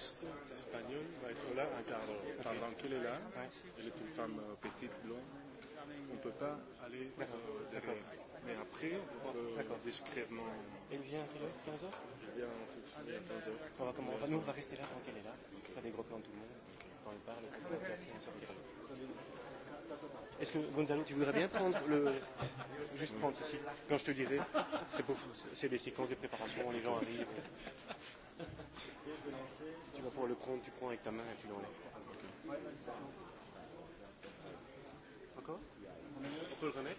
journaliste espagnole va être là un quart d'heure. Pendant qu'elle est là, elle est une femme euh, petite, blonde, on ne peut pas aller euh, derrière. Mais après, on euh, discrètement... Euh, elle vient à quelle heure 15 heures Elle vient à 15 heures. On va, comment, on va, nous, on va rester là tant qu'elle est là. Okay. Faire des gros tout le monde. Quand elle parle, on va après Est-ce que Gonzalo, tu voudrais bien prendre le. Juste prendre ici, quand je te dirai. C'est pour... des séquences de préparation, les gens arrivent pour le compte, tu prends avec ta main et tu l'enlèves. Okay. Encore On peut le remettre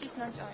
nacisnąć 8.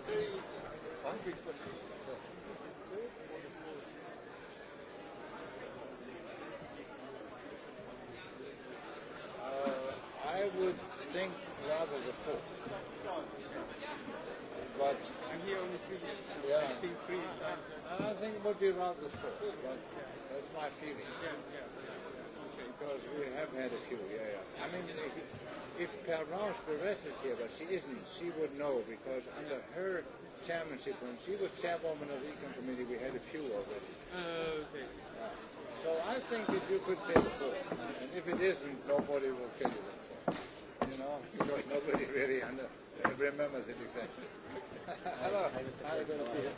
Uh, I would think rather the fourth. But I'm here only three years. Yeah. I think I think it would be rather the fourth, but that's my feeling. Yeah, yeah. Because we have had a few, yeah, yeah. I mean, if Perrange Perez is here, but she isn't, she would know because under her chairmanship, when she was chairwoman of the Econ Committee, we had a few already. Uh, oh, okay. Yeah. So I think that you could say four. And if it isn't, nobody will tell you that. You know, because nobody really under, remembers it exactly. Hello. Hi, Mr. Hi, good to see you.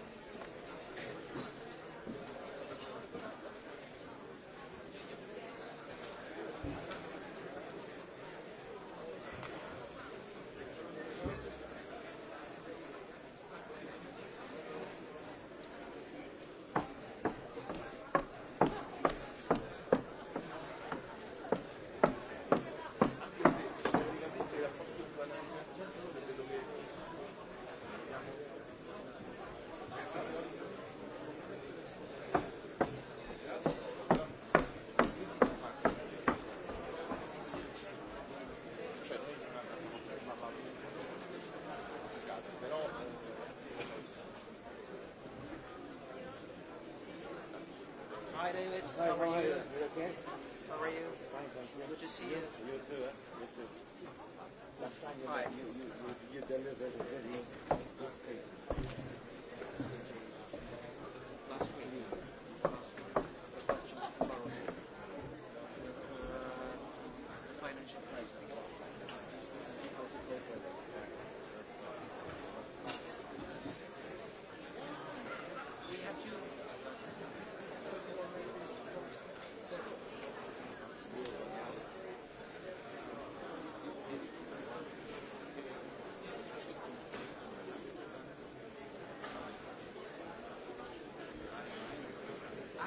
Hi, David. Hi, how, how are you? you okay? How are you? Fine, thank you. Good to see you. You, too. Eh? You too. Last time you, Hi. you, you, you delivered a video.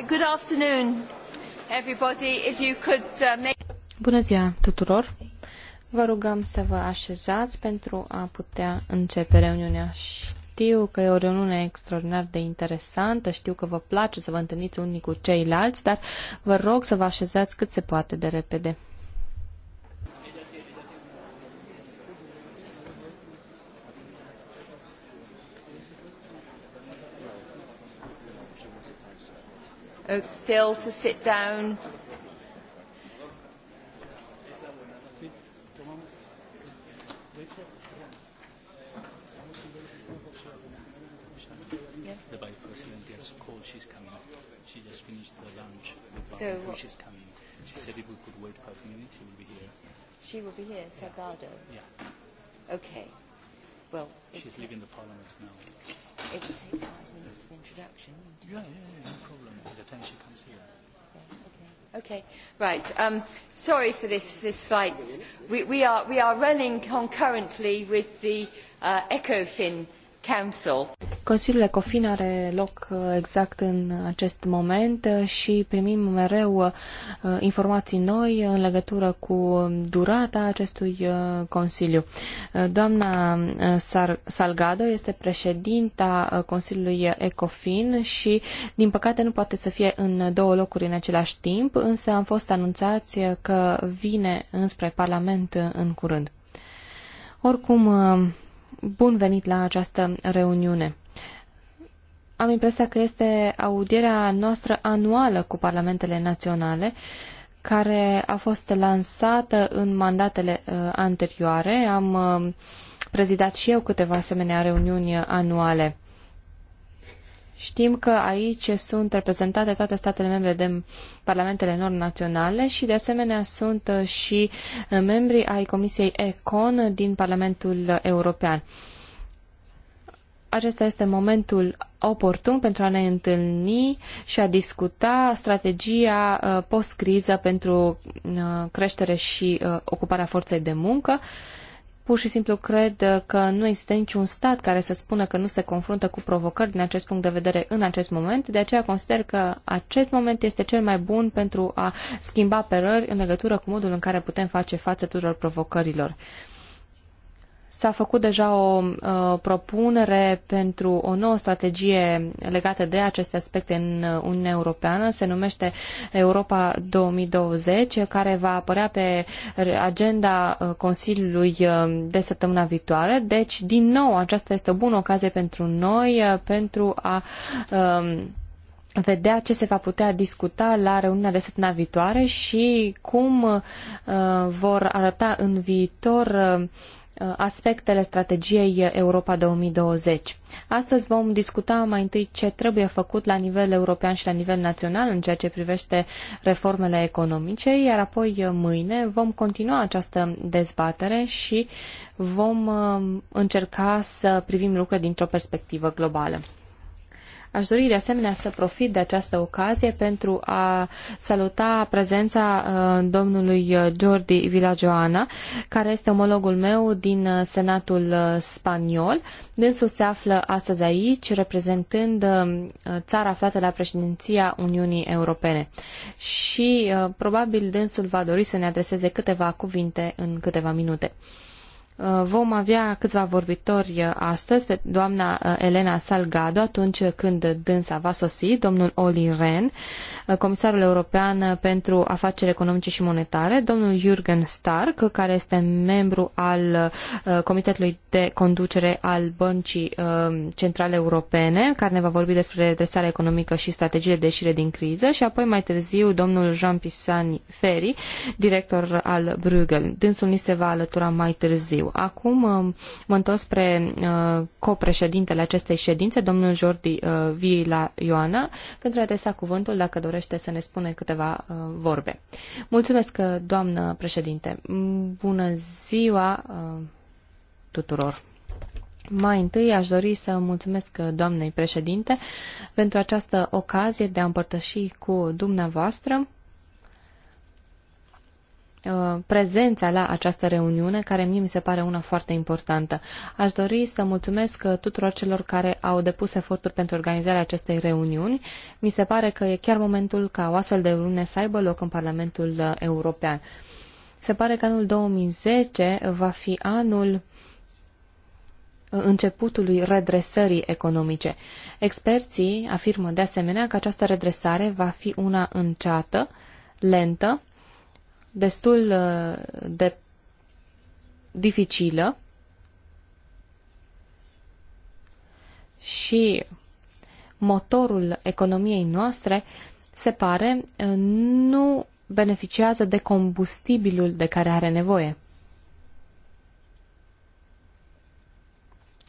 Good afternoon, everybody. If you could uh, make... Bună ziua tuturor! Vă rugăm să vă așezați pentru a putea începe reuniunea. Știu că e o reuniune extraordinar de interesantă, știu că vă place să vă întâlniți unii cu ceilalți, dar vă rog să vă așezați cât se poate de repede. still to sit down. The vice president gets a call. She's coming. She just finished the lunch with so She's coming. She said if we could wait five minutes, she will be here. She will be here, Salgado. Yeah. Okay. Well. She's leaving the parliament now. It will take introduction. Yeah, yeah, yeah, no problem. By the time she comes here. Okay. okay. Right. Um, sorry for this, this slight. We, we, are, we are running concurrently with the uh, ECOFIN Council. Consiliul Ecofin are loc uh, exact în acest moment uh, și primim mereu uh, informații noi în legătură cu durata acestui Consiliu. Doamna Salgado este președinta Consiliului Ecofin și, din păcate, nu poate să fie în două locuri în același timp, însă am fost anunțați că vine înspre Parlament în curând. Oricum, bun venit la această reuniune am impresia că este audierea noastră anuală cu parlamentele naționale, care a fost lansată în mandatele uh, anterioare. Am uh, prezidat și eu câteva asemenea reuniuni anuale. Știm că aici sunt reprezentate toate statele membre de parlamentele nord-naționale și de asemenea sunt uh, și uh, membri ai Comisiei ECON din Parlamentul European acesta este momentul oportun pentru a ne întâlni și a discuta strategia uh, post-criză pentru uh, creștere și uh, ocuparea forței de muncă. Pur și simplu cred că nu există niciun stat care să spună că nu se confruntă cu provocări din acest punct de vedere în acest moment, de aceea consider că acest moment este cel mai bun pentru a schimba părări în legătură cu modul în care putem face față tuturor provocărilor. S-a făcut deja o uh, propunere pentru o nouă strategie legată de aceste aspecte în uh, Uniunea Europeană. Se numește Europa 2020, care va apărea pe agenda uh, Consiliului uh, de săptămâna viitoare. Deci, din nou, aceasta este o bună ocazie pentru noi, pentru a. Um, vedea ce se va putea discuta la reuniunea de săptămâna viitoare și cum uh, vor arăta în viitor uh, aspectele strategiei Europa 2020. Astăzi vom discuta mai întâi ce trebuie făcut la nivel european și la nivel național în ceea ce privește reformele economice, iar apoi uh, mâine vom continua această dezbatere și vom uh, încerca să privim lucrurile dintr-o perspectivă globală. Aș dori de asemenea să profit de această ocazie pentru a saluta prezența uh, domnului uh, Jordi Villajoana, care este omologul meu din uh, Senatul spaniol. Dânsul se află astăzi aici, reprezentând țara aflată la președinția Uniunii Europene. Și probabil dânsul va dori să ne adreseze câteva cuvinte în câteva minute. Uh, vom avea câțiva vorbitori uh, astăzi, pe doamna uh, Elena Salgado, atunci când dânsa va sosi, domnul Oli Ren, comisarul european pentru afaceri economice și monetare, domnul Jürgen Stark, care este membru al Comitetului de Conducere al Băncii Centrale Europene, care ne va vorbi despre redresarea economică și strategiile de ieșire din criză, și apoi mai târziu domnul Jean Pisani Ferry, director al Bruegel. Dânsul ni se va alătura mai târziu târziu. Acum uh, mă întorc spre uh, copreședintele acestei ședințe, domnul Jordi uh, Vila Ioana, pentru a adresa cuvântul dacă dorește să ne spune câteva vorbe. Mulțumesc, doamnă președinte. Bună ziua tuturor! Mai întâi aș dori să mulțumesc doamnei președinte pentru această ocazie de a împărtăși cu dumneavoastră Uh, prezența la această reuniune, care mie mi se pare una foarte importantă. Aș dori să mulțumesc uh, tuturor celor care au depus eforturi pentru organizarea acestei reuniuni. Mi se pare că e chiar momentul ca o astfel de reuniune să aibă loc în Parlamentul uh, European. Se pare că anul 2010 va fi anul începutului redresării economice. Experții afirmă de asemenea că această redresare va fi una înceată, lentă, destul uh, de dificilă și motorul economiei noastre se pare uh, nu beneficiază de combustibilul de care are nevoie.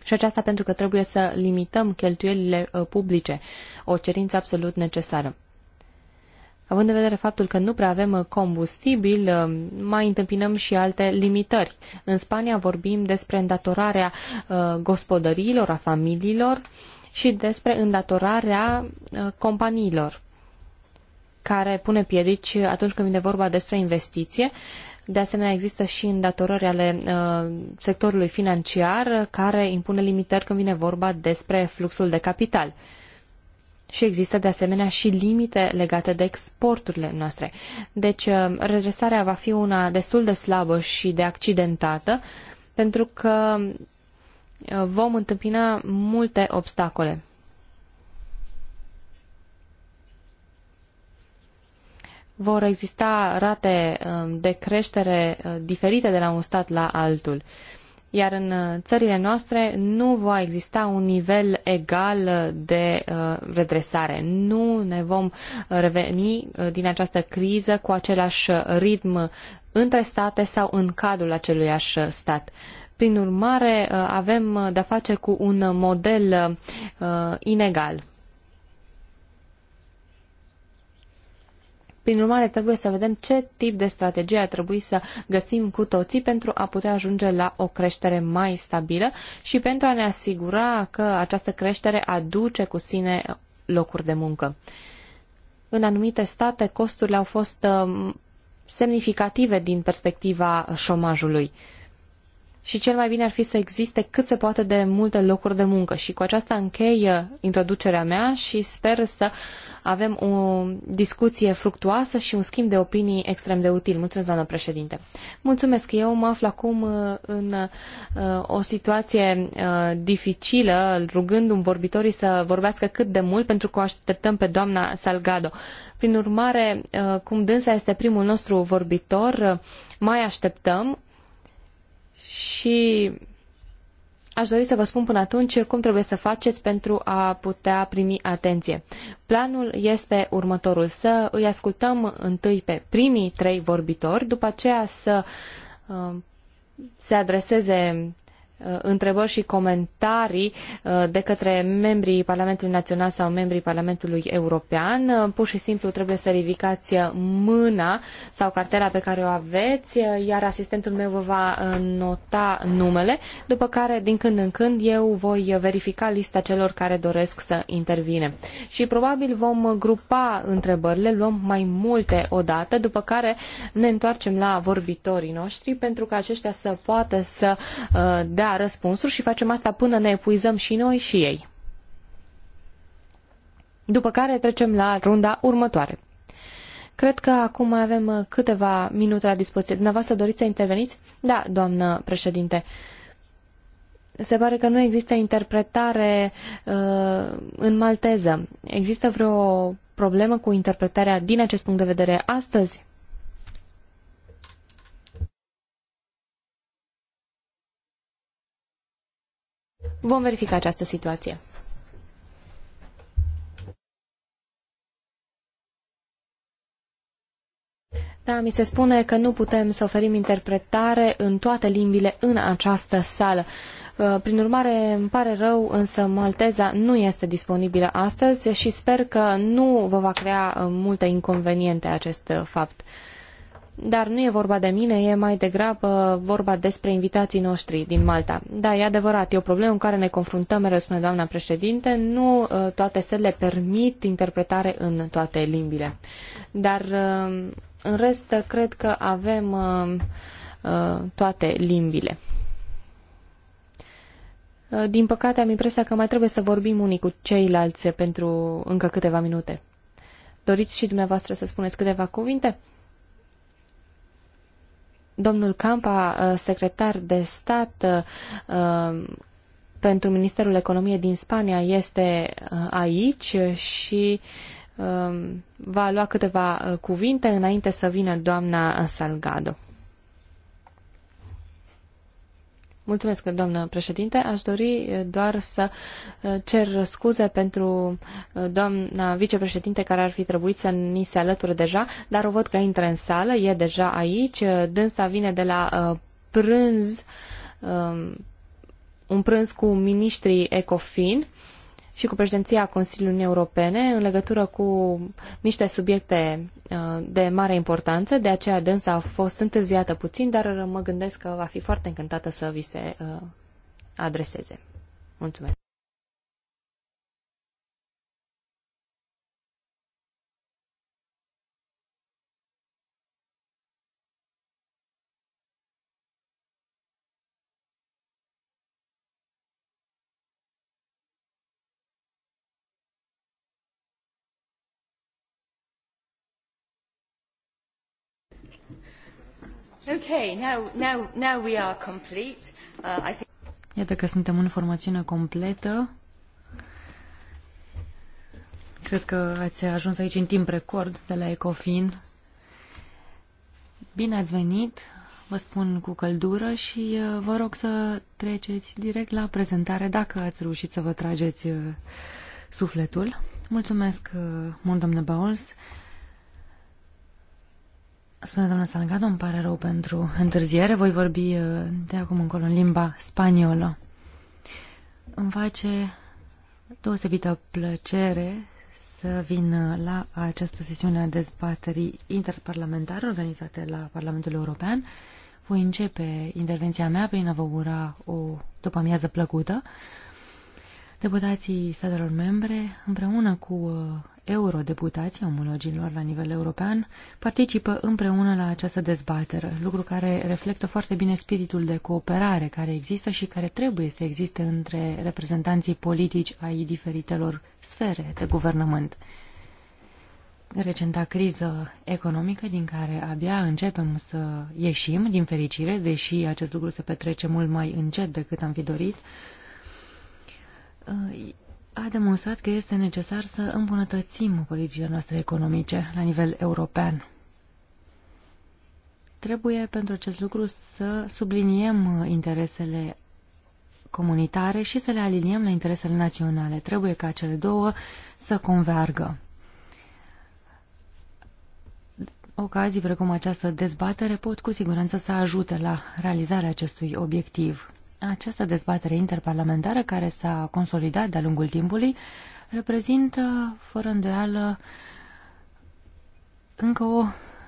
Și aceasta pentru că trebuie să limităm cheltuielile uh, publice, o cerință absolut necesară. Având în vedere faptul că nu prea avem uh, combustibil, uh, mai întâmpinăm și alte limitări. În Spania vorbim despre îndatorarea uh, gospodăriilor, a familiilor și despre îndatorarea companiilor, care pune piedici atunci când vine vorba despre investiție. De asemenea, există și îndatorări ale sectorului financiar care impune limitări când vine vorba despre fluxul de capital. Și există de asemenea și limite legate de exporturile noastre. Deci uh, redresarea va fi una destul de slabă și de accidentată, pentru că uh, vom întâmpina multe obstacole. Vor exista rate uh, de creștere diferite de la un stat la altul. Uh, iar în uh, țările noastre nu va exista un nivel egal uh, de uh, redresare. Nu ne vom reveni din această criză cu același ritm între state sau în cadrul aceluiași stat. Prin urmare, avem de-a face cu un model inegal Prin urmare, trebuie să vedem ce tip de strategie ar trebui să găsim cu toții pentru a putea ajunge la o creștere mai stabilă și pentru a ne asigura că această creștere aduce cu sine locuri de muncă. În anumite state, costurile au fost uh, semnificative din perspectiva șomajului și cel mai bine ar fi să existe cât se poate de multe locuri de muncă. Și cu aceasta închei uh, introducerea mea și sper să avem o discuție fructuoasă și un schimb de opinii extrem de util. Mulțumesc, doamnă președinte. Mulțumesc. Eu mă aflu acum uh, în uh, o situație dificilă, rugând un vorbitorii să vorbească cât de mult, pentru că o așteptăm pe doamna Salgado. Prin urmare, cum dânsa este primul nostru vorbitor, mai așteptăm, și aș dori să vă spun până atunci cum trebuie să faceți pentru a putea primi atenție. Planul este următorul, să îi ascultăm întâi pe primii trei vorbitori, după aceea să uh, se adreseze Uh, întrebări și comentarii uh, de către membrii Parlamentului Național sau membrii Parlamentului European. Uh, pur și simplu trebuie să ridicați mâna sau cartela pe care o aveți, iar asistentul meu vă va nota numele, după care din când în când eu voi verifica lista celor care doresc să intervine. Și probabil vom grupa întrebările, luăm mai multe odată, după care ne întoarcem la vorbitorii noștri pentru că aceștia să poată să dea da răspunsuri și facem asta până ne epuizăm și noi și ei. După care trecem la runda următoare. Cred că acum mai avem uh, câteva minute la dispoziție. Dumneavoastră doriți să interveniți? Da, doamnă președinte. Se pare că nu există interpretare uh, în malteză. Există vreo problemă cu interpretarea din acest punct de vedere astăzi? Vom verifica această situație. Da, mi se spune că nu putem să oferim interpretare în toate limbile în această sală. Uh, prin urmare, îmi pare rău, însă malteza nu este disponibilă astăzi și sper că nu vă va crea uh, multe inconveniente acest uh, fapt. Dar nu e vorba de mine, e mai degrabă vorba despre invitații noștri din Malta. Da, e adevărat, e o problemă în care ne confruntăm, mereu spune doamna președinte, nu ă, toate sele permit interpretare în toate limbile. Dar ă, în rest, cred că avem ă, toate limbile. Din păcate am impresia că mai trebuie să vorbim unii cu ceilalți pentru încă câteva minute. Doriți și dumneavoastră să spuneți câteva cuvinte? Domnul Campa, uh, secretar de stat uh, pentru Ministerul Economiei din Spania, este uh, aici și va lua câteva cuvinte înainte să vină doamna Salgado. Mulțumesc, doamnă președinte. Aș dori eh, doar să eh, cer scuze pentru eh, doamna vicepreședinte care ar fi trebuit să ni se alăture deja, dar o văd că intră în sală, e deja aici. Dânsa vine de la prânz, un prânz cu miniștrii ECOFIN și cu președinția Consiliului Europene în legătură cu niște subiecte uh, de mare importanță, de aceea dânsa a fost întârziată puțin, dar mă gândesc că va fi foarte încântată să vi se uh, adreseze. Mulțumesc! Iată că suntem în formațiune completă. Cred că ați ajuns aici în timp record de la Ecofin. Bine ați venit, vă spun cu căldură și uh, vă rog să treceți direct la prezentare dacă ați reușit să vă trageți uh, sufletul. Mulțumesc uh, mult, domnule Bauls. Spune doamna Salgado, îmi pare rău pentru întârziere. Voi vorbi uh, de acum încolo în limba spaniolă. Îmi face deosebită plăcere să vin uh, la această sesiune a dezbaterii interparlamentare organizate la Parlamentul European. Voi începe intervenția mea prin a vă ura o după-amiază plăcută. Deputații statelor membre, împreună cu uh, eurodeputații omologilor la nivel european, participă împreună la această dezbatere, lucru care reflectă foarte bine spiritul de cooperare care există și care trebuie să existe între reprezentanții politici ai diferitelor sfere de guvernământ. Recenta criză economică din care abia începem să ieșim, din fericire, deși acest lucru se petrece mult mai încet decât am fi dorit, a demonstrat că este necesar să îmbunătățim politicile noastre economice la nivel european. Trebuie pentru acest lucru să subliniem interesele comunitare și să le aliniem la interesele naționale. Trebuie ca cele două să convergă. Ocazii precum această dezbatere pot cu siguranță să ajute la realizarea acestui obiectiv. Această dezbatere interparlamentară care s-a consolidat de-a lungul timpului reprezintă, fără îndoială, încă o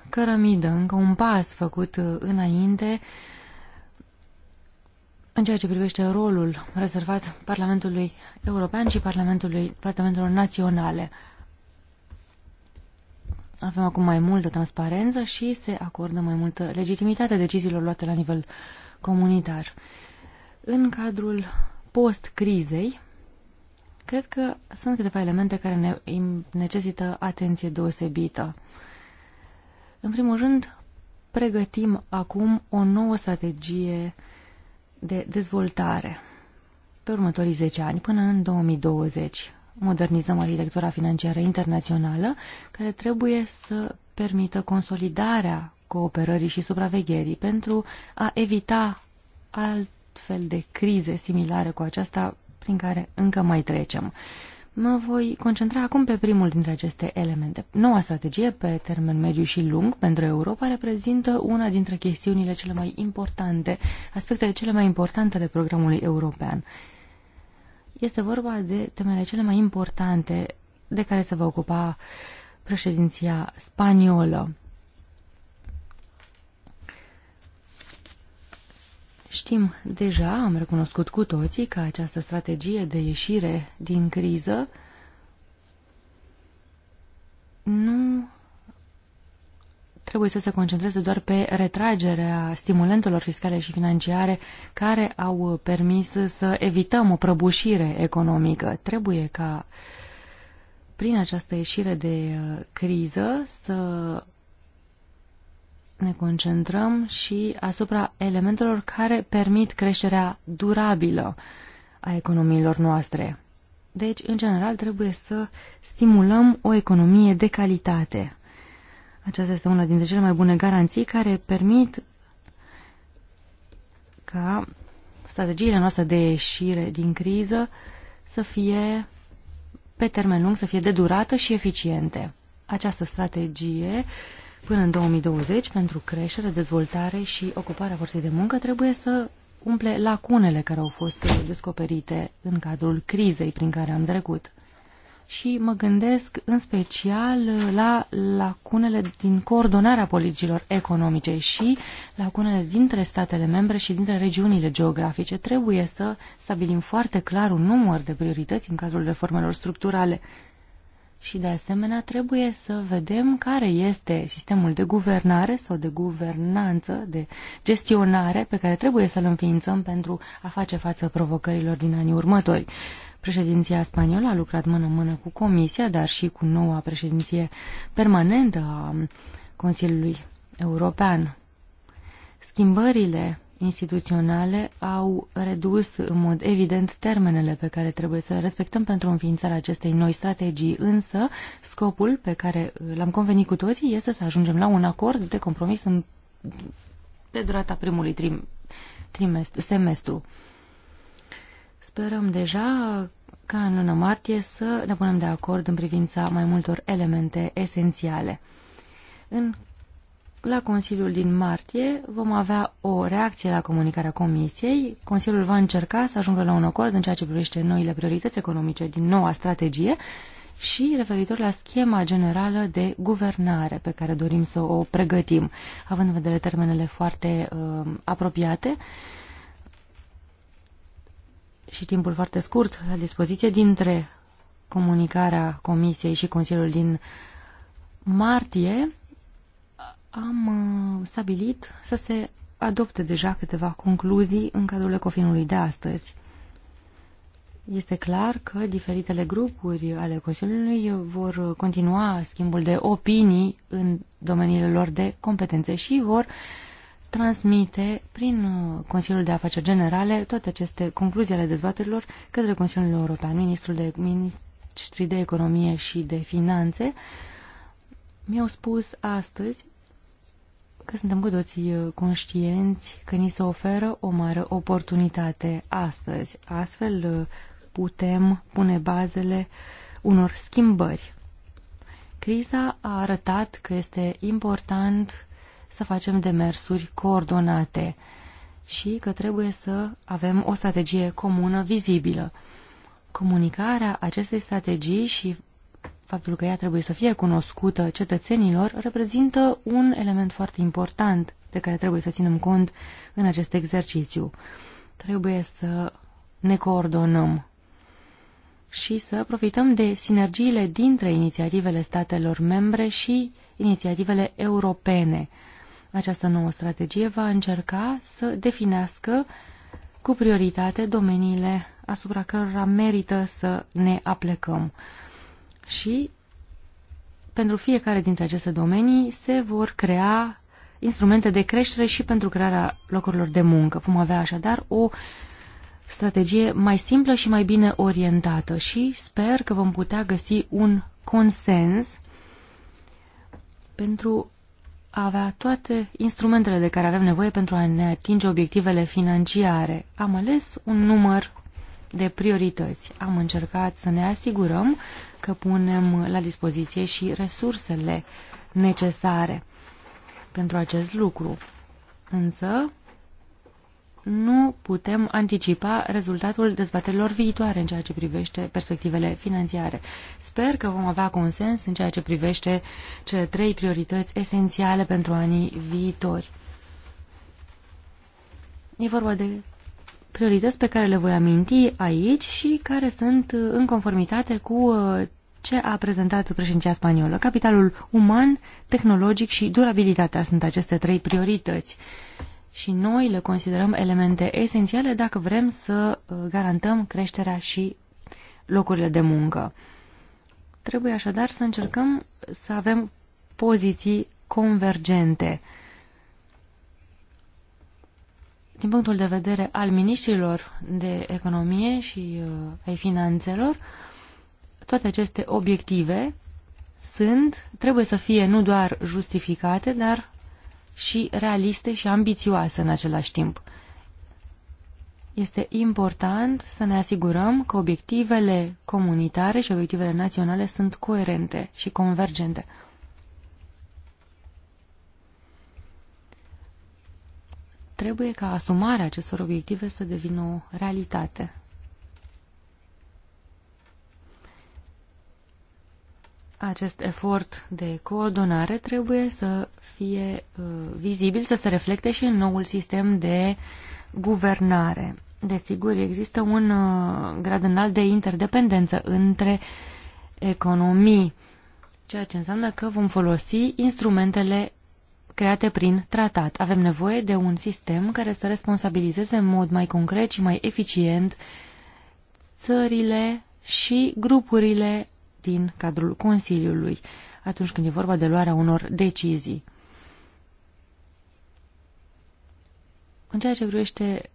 cărămidă, încă un pas făcut uh, înainte în ceea ce privește rolul rezervat Parlamentului European și Parlamentului, Parlamentelor Naționale. Avem acum mai multă transparență și se acordă mai multă legitimitate deciziilor luate la nivel comunitar. În cadrul post-crizei, cred că sunt câteva elemente care ne necesită atenție deosebită. În primul rând, pregătim acum o nouă strategie de dezvoltare pe următorii 10 ani, până în 2020. Modernizăm arhitectura financiară internațională, care trebuie să permită consolidarea cooperării și supravegherii pentru a evita alt fel de crize similare cu aceasta prin care încă mai trecem. Mă voi concentra acum pe primul dintre aceste elemente. Noua strategie pe termen mediu și lung pentru Europa reprezintă una dintre chestiunile cele mai importante, aspectele cele mai importante ale programului european. Este vorba de temele cele mai importante de care se va ocupa președinția spaniolă Știm deja, am recunoscut cu toții, că această strategie de ieșire din criză nu trebuie să se concentreze doar pe retragerea stimulentelor fiscale și financiare care au permis să evităm o prăbușire economică. Trebuie ca prin această ieșire de uh, criză să ne concentrăm și asupra elementelor care permit creșterea durabilă a economiilor noastre. Deci, în general, trebuie să stimulăm o economie de calitate. Aceasta este una dintre cele mai bune garanții care permit ca strategiile noastre de ieșire din criză să fie pe termen lung, să fie de durată și eficiente. Această strategie uh, Până în 2020, pentru creștere, dezvoltare și ocuparea forței de muncă, trebuie să umple lacunele care au fost descoperite în cadrul crizei prin care am trecut. Și mă gândesc în special la lacunele din coordonarea politicilor economice și lacunele dintre statele membre și dintre regiunile geografice. Trebuie să stabilim foarte clar un număr de priorități în cadrul reformelor structurale și de asemenea trebuie să vedem care este sistemul de guvernare sau de guvernanță, de gestionare pe care trebuie să-l înființăm pentru a face față provocărilor din anii următori. Președinția spaniolă a lucrat mână-mână cu Comisia, dar și cu noua președinție permanentă a Consiliului European. Schimbările instituționale au redus în mod evident termenele pe care trebuie să le respectăm pentru înființarea acestei noi strategii, însă scopul pe care l-am convenit cu toții este să ajungem la un acord de compromis în, pe durata primului trim, trimestru, semestru. Sperăm deja ca în luna martie să ne punem de acord în privința mai multor elemente esențiale. În la Consiliul din martie vom avea o reacție la comunicarea Comisiei. Consiliul va încerca să ajungă la un acord în ceea ce privește noile priorități economice din noua strategie și referitor la schema generală de guvernare pe care dorim să o pregătim, având în vedere termenele foarte uh, apropiate și timpul foarte scurt la dispoziție dintre comunicarea Comisiei și Consiliul din martie am uh, stabilit să se adopte deja câteva concluzii în cadrul ecofinului de astăzi. Este clar că diferitele grupuri ale Consiliului vor continua schimbul de opinii în domeniile lor de competențe și vor transmite prin uh, Consiliul de Afaceri Generale toate aceste concluzii ale dezbaterilor către Consiliul European. Ministrul de Ministri de Economie și de Finanțe mi-au spus astăzi că suntem cu toții uh, conștienți că ni se oferă o mare oportunitate astăzi. Astfel uh, putem pune bazele unor schimbări. Criza a arătat că este important să facem demersuri coordonate și că trebuie să avem o strategie comună vizibilă. Comunicarea acestei strategii și faptul că ea trebuie să fie cunoscută cetățenilor reprezintă un element foarte important de care trebuie să ținem cont în acest exercițiu. Trebuie să ne coordonăm și să profităm de sinergiile dintre inițiativele statelor membre și inițiativele europene. Această nouă strategie va încerca să definească cu prioritate domeniile asupra cărora merită să ne aplecăm și pentru fiecare dintre aceste domenii se vor crea instrumente de creștere și pentru crearea locurilor de muncă. Vom avea așadar o strategie mai simplă și mai bine orientată și sper că vom putea găsi un consens pentru a avea toate instrumentele de care avem nevoie pentru a ne atinge obiectivele financiare. Am ales un număr de priorități. Am încercat să ne asigurăm că punem la dispoziție și resursele necesare pentru acest lucru. Însă, nu putem anticipa rezultatul dezbaterilor viitoare în ceea ce privește perspectivele financiare. Sper că vom avea consens în ceea ce privește cele trei priorități esențiale pentru anii viitori. E vorba de priorități pe care le voi aminti aici și care sunt în conformitate cu uh, ce a prezentat președinția spaniolă. Capitalul uman, tehnologic și durabilitatea sunt aceste trei priorități. Și noi le considerăm elemente esențiale dacă vrem să uh, garantăm creșterea și locurile de muncă. Trebuie așadar să încercăm să avem poziții convergente din punctul de vedere al ministrilor de economie și uh, ai finanțelor, toate aceste obiective sunt, trebuie să fie nu doar justificate, dar și realiste și ambițioase în același timp. Este important să ne asigurăm că obiectivele comunitare și obiectivele naționale sunt coerente și convergente. trebuie ca asumarea acestor obiective să devină o realitate. Acest efort de coordonare trebuie să fie uh, vizibil, să se reflecte și în noul sistem de guvernare. Desigur, există un uh, grad înalt de interdependență între economii, ceea ce înseamnă că vom folosi instrumentele create prin tratat. Avem nevoie de un sistem care să responsabilizeze în mod mai concret și mai eficient țările și grupurile din cadrul Consiliului atunci când e vorba de luarea unor decizii. În ceea ce privește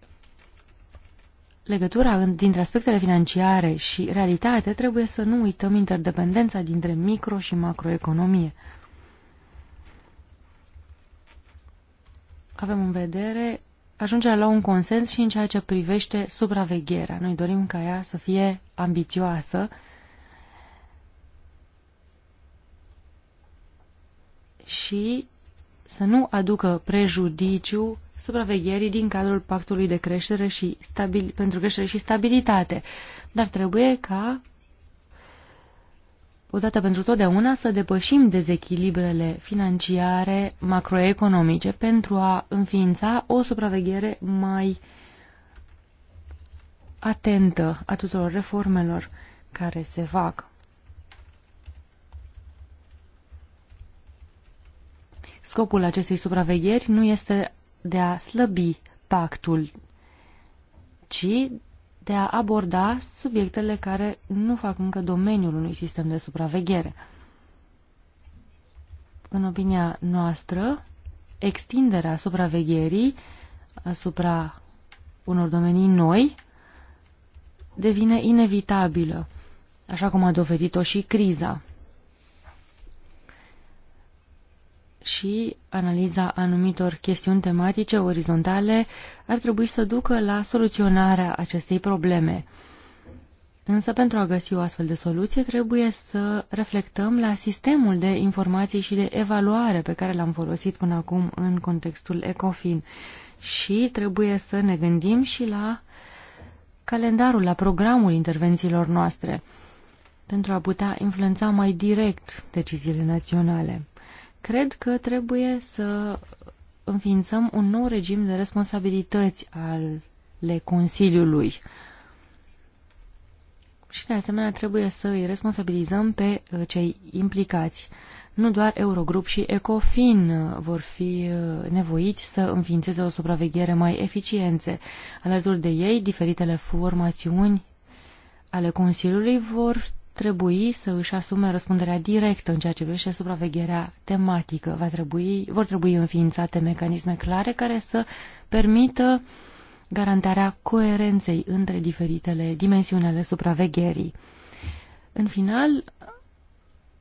legătura dintre aspectele financiare și realitate, trebuie să nu uităm interdependența dintre micro și macroeconomie. avem în vedere ajunge la un consens și în ceea ce privește supravegherea. Noi dorim ca ea să fie ambițioasă și să nu aducă prejudiciu supravegherii din cadrul pactului de creștere și stabil, pentru creștere și stabilitate. Dar trebuie ca odată pentru totdeauna să depășim dezechilibrele financiare macroeconomice pentru a înființa o supraveghere mai atentă a tuturor reformelor care se fac. Scopul acestei supravegheri nu este de a slăbi pactul, ci de a aborda subiectele care nu fac încă domeniul unui sistem de supraveghere. În opinia noastră, extinderea supravegherii asupra unor domenii noi devine inevitabilă, așa cum a dovedit-o și criza. și analiza anumitor chestiuni tematice orizontale ar trebui să ducă la soluționarea acestei probleme. Însă pentru a găsi o astfel de soluție trebuie să reflectăm la sistemul de informații și de evaluare pe care l-am folosit până acum în contextul ECOFIN și trebuie să ne gândim și la calendarul, la programul intervențiilor noastre pentru a putea influența mai direct deciziile naționale. Cred că trebuie să înființăm un nou regim de responsabilități ale Consiliului. Și de asemenea trebuie să îi responsabilizăm pe uh, cei implicați. Nu doar Eurogrup și Ecofin uh, vor fi uh, nevoiți să înființeze o supraveghere mai eficiențe. Alături de ei, diferitele formațiuni ale Consiliului vor trebui să își asume răspunderea directă în ceea ce privește supravegherea tematică. Va trebui, vor trebui înființate mecanisme clare care să permită garantarea coerenței între diferitele dimensiuni ale supravegherii. În final,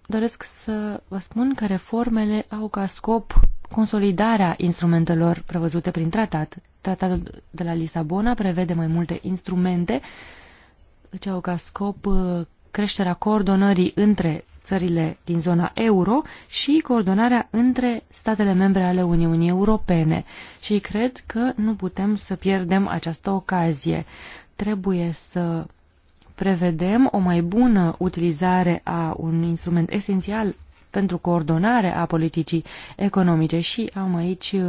doresc să vă spun că reformele au ca scop consolidarea instrumentelor prevăzute prin tratat. Tratatul de la Lisabona prevede mai multe instrumente ce au ca scop uh, creșterea coordonării între țările din zona euro și coordonarea între statele membre ale Uniunii Europene. Și cred că nu putem să pierdem această ocazie. Trebuie să prevedem o mai bună utilizare a un instrument esențial pentru coordonare a politicii economice și am aici uh,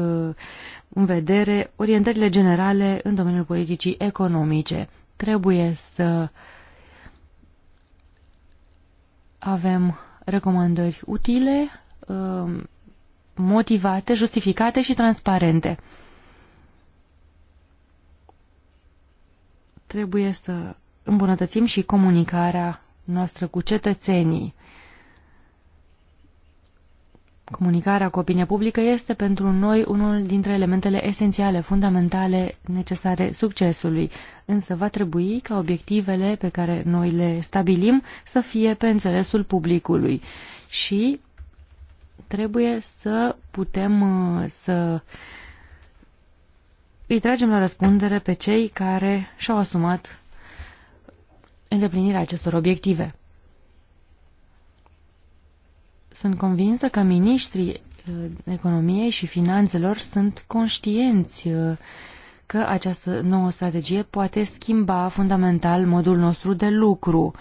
în vedere orientările generale în domeniul politicii economice. Trebuie să uh, avem recomandări utile, um, motivate, justificate și transparente. Trebuie să îmbunătățim și comunicarea noastră cu cetățenii. Comunicarea cu opinia publică este pentru noi unul dintre elementele esențiale, fundamentale, necesare succesului, însă va trebui ca obiectivele pe care noi le stabilim să fie pe înțelesul publicului și trebuie să putem uh, să îi tragem la răspundere pe cei care și-au asumat îndeplinirea acestor obiective. Sunt convinsă că miniștrii uh, economiei și finanțelor sunt conștienți uh, că această nouă strategie poate schimba fundamental modul nostru de lucru.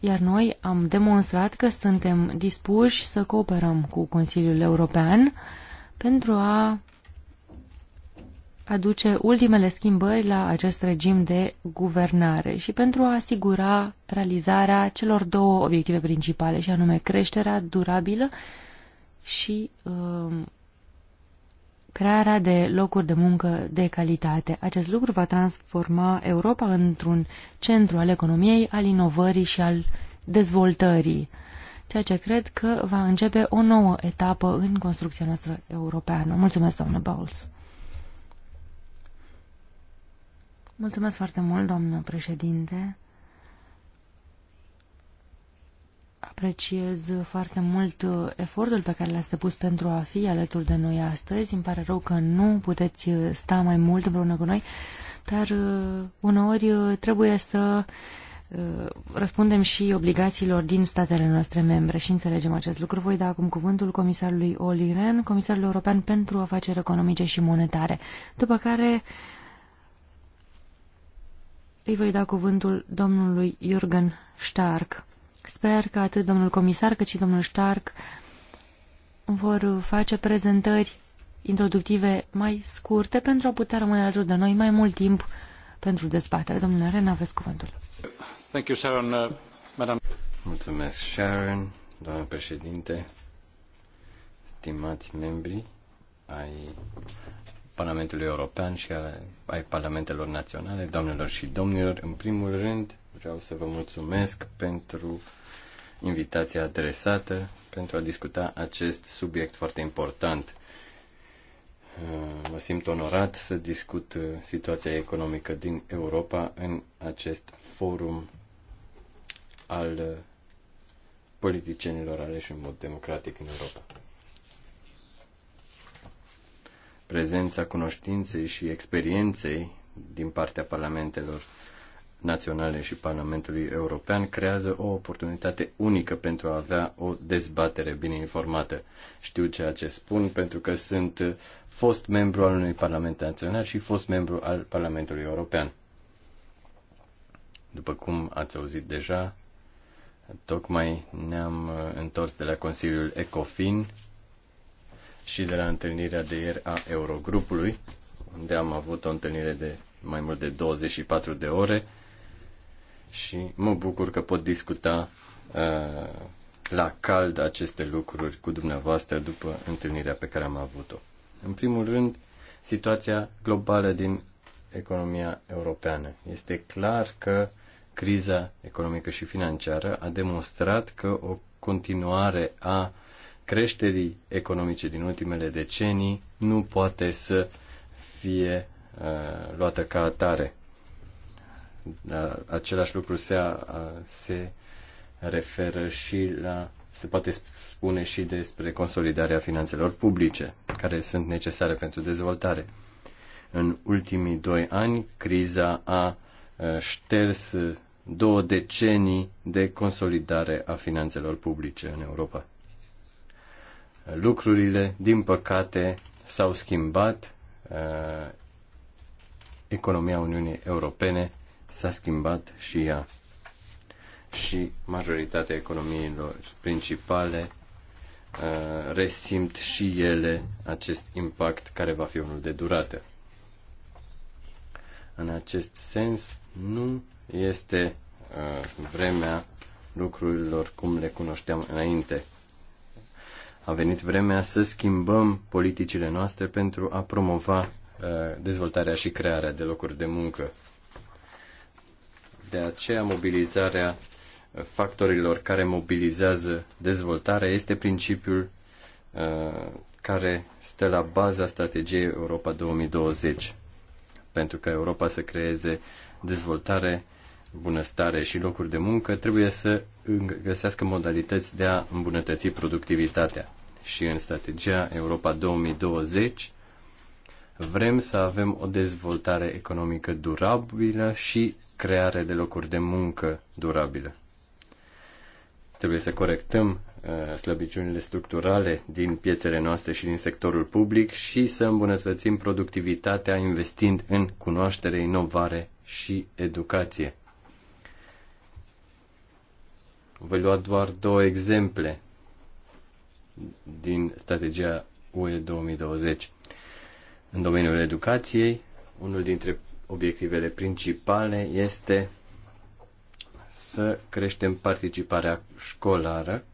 Iar noi am demonstrat că suntem dispuși să cooperăm cu Consiliul European pentru a aduce ultimele schimbări la acest regim de guvernare și pentru a asigura realizarea celor două obiective principale, și anume creșterea durabilă și uh, crearea de locuri de muncă de calitate. Acest lucru va transforma Europa într-un centru al economiei, al inovării și al dezvoltării, ceea ce cred că va începe o nouă etapă în construcția noastră europeană. Mulțumesc, doamnă Bowles! Mulțumesc foarte mult, doamnă președinte. Apreciez foarte mult uh, efortul pe care l-ați depus pentru a fi alături de noi astăzi. Îmi pare rău că nu puteți uh, sta mai mult împreună cu noi, dar uh, uneori trebuie să răspundem și obligațiilor din statele noastre membre și înțelegem acest lucru. Voi da acum cuvântul comisarului Oli Ren, comisarul european pentru afaceri economice și monetare, după care îi voi da cuvântul domnului Jürgen Stark. Sper că atât domnul comisar cât și domnul Stark vor face prezentări introductive mai scurte pentru a putea rămâne alături de noi mai mult timp pentru dezbatere. Domnule Ren, aveți cuvântul. Thank you, Sharon. Uh, madam. Mulțumesc, Sharon, doamnă președinte, stimați membri ai Parlamentului European și ai Parlamentelor Naționale, doamnelor și domnilor, în primul rând vreau să vă mulțumesc pentru invitația adresată pentru a discuta acest subiect foarte important. Mă simt onorat să discut uh, situația economică din Europa în acest forum al uh, politicienilor aleși în mod democratic în Europa prezența cunoștinței și experienței din partea parlamentelor naționale și Parlamentului European creează o oportunitate unică pentru a avea o dezbatere bine informată. Știu ceea ce spun pentru că sunt fost membru al unui Parlament național și fost membru al Parlamentului European. După cum ați auzit deja, tocmai ne-am uh, întors de la Consiliul ECOFIN și de la întâlnirea de ieri a Eurogrupului, unde am avut o întâlnire de mai mult de 24 de ore și mă bucur că pot discuta uh, la cald aceste lucruri cu dumneavoastră după întâlnirea pe care am avut-o. În primul rând, situația globală din economia europeană. Este clar că criza economică și financiară a demonstrat că o continuare a creșterii economice din ultimele decenii nu poate să fie uh, luată ca atare. Da, același lucru se, uh, se referă și la, se poate spune și despre consolidarea finanțelor publice, care sunt necesare pentru dezvoltare. În ultimii doi ani, criza a uh, șters două decenii de consolidare a finanțelor publice în Europa lucrurile, din păcate, s-au schimbat. Uh, economia Uniunii Europene s-a schimbat și ea. Și majoritatea economiilor principale uh, resimt și ele acest impact care va fi unul de durată. În acest sens, nu este uh, vremea lucrurilor cum le cunoșteam înainte. A venit vremea să schimbăm politicile noastre pentru a promova uh, dezvoltarea și crearea de locuri de muncă. De aceea, mobilizarea factorilor care mobilizează dezvoltarea este principiul uh, care stă la baza strategiei Europa 2020. Pentru că Europa să creeze dezvoltare bunăstare și locuri de muncă, trebuie să găsească modalități de a îmbunătăți productivitatea. Și în strategia Europa 2020 vrem să avem o dezvoltare economică durabilă și creare de locuri de muncă durabilă. Trebuie să corectăm uh, slăbiciunile structurale din piețele noastre și din sectorul public și să îmbunătățim productivitatea investind în cunoaștere, inovare și educație. Voi lua doar două exemple din strategia UE 2020. În domeniul educației, unul dintre obiectivele principale este să creștem participarea școlară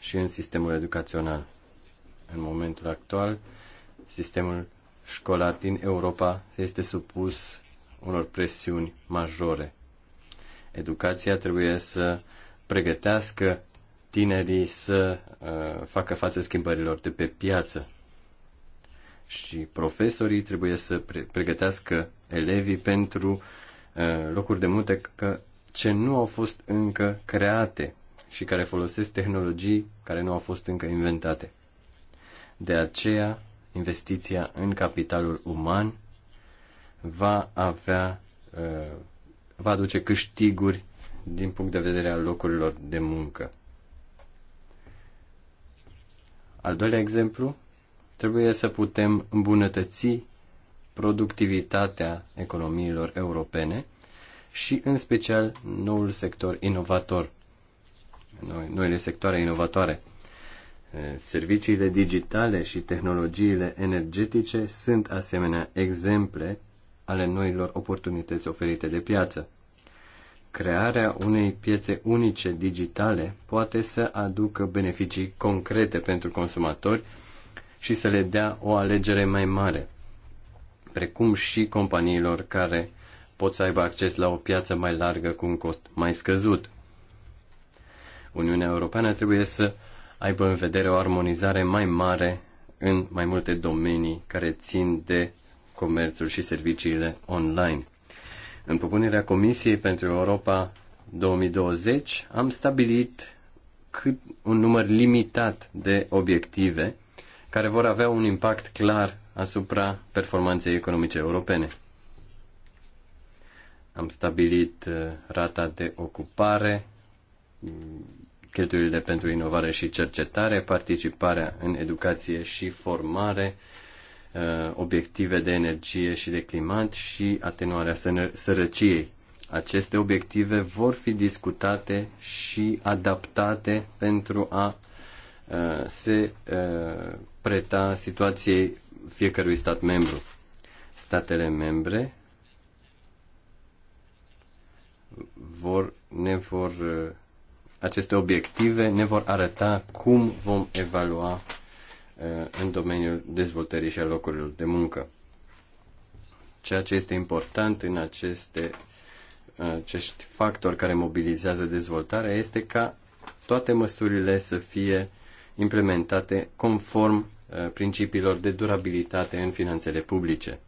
și în sistemul educațional. În momentul actual, sistemul școlar din Europa este supus unor presiuni majore. Educația trebuie să pregătească tinerii să uh, facă față schimbărilor de pe piață. Și profesorii trebuie să pre- pregătească elevii pentru uh, locuri de muncă ce nu au fost încă create și care folosesc tehnologii care nu au fost încă inventate. De aceea, investiția în capitalul uman va avea uh, va aduce câștiguri din punct de vedere al locurilor de muncă. Al doilea exemplu, trebuie să putem îmbunătăți productivitatea economiilor europene și în special noul sector inovator, noile sectoare inovatoare. Serviciile digitale și tehnologiile energetice sunt asemenea exemple ale noilor oportunități oferite de piață. Crearea unei piețe unice digitale poate să aducă beneficii concrete pentru consumatori și să le dea o alegere mai mare, precum și companiilor care pot să aibă acces la o piață mai largă cu un cost mai scăzut. Uniunea Europeană trebuie să aibă în vedere o armonizare mai mare în mai multe domenii care țin de comerțul și serviciile online. În propunerea Comisiei pentru Europa 2020 am stabilit cât un număr limitat de obiective care vor avea un impact clar asupra performanței economice europene. Am stabilit uh, rata de ocupare, cheltuielile pentru inovare și cercetare, participarea în educație și formare, Uh, obiective de energie și de climat și atenuarea sărăciei. Aceste obiective vor fi discutate și adaptate pentru a uh, se uh, preta situației fiecărui stat membru. Statele membre vor, ne vor, aceste obiective ne vor arăta cum vom evalua Uh, în domeniul dezvoltării și a locurilor de muncă. Ceea ce este important în aceste, uh, acești factori care mobilizează dezvoltarea este ca toate măsurile să fie implementate conform uh, principiilor de durabilitate în finanțele publice.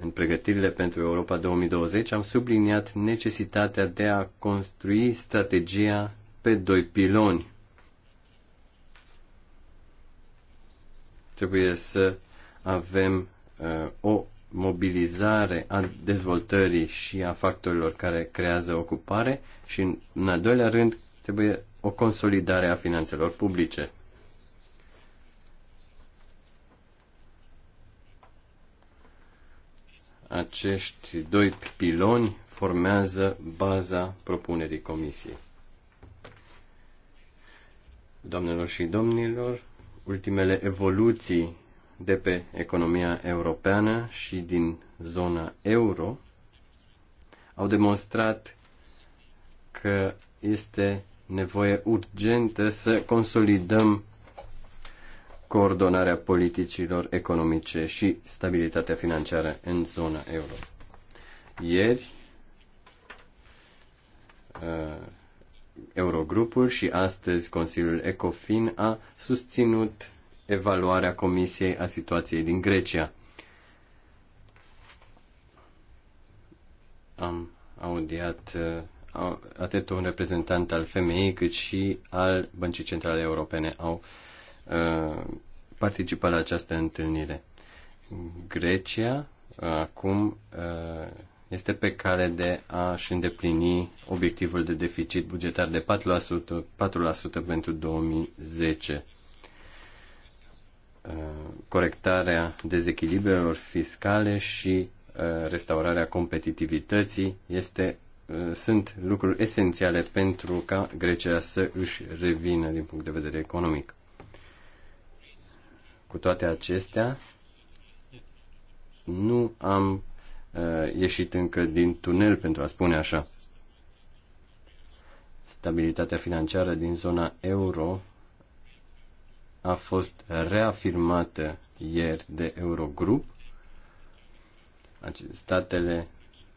În pregătirile pentru Europa 2020 am subliniat necesitatea de a construi strategia pe doi piloni, Trebuie să avem uh, o mobilizare a dezvoltării și a factorilor care creează ocupare și, în al doilea rând, trebuie o consolidare a finanțelor publice. Acești doi piloni formează baza propunerii comisiei. Doamnelor și domnilor, ultimele evoluții de pe economia europeană și din zona euro au demonstrat că este nevoie urgentă să consolidăm coordonarea politicilor economice și stabilitatea financiară în zona euro. Ieri, uh, Eurogrupul și astăzi Consiliul ECOFIN a susținut evaluarea Comisiei a situației din Grecia. Am audiat uh, atât un reprezentant al femeii cât și al Băncii Centrale Europene au uh, participat la această întâlnire. Grecia uh, acum uh, este pe cale de a-și îndeplini obiectivul de deficit bugetar de 4%, 4% pentru 2010. Uh, corectarea dezechilibrelor fiscale și uh, restaurarea competitivității este, uh, sunt lucruri esențiale pentru ca Grecia să își revină din punct de vedere economic. Cu toate acestea, nu am Uh, ieșit încă din tunel, pentru a spune așa. Stabilitatea financiară din zona euro a fost reafirmată ieri de Eurogrup. Statele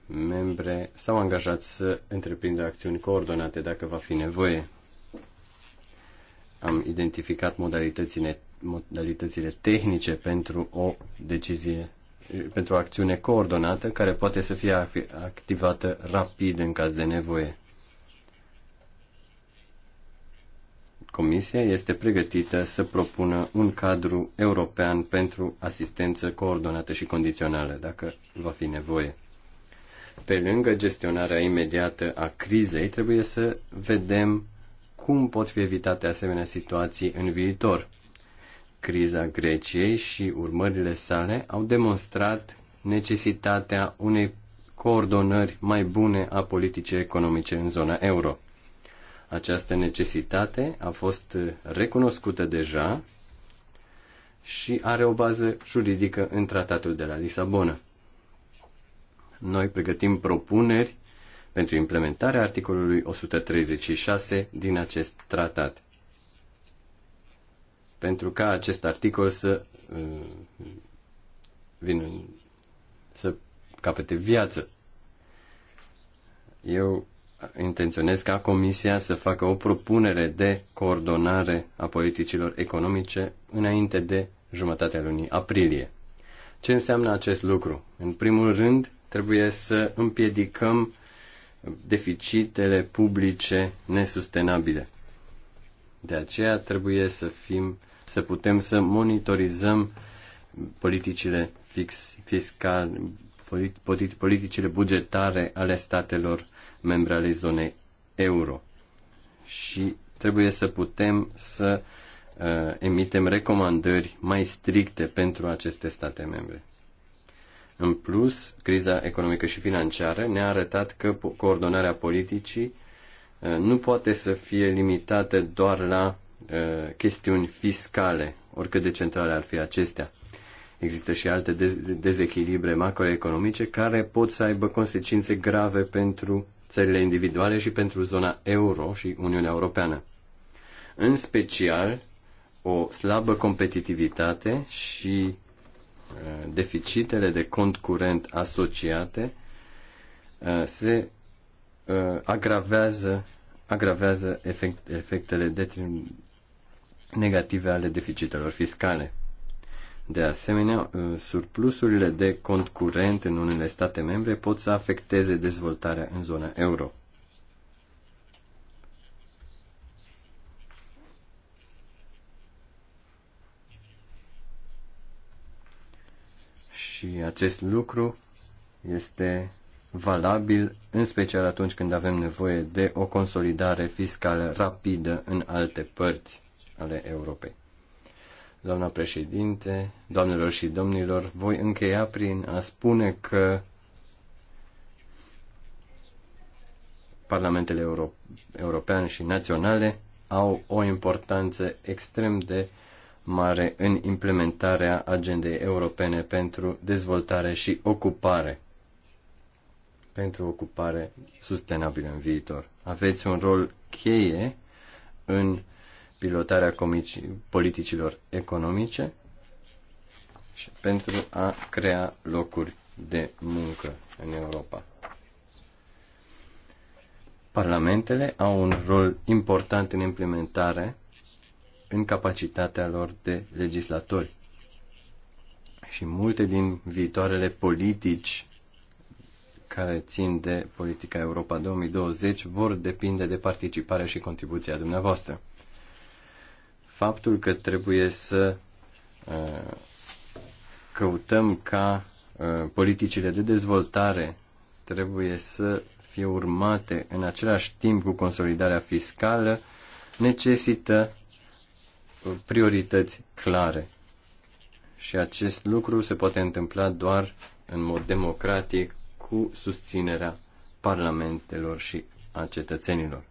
membre s-au angajat să întreprindă acțiuni coordonate dacă va fi nevoie. Am identificat modalitățile, modalitățile tehnice pentru o decizie pentru o acțiune coordonată care poate să fie activată rapid în caz de nevoie. Comisia este pregătită să propună un cadru european pentru asistență coordonată și condițională, dacă va fi nevoie. Pe lângă gestionarea imediată a crizei, trebuie să vedem cum pot fi evitate asemenea situații în viitor. Criza Greciei și urmările sale au demonstrat necesitatea unei coordonări mai bune a politicii economice în zona euro. Această necesitate a fost recunoscută deja și are o bază juridică în Tratatul de la Lisabona. Noi pregătim propuneri pentru implementarea articolului 136 din acest tratat pentru ca acest articol să uh, vină să capete viață. Eu intenționez ca Comisia să facă o propunere de coordonare a politicilor economice înainte de jumătatea lunii aprilie. Ce înseamnă acest lucru? În primul rând, trebuie să împiedicăm deficitele publice nesustenabile. De aceea trebuie să fim să putem să monitorizăm politicile fix, fiscal, politi, politicile bugetare ale statelor membre ale zonei euro. Și trebuie să putem să uh, emitem recomandări mai stricte pentru aceste state membre. În plus, criza economică și financiară ne-a arătat că coordonarea politicii uh, nu poate să fie limitată doar la Uh, chestiuni fiscale, oricât de centrale ar fi acestea. Există și alte dezechilibre macroeconomice care pot să aibă consecințe grave pentru țările individuale și pentru zona euro și Uniunea Europeană. În special, o slabă competitivitate și uh, deficitele de cont curent asociate uh, se agravează, agravează efect, efectele negative ale deficitelor fiscale. De asemenea, surplusurile de cont curent în unele state membre pot să afecteze dezvoltarea în zona euro. Și acest lucru este valabil, în special atunci când avem nevoie de o consolidare fiscală rapidă în alte părți ale Europei. Doamna președinte, doamnelor și domnilor, voi încheia prin a spune că parlamentele euro- european și naționale au o importanță extrem de mare în implementarea agendei europene pentru dezvoltare și ocupare pentru ocupare sustenabilă în viitor. Aveți un rol cheie în pilotarea comici, politicilor economice și pentru a crea locuri de muncă în Europa. Parlamentele au un rol important în implementare în capacitatea lor de legislatori. Și multe din viitoarele politici care țin de politica Europa 2020 vor depinde de participarea și contribuția dumneavoastră faptul că trebuie să uh, căutăm ca uh, politicile de dezvoltare trebuie să fie urmate în același timp cu consolidarea fiscală necesită priorități clare. Și acest lucru se poate întâmpla doar în mod democratic cu susținerea parlamentelor și a cetățenilor.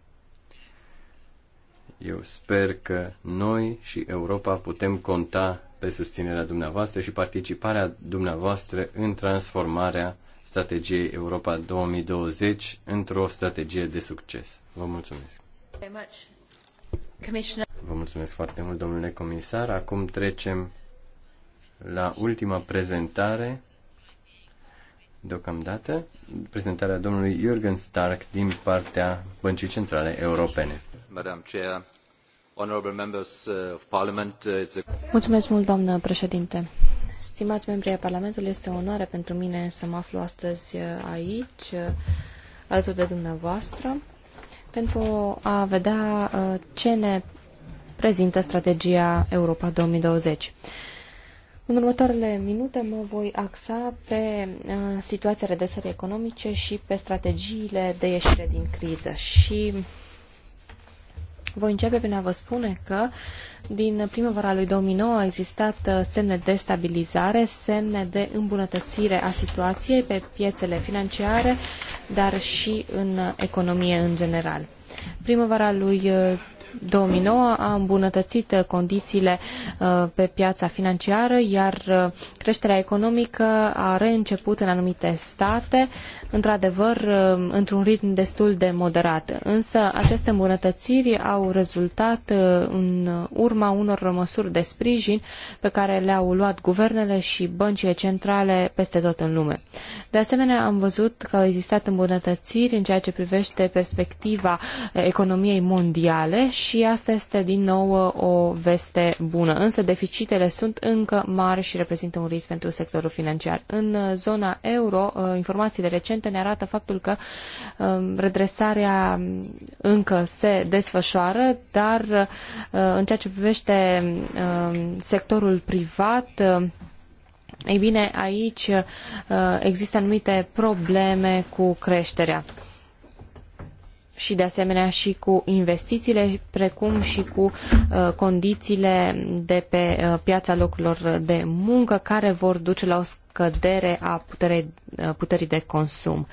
Eu sper că noi și Europa putem conta pe susținerea dumneavoastră și participarea dumneavoastră în transformarea strategiei Europa 2020 într-o strategie de succes. Vă mulțumesc! Vă mulțumesc foarte mult, domnule comisar. Acum trecem la ultima prezentare deocamdată prezentarea domnului Jürgen Stark din partea Băncii Centrale Europene. Madam Chair, honorable members uh, of Parliament, uh, it's a... Mulțumesc mult, doamnă președinte. Stimați membri ai Parlamentului, este o onoare pentru mine să mă aflu astăzi uh, aici, alături de dumneavoastră, pentru a vedea ce ne prezintă strategia Europa 2020. În următoarele minute mă voi axa pe uh, situația redresării economice și pe strategiile de ieșire din criză. Și voi începe prin a vă spune că din primăvara lui 2009 au existat uh, semne de stabilizare, semne de îmbunătățire a situației pe piețele financiare, dar și în economie în general. Primăvara lui uh, 2009 a îmbunătățit uh, condițiile uh, pe piața financiară, iar uh, creșterea economică a reînceput în anumite state, într-adevăr, într-un ritm destul de moderat. Însă aceste îmbunătățiri au rezultat în urma unor măsuri de sprijin pe care le-au luat guvernele și băncile centrale peste tot în lume. De asemenea, am văzut că au existat îmbunătățiri în ceea ce privește perspectiva economiei mondiale și și asta este din nou uh, o veste bună, însă deficitele sunt încă mari și reprezintă un risc pentru sectorul financiar. În uh, zona euro, uh, informațiile recente ne arată faptul că um, redresarea um, încă se desfășoară, dar în ceea ce privește um, sectorul privat, ei bine, aici există anumite probleme cu creșterea și de asemenea și cu investițiile, precum și cu uh, condițiile de pe uh, piața locurilor de muncă care vor duce la o scădere a putere, uh, puterii de consum.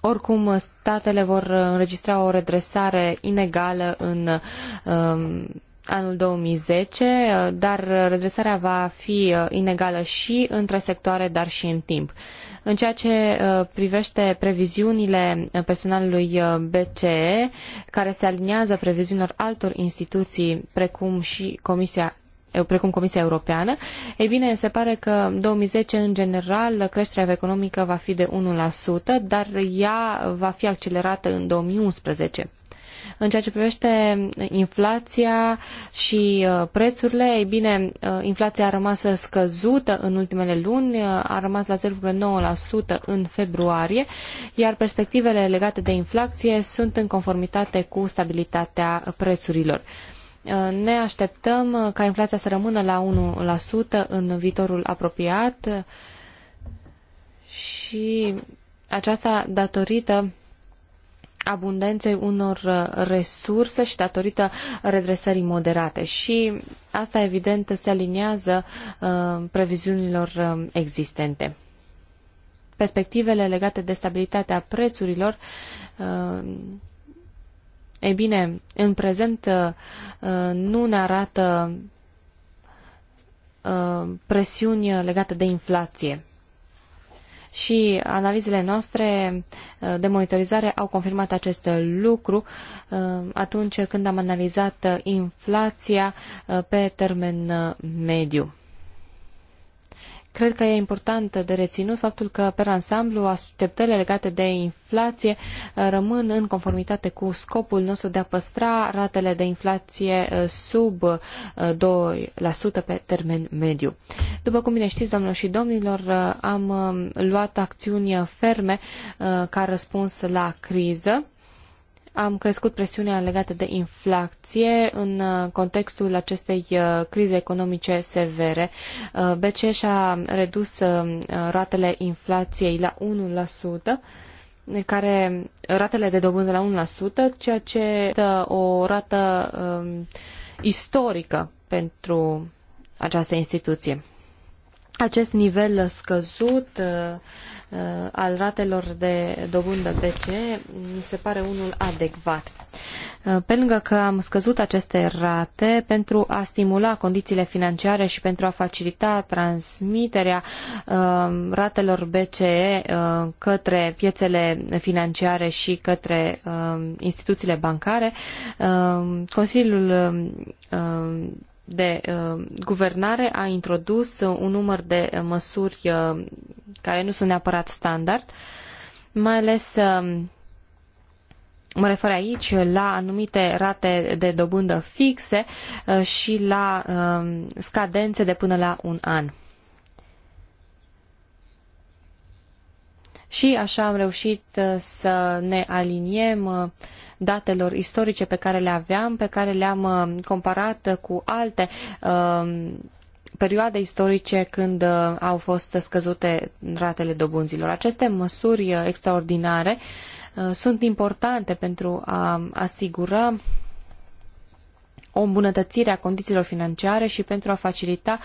Oricum, statele vor înregistra o redresare inegală în um, anul 2010, uh, dar redresarea va fi uh, inegală și între sectoare, dar și în timp. În ceea ce uh, privește previziunile personalului BCE, care se aliniază previziunilor altor instituții, precum și Comisia precum Comisia Europeană, ei bine, se pare că 2010, în general, creșterea economică va fi de 1%, dar ea va fi accelerată în 2011. În ceea ce privește inflația și uh, prețurile, ei bine, uh, inflația a rămas scăzută în ultimele luni, uh, a rămas la 0,9% în februarie, iar perspectivele legate de inflație sunt în conformitate cu stabilitatea prețurilor. Ne așteptăm ca inflația să rămână la 1% în viitorul apropiat și aceasta datorită abundenței unor uh, resurse și datorită redresării moderate. Și asta, evident, se aliniază uh, previziunilor uh, existente. Perspectivele legate de stabilitatea prețurilor ei bine, în prezent nu ne arată presiuni legate de inflație și analizele noastre uh, de monitorizare au confirmat acest lucru uh, atunci când am analizat uh, inflația pe termen mediu. Cred că e important de reținut faptul că, per ansamblu, așteptările legate de inflație uh, rămân în conformitate cu scopul nostru de a păstra ratele de inflație uh, sub 2% uh, pe termen mediu. După cum bine știți, doamnelor și domnilor, am um, luat acțiuni ferme ca răspuns la criză am crescut presiunea legată de inflație în uh, contextul acestei uh, crize economice severe. Uh, BCE și-a redus ratele inflației la 1%, care ratele de dobândă la 1%, ceea ce o rată um, istorică pentru această instituție. Acest nivel scăzut uh, Uh, al ratelor de dobândă BC mi se pare unul adecvat. Uh, pe lângă că am scăzut aceste rate pentru a stimula condițiile financiare și pentru a facilita transmiterea uh, ratelor BCE către piețele financiare și către instituțiile bancare, Consiliul de uh, guvernare a introdus uh, un număr de uh, măsuri uh, care nu sunt neapărat standard, mai ales um, mă refer aici la anumite rate de dobândă fixe uh, și la um, scadențe de până la un an. Și așa am reușit să ne aliniem uh, datelor istorice pe care le aveam, pe care le-am uh, comparat cu alte uh, perioade istorice când uh, au fost scăzute ratele dobânzilor. Aceste măsuri extraordinare sunt importante pentru a asigura o îmbunătățire a condițiilor financiare și pentru a facilita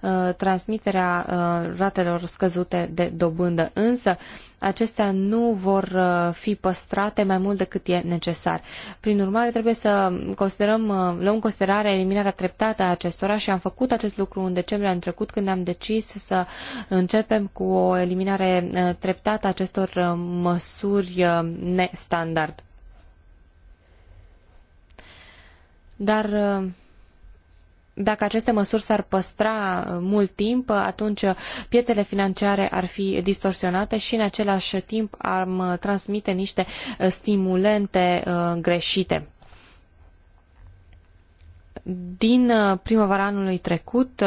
uh, transmiterea uh, ratelor scăzute de dobândă. Însă, acestea nu vor uh, fi păstrate mai mult decât e necesar. Prin urmare, trebuie să considerăm, uh, luăm în considerare eliminarea treptată a acestora și am făcut acest lucru în decembrie anul trecut când am decis să începem cu o eliminare uh, treptată a acestor măsuri nestandard. Dar dacă aceste măsuri s-ar păstra uh, mult timp, uh, atunci uh, piețele financiare ar fi distorsionate și în același timp am transmite niște stimulente greșite. Din primăvara anului trecut,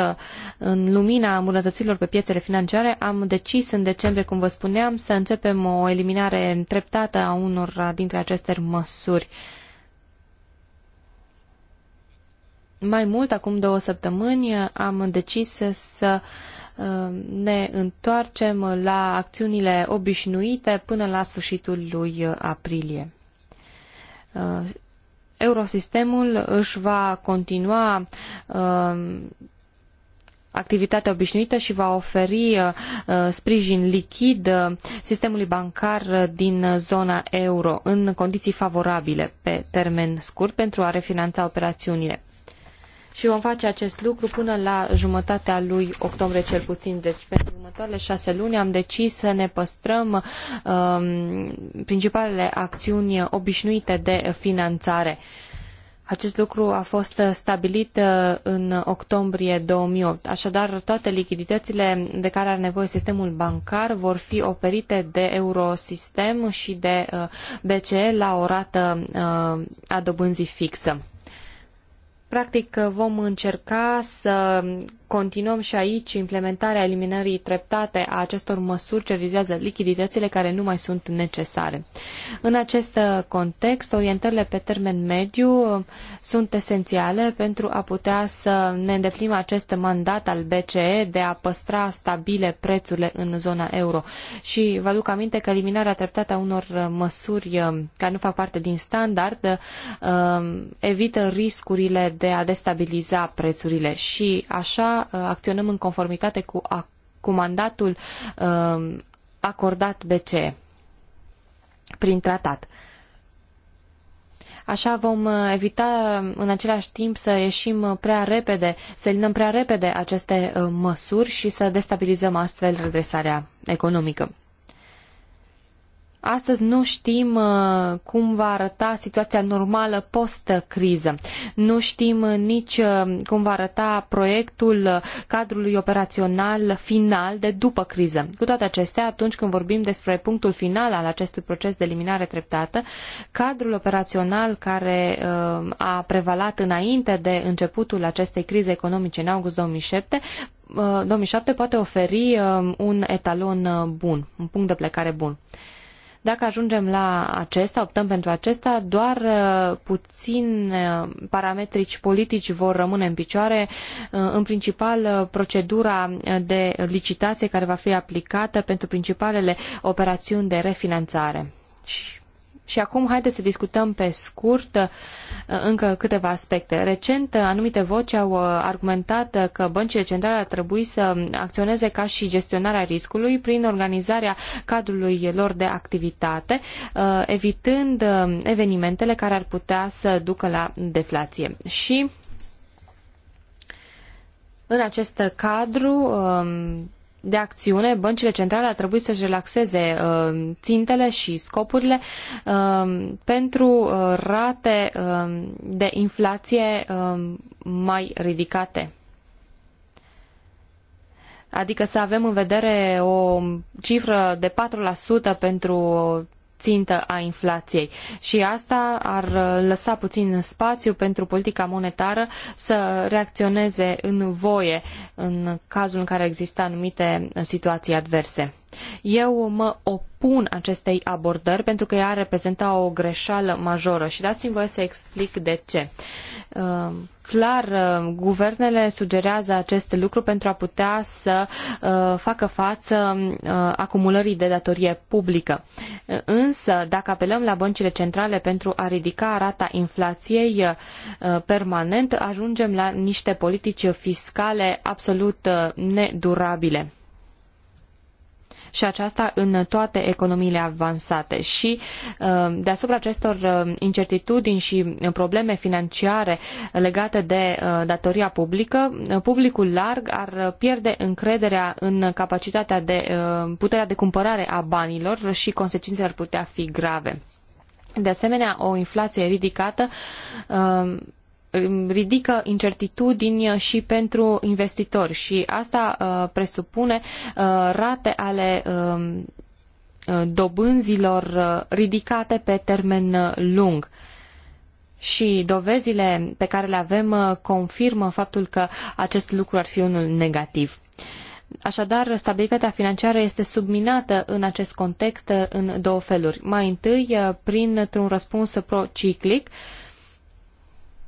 în lumina îmbunătăților pe piețele financiare, am decis în decembrie, cum vă spuneam, să începem o eliminare treptată a unor dintre aceste măsuri. mai mult, acum două săptămâni, am decis să uh, ne întoarcem la acțiunile obișnuite până la sfârșitul lui aprilie. Uh, Eurosistemul își va continua uh, activitatea obișnuită și va oferi sprijin lichid sistemului bancar din zona euro în condiții favorabile pe termen scurt pentru a refinanța operațiunile și vom face acest lucru până la jumătatea lui octombrie cel puțin. Deci pentru următoarele șase luni am decis să ne păstrăm um, principalele acțiuni obișnuite de finanțare. Acest lucru a fost stabilit uh, în octombrie 2008. Așadar, toate lichiditățile de care are nevoie sistemul bancar vor fi operite de Eurosystem și de uh, BCE la o rată uh, a dobânzii fixă. Practic vom încerca să continuăm și aici implementarea eliminării treptate a acestor măsuri ce vizează lichiditățile care nu mai sunt necesare. În acest uh, context, orientările pe termen mediu uh, sunt esențiale pentru a putea să ne îndeplinim acest mandat al BCE de a păstra stabile prețurile în zona euro. Și vă aduc aminte că eliminarea treptată a unor uh, măsuri care nu fac parte din standard evită riscurile de a destabiliza prețurile și așa Uh, acționăm în conformitate cu, cu mandatul uh, acordat BCE prin tratat. Așa vom uh, evita în același timp să ieșim prea repede, să eliminăm prea repede aceste măsuri și să destabilizăm astfel redresarea economică. Astăzi nu știm uh, cum va arăta situația normală post-criză. Nu știm uh, nici uh, cum va arăta proiectul cadrului operațional final de după criză. Cu toate acestea, atunci când vorbim despre punctul final al acestui proces de eliminare treptată, cadrul operațional care a prevalat înainte de începutul acestei crize economice în august 2007 2007 poate oferi um, un etalon bun, un punct de plecare bun. Dacă ajungem la acesta, optăm pentru acesta, doar uh, puțin uh, parametrici politici vor rămâne în picioare, uh, în principal procedura de licitație care va fi aplicată pentru principalele operațiuni de refinanțare. Și și acum haideți să discutăm pe scurt uh, încă câteva aspecte. Recent, uh, anumite voci au uh, argumentat că băncile centrale ar trebui să um, acționeze ca și gestionarea riscului prin organizarea cadrului lor de activitate, evitând um, evenimentele care ar putea să ducă la deflație. Și în acest cadru, um, de acțiune, băncile centrale ar trebui să-și relaxeze uh, țintele și scopurile uh, pentru uh, rate uh, de inflație uh, mai ridicate. Adică să avem în vedere o cifră de 4% pentru țintă a inflației și asta ar uh, lăsa puțin spațiu pentru politica monetară să reacționeze în voie în cazul în care există anumite situații adverse. Eu mă opun acestei abordări pentru că ea reprezenta o greșeală majoră și dați-mi voie să explic de ce. Uh, clar, uh, guvernele sugerează acest lucru pentru a putea să uh, facă față acumulării de datorie publică. Însă, dacă apelăm la băncile centrale pentru a ridica rata inflației permanent, ajungem la niște politici fiscale absolut nedurabile și aceasta în toate economiile avansate. Și uh, deasupra acestor uh, incertitudini și probleme financiare legate de uh, datoria publică, publicul larg ar pierde încrederea în capacitatea de puterea de cumpărare a banilor și consecințele ar putea fi grave. De asemenea, o inflație ridicată ridică incertitudini și pentru investitori și asta uh, presupune uh, rate ale um, uh, dobânzilor ridicate pe termen lung. Și dovezile pe care le avem confirmă faptul că acest lucru ar fi unul negativ. Așadar, stabilitatea financiară este subminată în acest context în două feluri. Mai întâi, printr-un răspuns prociclic, uh,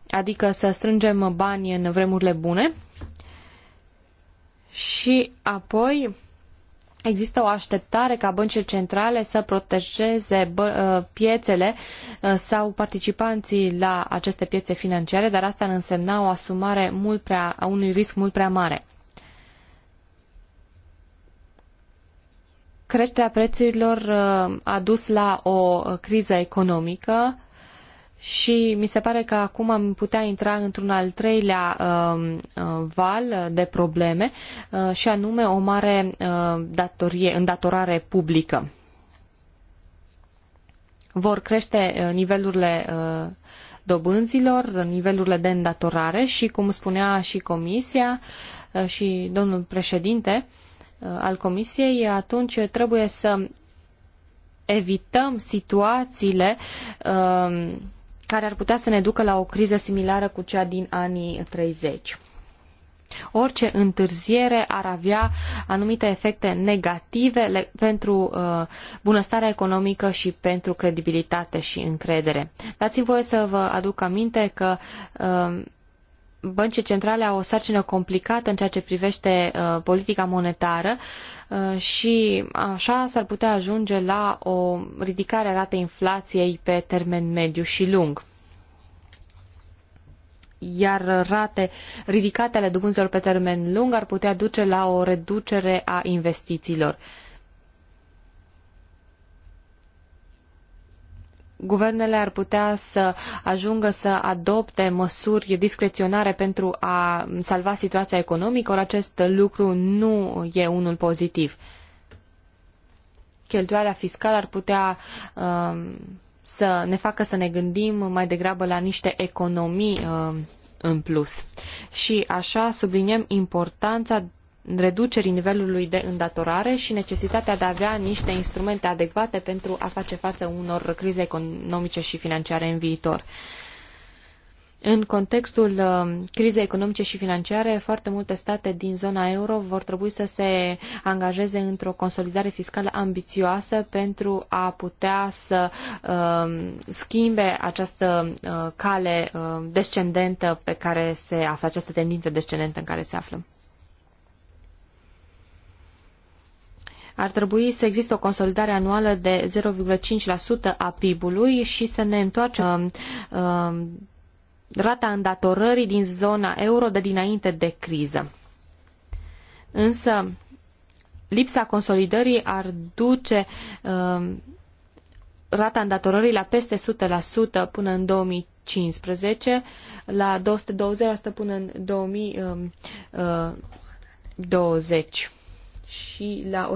adică să strângem bani în vremurile bune și apoi există o așteptare ca băncile centrale să protejeze uh, piețele uh, sau participanții la aceste piețe financiare, dar asta ar însemna o asumare mult prea, a unui risc mult prea mare. Creșterea prețurilor uh, a dus la o criză economică și mi se pare că acum am putea intra într-un al treilea um, uh, val de probleme uh, și anume o mare uh, datorie, îndatorare publică. Vor crește uh, nivelurile uh, dobânzilor, nivelurile de îndatorare și, cum spunea și Comisia uh, și domnul președinte uh, al Comisiei, atunci trebuie să evităm situațiile uh, care ar putea să ne ducă la o criză similară cu cea din anii 30. Orice întârziere ar avea anumite efecte negative pentru uh, bunăstarea economică și pentru credibilitate și încredere. Dați-mi voie să vă aduc aminte că uh, băncii centrale au o sarcină complicată în ceea ce privește uh, politica monetară uh, și așa s-ar putea ajunge la o ridicare a ratei inflației pe termen mediu și lung iar rate ridicate ale dobânzilor pe termen lung ar putea duce la o reducere a investițiilor. Uh, guvernele ar putea să ajungă să adopte măsuri discreționare pentru a salva situația economică, ori acest lucru nu e unul pozitiv. Cheltuiala fiscală ar putea um, să ne facă să ne gândim mai degrabă la niște economii um, în plus. Și așa subliniem importanța reducerii nivelului de îndatorare și necesitatea de a avea niște instrumente adecvate pentru a face față unor crize economice și financiare în viitor. În contextul uh, crizei economice și financiare, foarte multe state din zona euro vor trebui să se angajeze într-o consolidare fiscală ambițioasă pentru a putea să uh, schimbe această uh, cale uh, descendentă pe care se află, această tendință descendentă în care se află. Ar trebui să existe o consolidare anuală de 0,5% a PIB-ului și să ne întoarcem uh, rata îndatorării din zona euro de dinainte de criză. Însă, lipsa consolidării ar duce um, rata îndatorării la peste 100% până în 2015, la 220% până în 2020 și la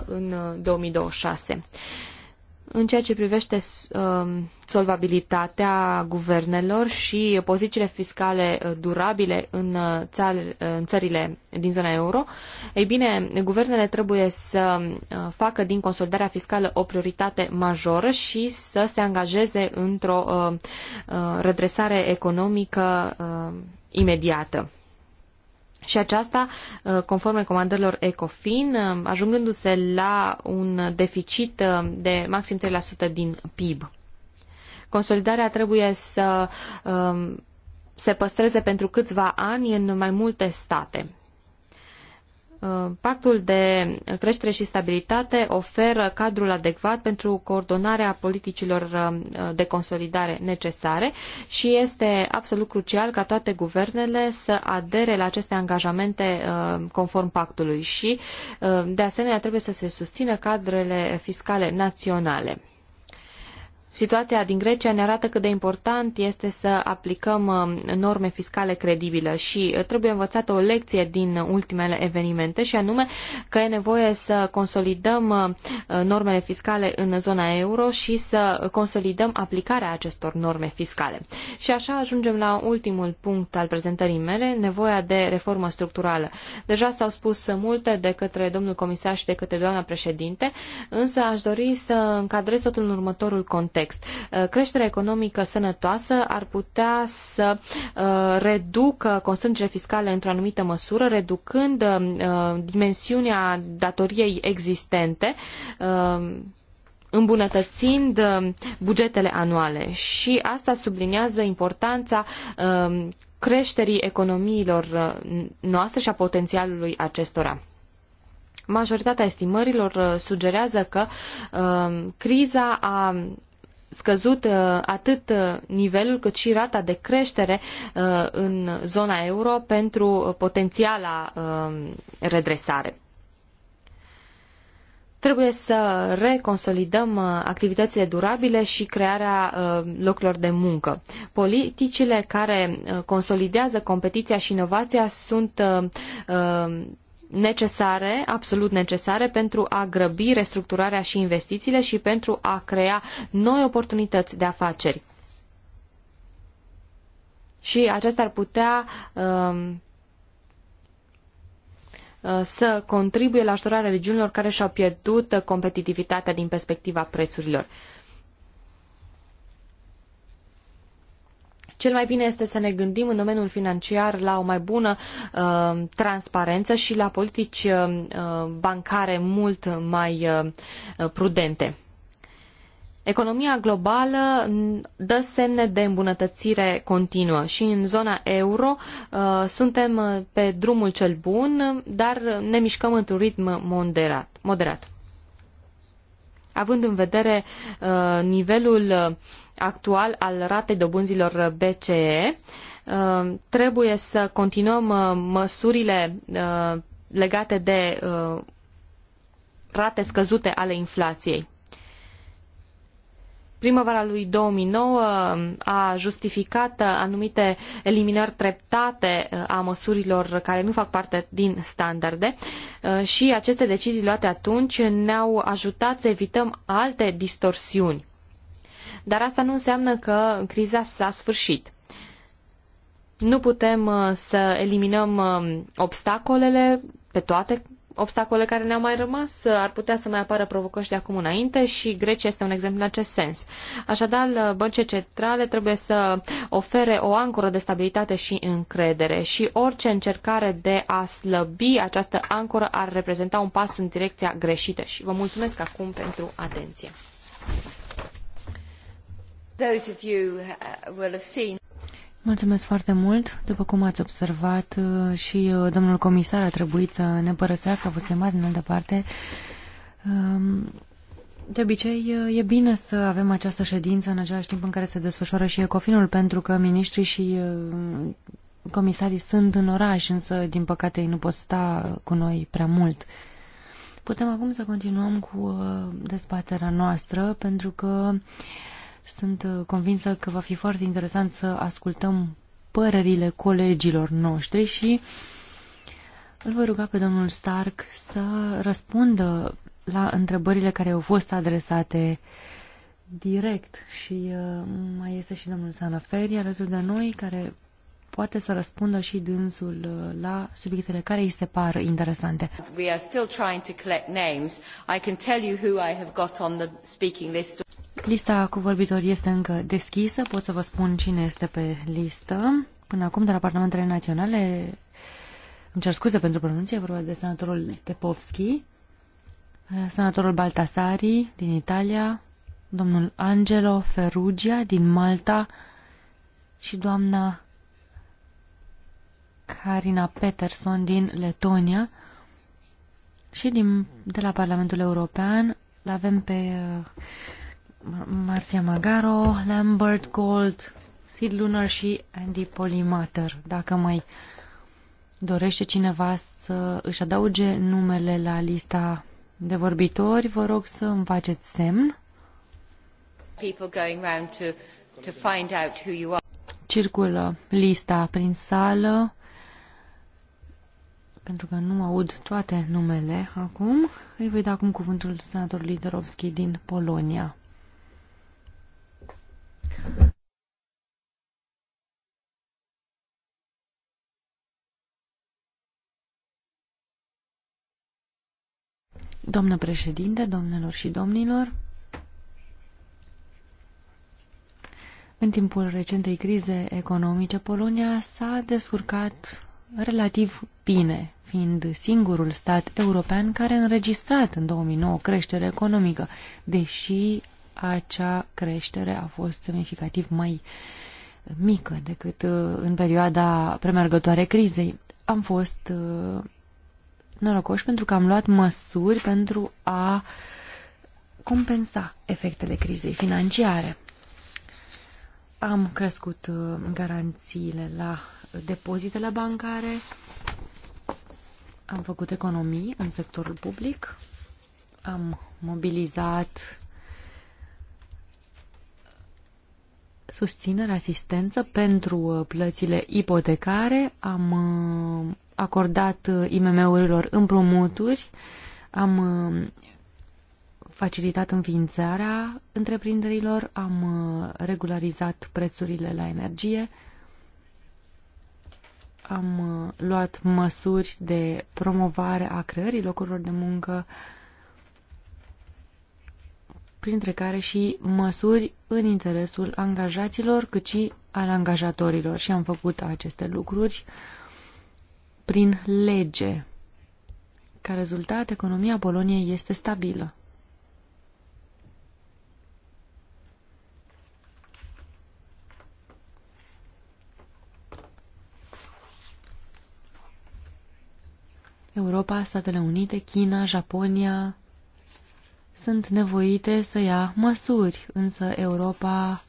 150% în 2026. Uh, în ceea ce privește um, solvabilitatea guvernelor și pozițiile fiscale uh, durabile în, uh, țar, în țările din zona euro, ei bine, guvernele trebuie să facă din consolidarea fiscală o prioritate majoră și să se angajeze într-o redresare economică imediată. Și aceasta, uh, conform recomandărilor ECOFIN, uh, ajungându-se la un deficit uh, de maxim 3% din PIB. Consolidarea trebuie să um, se păstreze pentru câțiva ani în mai multe state. Pactul de creștere și stabilitate oferă cadrul adecvat pentru coordonarea politicilor uh, de consolidare necesare și este absolut crucial ca toate guvernele să adere la aceste angajamente uh, conform pactului și, uh, de asemenea, trebuie să se susțină cadrele fiscale naționale. Situația din Grecia ne arată cât de important este să aplicăm uh, norme fiscale credibile și uh, trebuie învățată o lecție din ultimele evenimente și anume că e nevoie să consolidăm uh, normele fiscale în zona euro și să consolidăm aplicarea acestor norme fiscale. Și așa ajungem la ultimul punct al prezentării mele, nevoia de reformă structurală. Deja s-au spus multe de către domnul comisar și de către doamna președinte, însă aș dori să încadrez totul în următorul context context. Uh, creșterea economică sănătoasă ar putea să uh, reducă constrângerile fiscale într-o anumită măsură, reducând uh, dimensiunea datoriei existente îmbunătățind bugetele anuale și asta subliniază importanța creșterii economiilor noastre și a potențialului acestora. Majoritatea estimărilor sugerează că criza a scăzut uh, atât uh, nivelul cât și rata de creștere uh, în zona euro pentru potențiala redresare. Trebuie să reconsolidăm activitățile durabile și crearea locurilor de muncă. Politicile care consolidează competiția și inovația sunt necesare, absolut necesare, pentru a grăbi restructurarea și investițiile și pentru a crea noi oportunități de afaceri. Și aceasta ar putea um, uh, să contribuie la ajutorarea regiunilor care și-au pierdut competitivitatea din perspectiva prețurilor. Cel mai bine este să ne gândim în domeniul financiar la o mai bună uh, transparență și la politici uh, uh bancare mult mai uh, uh prudente. Economia globală dă semne de îmbunătățire continuă și în zona euro uh, suntem pe drumul cel bun, dar ne mișcăm într-un ritm moderat. moderat. Având în vedere nivelul actual al ratei dobânzilor BCE, uh, trebuie să continuăm uh, măsurile uh, legate de rate scăzute ale inflației. Primăvara lui 2009 a justificat anumite eliminări treptate a măsurilor care nu fac parte din standarde și aceste decizii luate atunci ne-au ajutat să evităm alte distorsiuni. Dar asta nu înseamnă că criza s-a sfârșit. Nu putem uh, să eliminăm uh, obstacolele pe toate Obstacolele care ne-au mai rămas, uh, ar putea să mai apară provocări de acum înainte și Grecia este un exemplu în acest sens. Așadar, băncile centrale trebuie să ofere o ancoră de stabilitate și încredere și orice încercare de a slăbi această ancoră ar reprezenta un pas în direcția greșită și vă mulțumesc acum pentru atenție. Uh, Mulțumesc foarte mult. După cum ați observat, uh, și uh, domnul comisar a trebuit să ne părăsească, a fost chemat în altă parte. Um, de obicei, e bine să avem această ședință în același timp în care se desfășoară și ecofinul, pentru că ministrii și comisarii sunt în oraș, însă, din păcate, ei nu pot sta cu noi prea mult. Putem acum să continuăm cu dezbaterea noastră, pentru că sunt uh, convinsă că va fi foarte interesant să ascultăm părerile colegilor noștri și îl voi ruga pe domnul Stark să răspundă la întrebările care au fost adresate direct și uh, mai este și domnul Sanaferi alături de noi care poate să răspundă și dânsul uh, la subiectele care îi se par interesante. We are still trying to collect names. I can tell you who I have got on the speaking list. Lista cu vorbitori este încă deschisă, pot să vă spun cine este pe listă. Până acum, de la Parlamentele Naționale, îmi cer scuze pentru pronunție, vorba de senatorul Tepovski, uh, senatorul Baltasari din Italia, domnul Angelo Ferrugia din Malta și doamna Karina Peterson din Letonia și din, de la Parlamentul European l avem pe uh, Marcia Magaro, Lambert Gold, Sid Lunar și Andy Polimater. Dacă mai dorește cineva să își adauge numele la lista de vorbitori, vă rog să îmi faceți semn. Circulă lista prin sală pentru că nu aud toate numele acum, îi voi da acum cuvântul senatorului Dorovski din Polonia. Doamnă președinte, domnilor și domnilor, în timpul recentei crize economice, Polonia s-a descurcat relativ bine, fiind singurul stat european care a înregistrat în 2009 creștere economică, deși acea creștere a fost semnificativ mai mică decât uh, în perioada premergătoare crizei. Am fost uh, norocoși pentru că am luat măsuri pentru a compensa efectele crizei financiare. Am crescut uh, garanțiile la depozitele bancare, am făcut economii în sectorul public, am mobilizat susținere, asistență pentru uh, plățile ipotecare, am uh, acordat IMM-urilor împrumuturi, am facilitat înființarea întreprinderilor, am uh, regularizat prețurile la energie, am uh, luat măsuri de promovare a creării locurilor de muncă, printre care și măsuri în interesul angajaților, cât și al angajatorilor. Și am făcut aceste lucruri prin lege. Ca rezultat, economia Poloniei este stabilă. Europa, Statele Unite, China, Japonia sunt nevoite să ia măsuri, însă Europa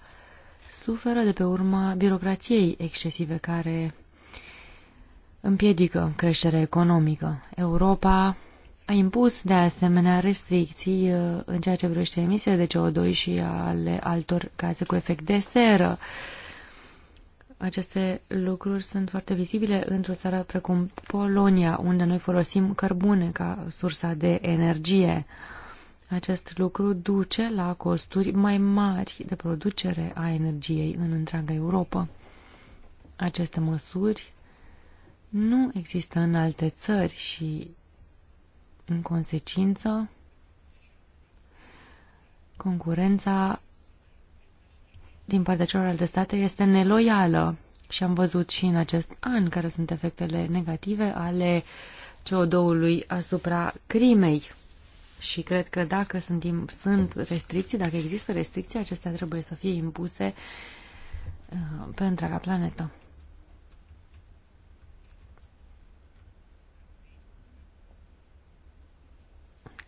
suferă de pe urma birocrației excesive care împiedică creșterea economică. Europa a impus de asemenea restricții uh, în ceea ce privește emisiile de CO2 și ale altor gaze cu efect de seră. Uh, aceste lucruri sunt foarte vizibile într-o țară precum Polonia, unde noi folosim cărbune ca sursa de energie. Acest lucru duce la costuri mai mari de producere a energiei în întreaga Europa. Aceste măsuri nu există în alte țări și, în consecință, concurența din partea celorlalte state este neloială și am văzut și în acest an care sunt efectele negative ale CO2-ului asupra crimei. Și cred că dacă sunt, sunt restricții, dacă există restricții, acestea trebuie să fie impuse uh, pe întreaga planetă.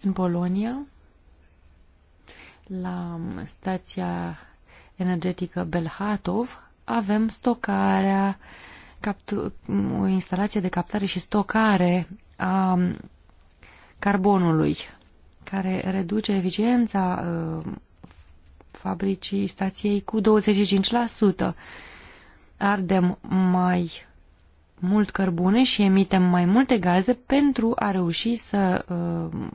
În Polonia, la stația energetică Belhatov, avem stocarea, o instalație de captare și stocare a carbonului, care reduce eficiența uh, fabricii stației cu 25%. Ardem mai mult cărbune și emitem mai multe gaze pentru a reuși să uh,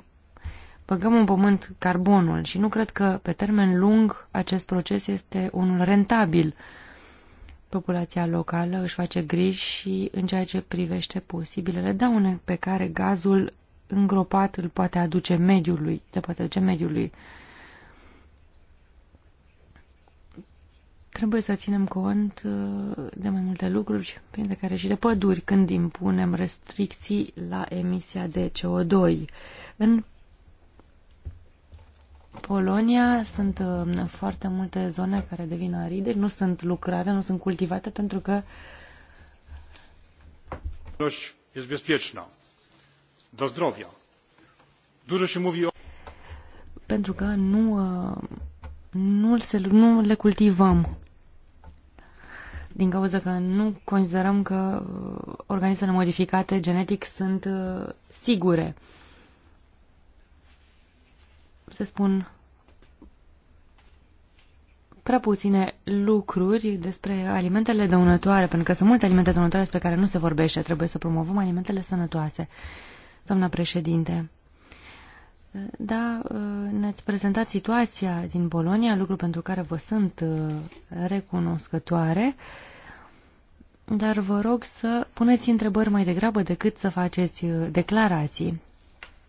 băgăm în pământ carbonul și nu cred că pe termen lung acest proces este unul rentabil. Populația locală își face griji și în ceea ce privește posibilele daune pe care gazul îngropat îl poate aduce mediului, te poate aduce mediului. Trebuie să ținem cont uh, de mai multe lucruri, printre care și de păduri, când impunem restricții la emisia de CO2. În Polonia sunt uh, foarte multe zone care devin aride, nu sunt lucrate, nu sunt cultivate pentru că bezpieczna zdrowia. Dużo się mówi o pentru că nu, uh, nu, se, nu le cultivăm. Din cauza că nu considerăm că uh, organismele modificate genetic sunt sigure se spun prea puține lucruri despre alimentele dăunătoare, pentru că sunt multe alimente dăunătoare despre care nu se vorbește. Trebuie să promovăm alimentele sănătoase. Doamna președinte, da, ne-ați prezentat situația din Bolonia, lucru pentru care vă sunt uh, recunoscătoare, dar vă rog să puneți întrebări mai degrabă decât să faceți uh, declarații.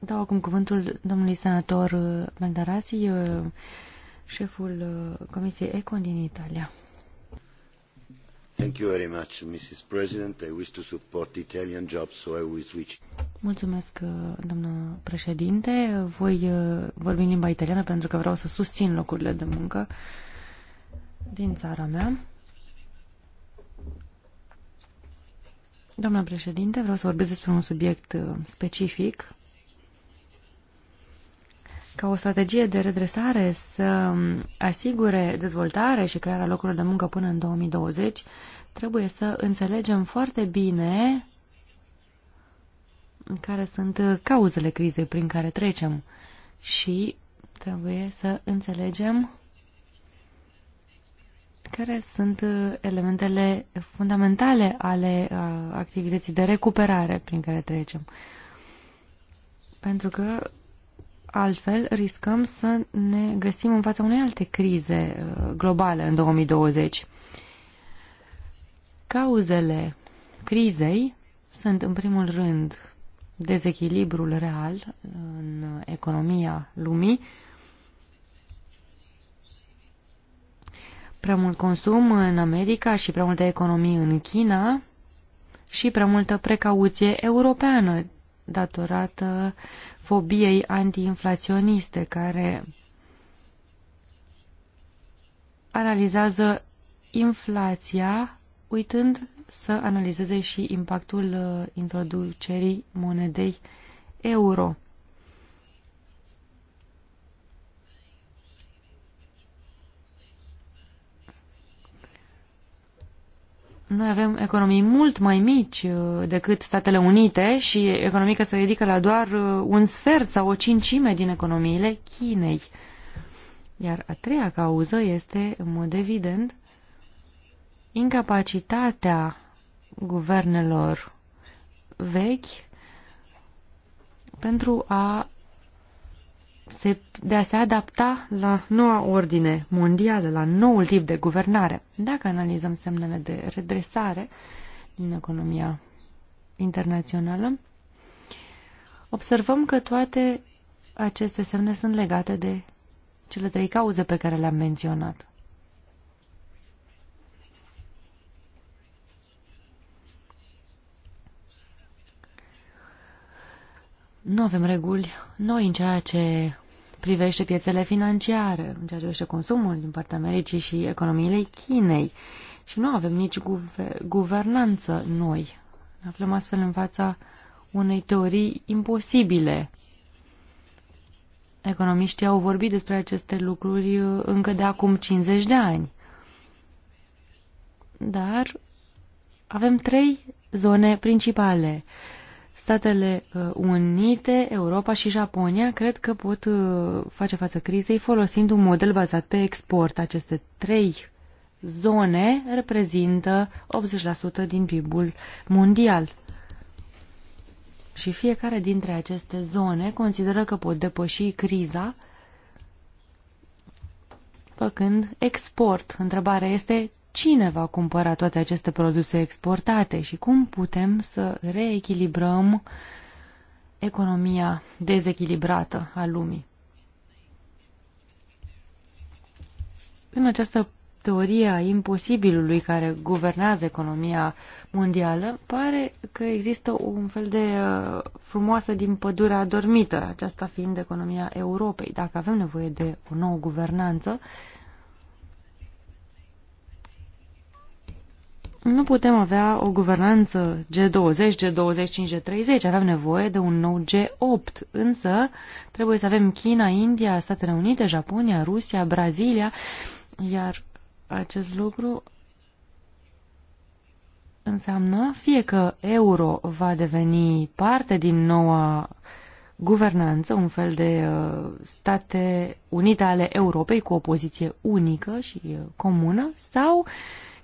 Dau acum cuvântul domnului senator uh, Meldarasi, uh, șeful uh, Comisiei Econ din Italia. Thank you very much, Mrs. President. I wish to support Italian jobs, so I will switch. Mulțumesc, doamnă președinte. Voi vorbi în limba italiană pentru că vreau să susțin locurile de muncă din țara mea. Doamna președinte, vreau să vorbesc despre un subiect specific ca o strategie de redresare să asigure dezvoltare și crearea locurilor de muncă până în 2020, trebuie să înțelegem foarte bine care sunt cauzele crizei prin care trecem și trebuie să înțelegem care sunt elementele fundamentale ale activității de recuperare prin care trecem. Pentru că Altfel, riscăm să ne găsim în fața unei alte crize uh, globale în 2020. Cauzele crizei sunt, în primul rând, dezechilibrul real în economia lumii, prea mult consum în America și prea multe economii în China și prea multă precauție europeană, datorată fobiei antiinflaționiste care analizează inflația uitând să analizeze și impactul uh, introducerii monedei euro. Noi avem economii mult mai mici uh, decât Statele Unite și economica se ridică la doar uh, un sfert sau o cincime din economiile Chinei. Iar a treia cauză este, în mod evident, incapacitatea guvernelor vechi pentru a se, de a se adapta la noua ordine mondială, la noul tip de guvernare. Dacă analizăm semnele de redresare din economia internațională, observăm că toate aceste semne sunt legate de cele trei cauze pe care le-am menționat. nu avem reguli noi în ceea ce privește piețele financiare, în ceea ce privește consumul din partea Americii și economiile Chinei. Și nu avem nici guver guvernanță noi. Ne aflăm astfel în fața unei teorii imposibile. Economiștii au vorbit despre aceste lucruri uh, încă de acum 50 de ani. Dar avem trei zone principale Statele uh, Unite, Europa și Japonia cred că pot uh, face față crizei folosind un model bazat pe export. Aceste trei zone reprezintă 80% din PIB-ul mondial. Și fiecare dintre aceste zone consideră că pot depăși criza făcând export. Întrebarea este cine va cumpăra toate aceste produse exportate și cum putem să reechilibrăm economia dezechilibrată a lumii. În această teorie a imposibilului care guvernează economia mondială, pare că există un fel de uh, frumoasă din pădurea adormită, aceasta fiind economia Europei. Dacă avem nevoie de o nouă guvernanță, Nu putem avea o guvernanță G20, G25, G30, avem nevoie de un nou G8, însă trebuie să avem China, India, Statele Unite, Japonia, Rusia, Brazilia, iar acest lucru înseamnă fie că euro va deveni parte din noua guvernanță, un fel de uh, state unite ale Europei cu o poziție unică și uh, comună, sau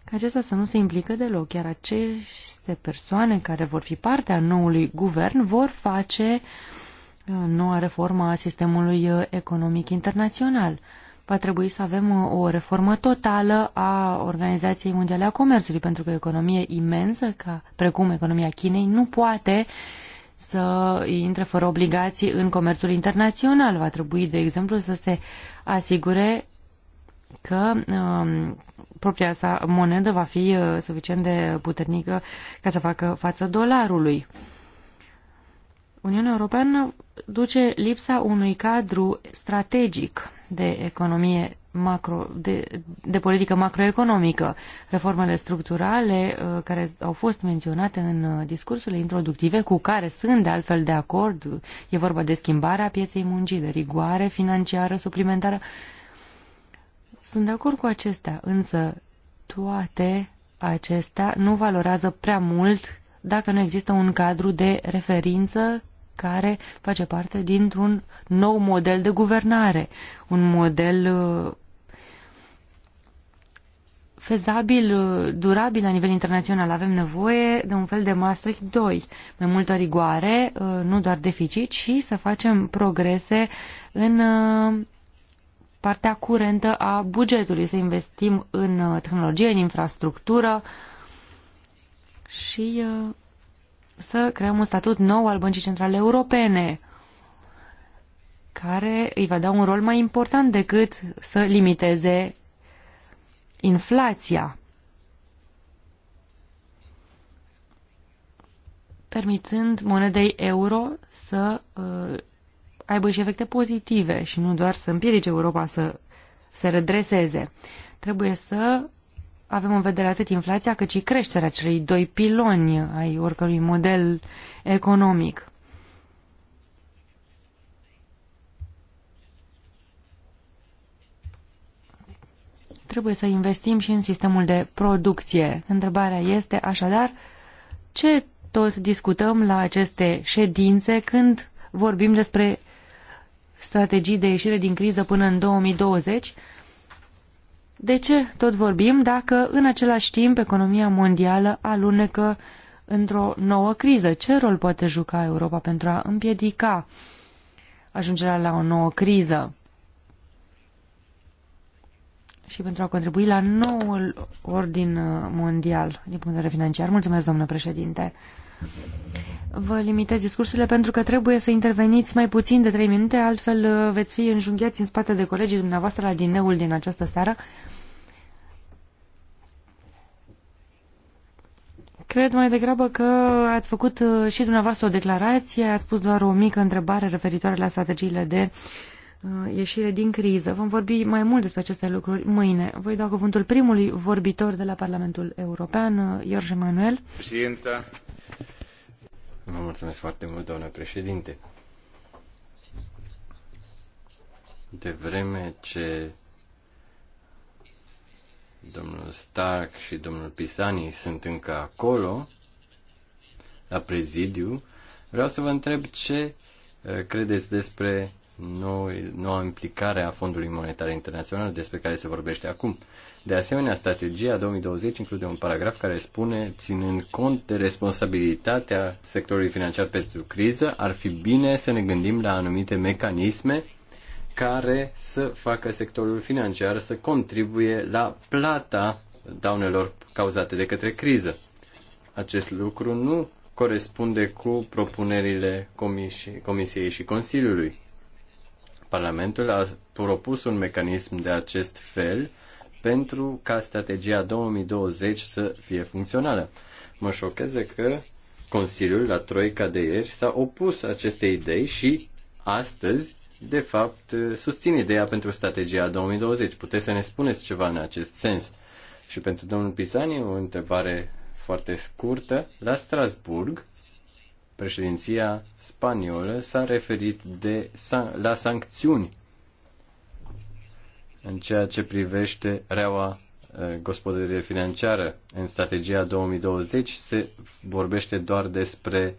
ca acesta să nu se implică deloc, iar aceste persoane care vor fi parte a noului guvern vor face uh, noua reformă a sistemului uh, economic internațional. Va trebui să avem uh, o reformă totală a Organizației Mondiale a Comerțului, pentru că o economie imensă, ca precum economia Chinei, nu poate să intre fără obligații în comerțul internațional. Va trebui, de exemplu, să se asigure că um, propria sa monedă va fi uh, suficient de puternică ca să facă față dolarului. Uniunea Europeană duce lipsa unui cadru strategic de economie macro, de, de politică macroeconomică. Reformele structurale uh, care au fost menționate în uh, discursurile introductive, cu care sunt de altfel de acord, e vorba de schimbarea pieței muncii, de rigoare financiară suplimentară, sunt de acord cu acestea, însă toate acestea nu valorează prea mult dacă nu există un cadru de referință care face parte dintr-un nou model de guvernare, un model uh, fezabil, uh, durabil la nivel internațional. Avem nevoie de un fel de Maastricht 2, mai multă rigoare, uh, nu doar deficit, și să facem progrese în partea curentă a bugetului, să investim în uh, tehnologie, în infrastructură și uh, să creăm un statut nou al Băncii Centrale Europene care îi va da un rol mai important decât să limiteze inflația. permițând monedei euro să uh, aibă și efecte pozitive și nu doar să împiedice Europa să se redreseze. Trebuie să avem în vedere atât inflația cât și creșterea celei doi piloni ai oricărui model economic. Trebuie să investim și în sistemul de producție. Întrebarea este așadar ce tot discutăm la aceste ședințe când vorbim despre strategii de ieșire din criză până în 2020, de ce tot vorbim dacă în același timp economia mondială alunecă într-o nouă criză? Ce rol poate juca Europa pentru a împiedica ajungerea la o nouă criză? și pentru a contribui la noul ordin uh, mondial din punct de vedere financiar. Mulțumesc, domnule președinte. Vă limitez discursurile pentru că trebuie să interveniți mai puțin de 3 minute, altfel uh, veți fi înjunghiați în spate de colegii dumneavoastră la dineul din această seară. Cred mai degrabă că ați făcut uh, și dumneavoastră o declarație, ați pus doar o mică întrebare referitoare la strategiile de uh, ieșire din criză. Vom vorbi mai mult despre aceste lucruri mâine. Voi da cuvântul primului vorbitor de la Parlamentul European, George Manuel. Președinte, Vă mulțumesc foarte mult, doamnă președinte. De vreme ce domnul Stark și domnul Pisani sunt încă acolo, la prezidiu, vreau să vă întreb ce uh, credeți despre noi, noua implicare a Fondului Monetar Internațional despre care se vorbește acum. De asemenea, strategia 2020 include un paragraf care spune, ținând cont de responsabilitatea sectorului financiar pentru criză, ar fi bine să ne gândim la anumite mecanisme care să facă sectorul financiar să contribuie la plata daunelor cauzate de către criză. Acest lucru nu corespunde cu propunerile Comisiei și Consiliului. Parlamentul a propus un mecanism de acest fel pentru ca strategia 2020 să fie funcțională. Mă șocheze că Consiliul la Troica de ieri s-a opus acestei idei și astăzi, de fapt, susține ideea pentru strategia 2020. Puteți să ne spuneți ceva în acest sens? Și pentru domnul Pisani, o întrebare foarte scurtă. La Strasburg, președinția spaniolă s-a referit de, la sancțiuni în ceea ce privește reaua uh, gospodărie financiară. În strategia 2020 se vorbește doar despre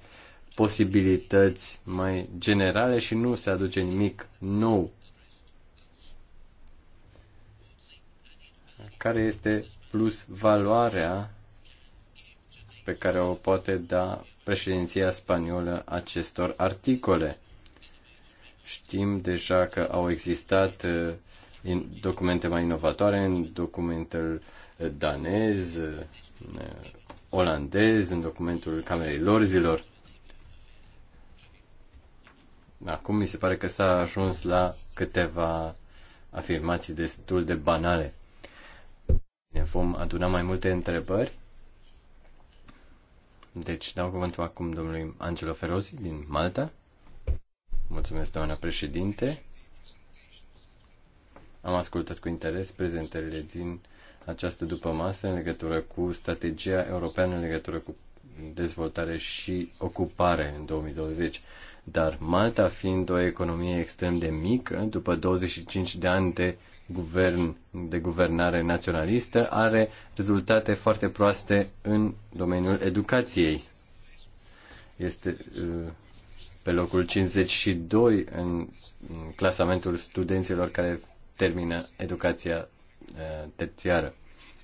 posibilități mai generale și nu se aduce nimic nou. Care este plus valoarea pe care o poate da președinția spaniolă acestor articole? Știm deja că au existat uh, documente mai inovatoare în documentul danez, eh, olandez, în documentul Camerei Lorzilor. Acum mi se pare că s-a ajuns la câteva afirmații destul de banale. Ne vom aduna mai multe întrebări. Deci dau cuvântul acum domnului Angelo Ferozi din Malta. Mulțumesc, doamna președinte. Am ascultat cu interes prezentările din această dupămasă în legătură cu strategia europeană în legătură cu dezvoltare și ocupare în 2020. Dar Malta fiind o economie extrem de mică, după 25 de ani de guvern de guvernare naționalistă, are rezultate foarte proaste în domeniul educației. Este uh, pe locul 52 în clasamentul studenților care termină educația uh, terțiară.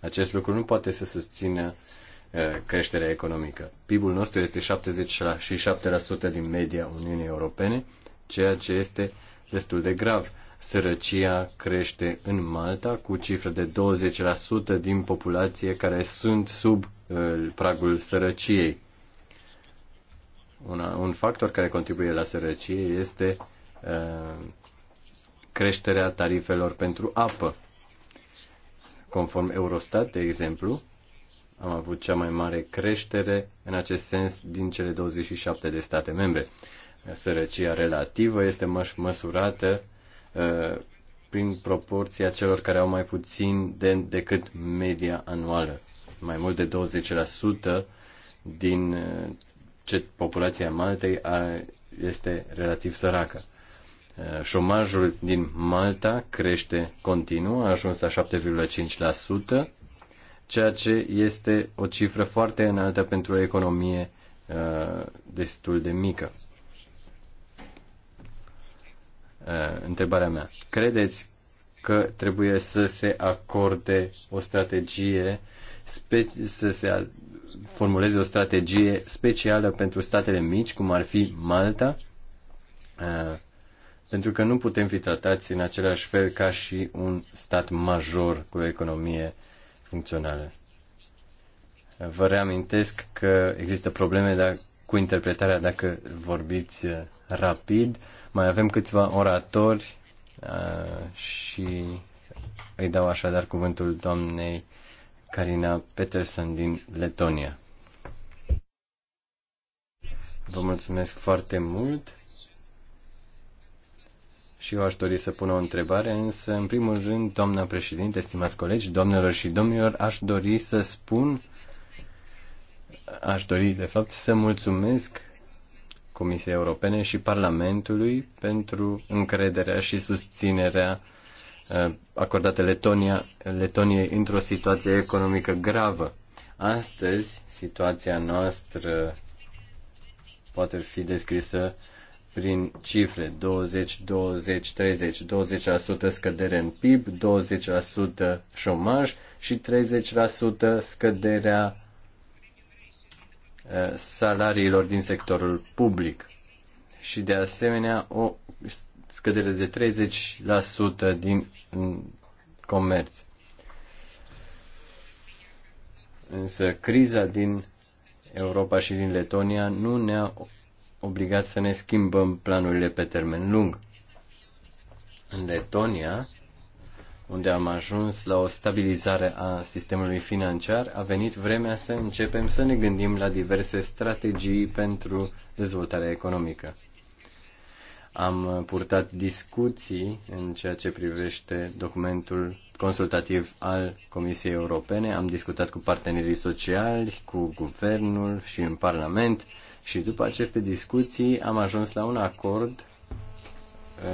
Acest lucru nu poate să susțină uh, creșterea economică. PIB-ul nostru este 77% din media Uniunii Europene, ceea ce este destul de grav. Sărăcia crește în Malta cu cifre de 20% din populație care sunt sub uh, pragul sărăciei. Una, un factor care contribuie la sărăcie este uh, creșterea tarifelor pentru apă. Conform Eurostat, de exemplu, am avut cea mai mare creștere în acest sens din cele 27 de state membre. Sărăcia relativă este măs- măsurată uh, prin proporția celor care au mai puțin de, decât media anuală. Mai mult de 20% din uh, ce populația Maltei a, uh, este relativ săracă. Eh, șomajul din Malta crește continuu, a ajuns la 7,5%, ceea ce este o cifră foarte înaltă pentru o economie eh, destul de mică. Eh, întrebarea mea. Credeți că trebuie să se acorde o strategie, să se formuleze o strategie specială pentru statele mici, cum ar fi Malta? pentru că nu putem fi tratați în același fel ca și un stat major cu o economie funcțională. Vă reamintesc că există probleme da, cu interpretarea dacă vorbiți uh, rapid. Mai avem câțiva oratori uh, și îi dau așadar cuvântul doamnei Karina Peterson din Letonia. Vă mulțumesc foarte mult și eu aș dori să pun o întrebare, însă, în primul rând, doamna președinte, stimați colegi, doamnelor și domnilor, aș dori să spun, aș dori, de fapt, să mulțumesc Comisiei Europene și Parlamentului pentru încrederea și susținerea uh, acordată Letonia, Letoniei într-o situație economică gravă. Astăzi, situația noastră poate fi descrisă prin cifre 20, 20, 30, 20% scădere în PIB, 20% șomaj și 30% scăderea uh, salariilor din sectorul public și de asemenea o scădere de 30% din comerț. Însă criza din Europa și din Letonia nu ne-a obligați să ne schimbăm planurile pe termen lung. În Letonia, unde am ajuns la o stabilizare a sistemului financiar, a venit vremea să începem să ne gândim la diverse strategii pentru dezvoltarea economică. Am purtat discuții în ceea ce privește documentul consultativ al Comisiei Europene, am discutat cu partenerii sociali, cu guvernul și în Parlament, și după aceste discuții am ajuns la un acord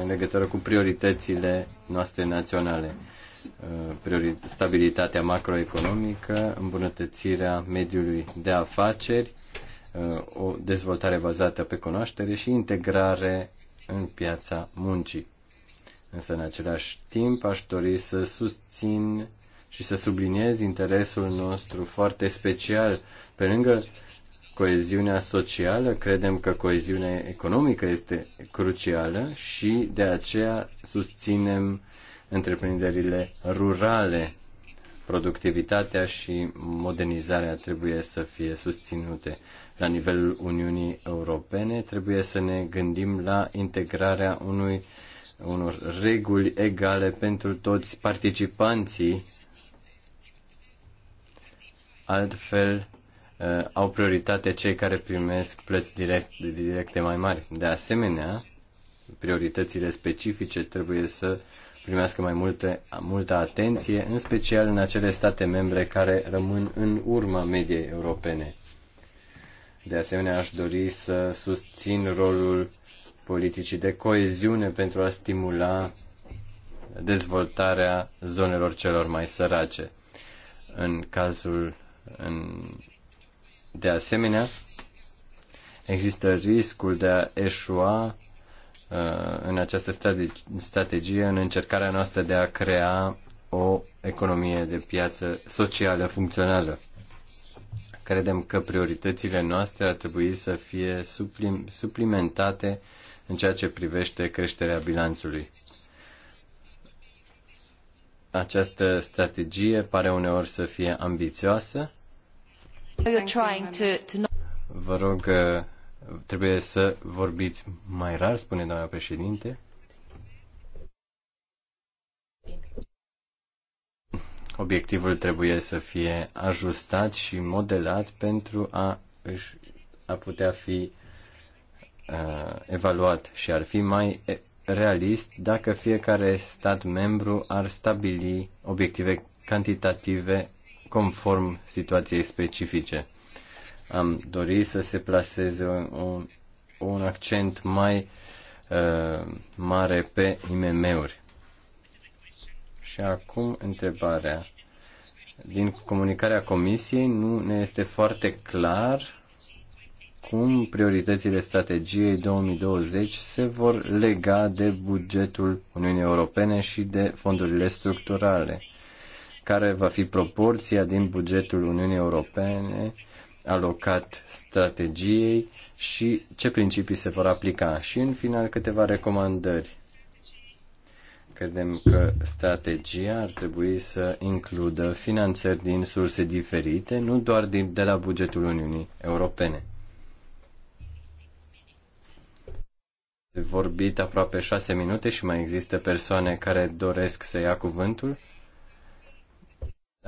în legătură cu prioritățile noastre naționale. Uh, stabilitatea macroeconomică, îmbunătățirea mediului de afaceri, uh, o dezvoltare bazată pe cunoaștere și integrare în piața muncii. Însă, în același timp, aș dori să susțin și să subliniez interesul nostru foarte special, pe lângă coeziunea socială, credem că coeziunea economică este crucială și de aceea susținem întreprinderile rurale. Productivitatea și modernizarea trebuie să fie susținute. La nivelul Uniunii Europene trebuie să ne gândim la integrarea unui, unor reguli egale pentru toți participanții. Altfel, Uh, au prioritate cei care primesc plăți direct, directe mai mari. De asemenea, prioritățile specifice trebuie să primească mai multe, multă atenție, în special în acele state membre care rămân în urma mediei europene. De asemenea, aș dori să susțin rolul politicii de coeziune pentru a stimula dezvoltarea zonelor celor mai sărace. În cazul în de asemenea, există riscul de a eșua uh, în această strategie, în încercarea noastră de a crea o economie de piață socială funcțională. Credem că prioritățile noastre ar trebui să fie suplim, suplimentate în ceea ce privește creșterea bilanțului. Această strategie pare uneori să fie ambițioasă, Vă rog, uh, trebuie să vorbiți mai rar, spune doamna președinte. Obiectivul trebuie să fie ajustat și modelat pentru a, a putea fi uh, evaluat și ar fi mai realist dacă fiecare stat membru ar stabili obiective cantitative conform situației specifice. Am dorit să se placeze un, un, un accent mai uh, mare pe IMM-uri. Și acum întrebarea. Din comunicarea Comisiei nu ne este foarte clar cum prioritățile strategiei 2020 se vor lega de bugetul Uniunii Europene și de fondurile structurale care va fi proporția din bugetul Uniunii Europene alocat strategiei și ce principii se vor aplica. Și în final câteva recomandări. Credem că strategia ar trebui să includă finanțări din surse diferite, nu doar din, de la bugetul Uniunii Europene. Vorbit aproape șase minute și mai există persoane care doresc să ia cuvântul.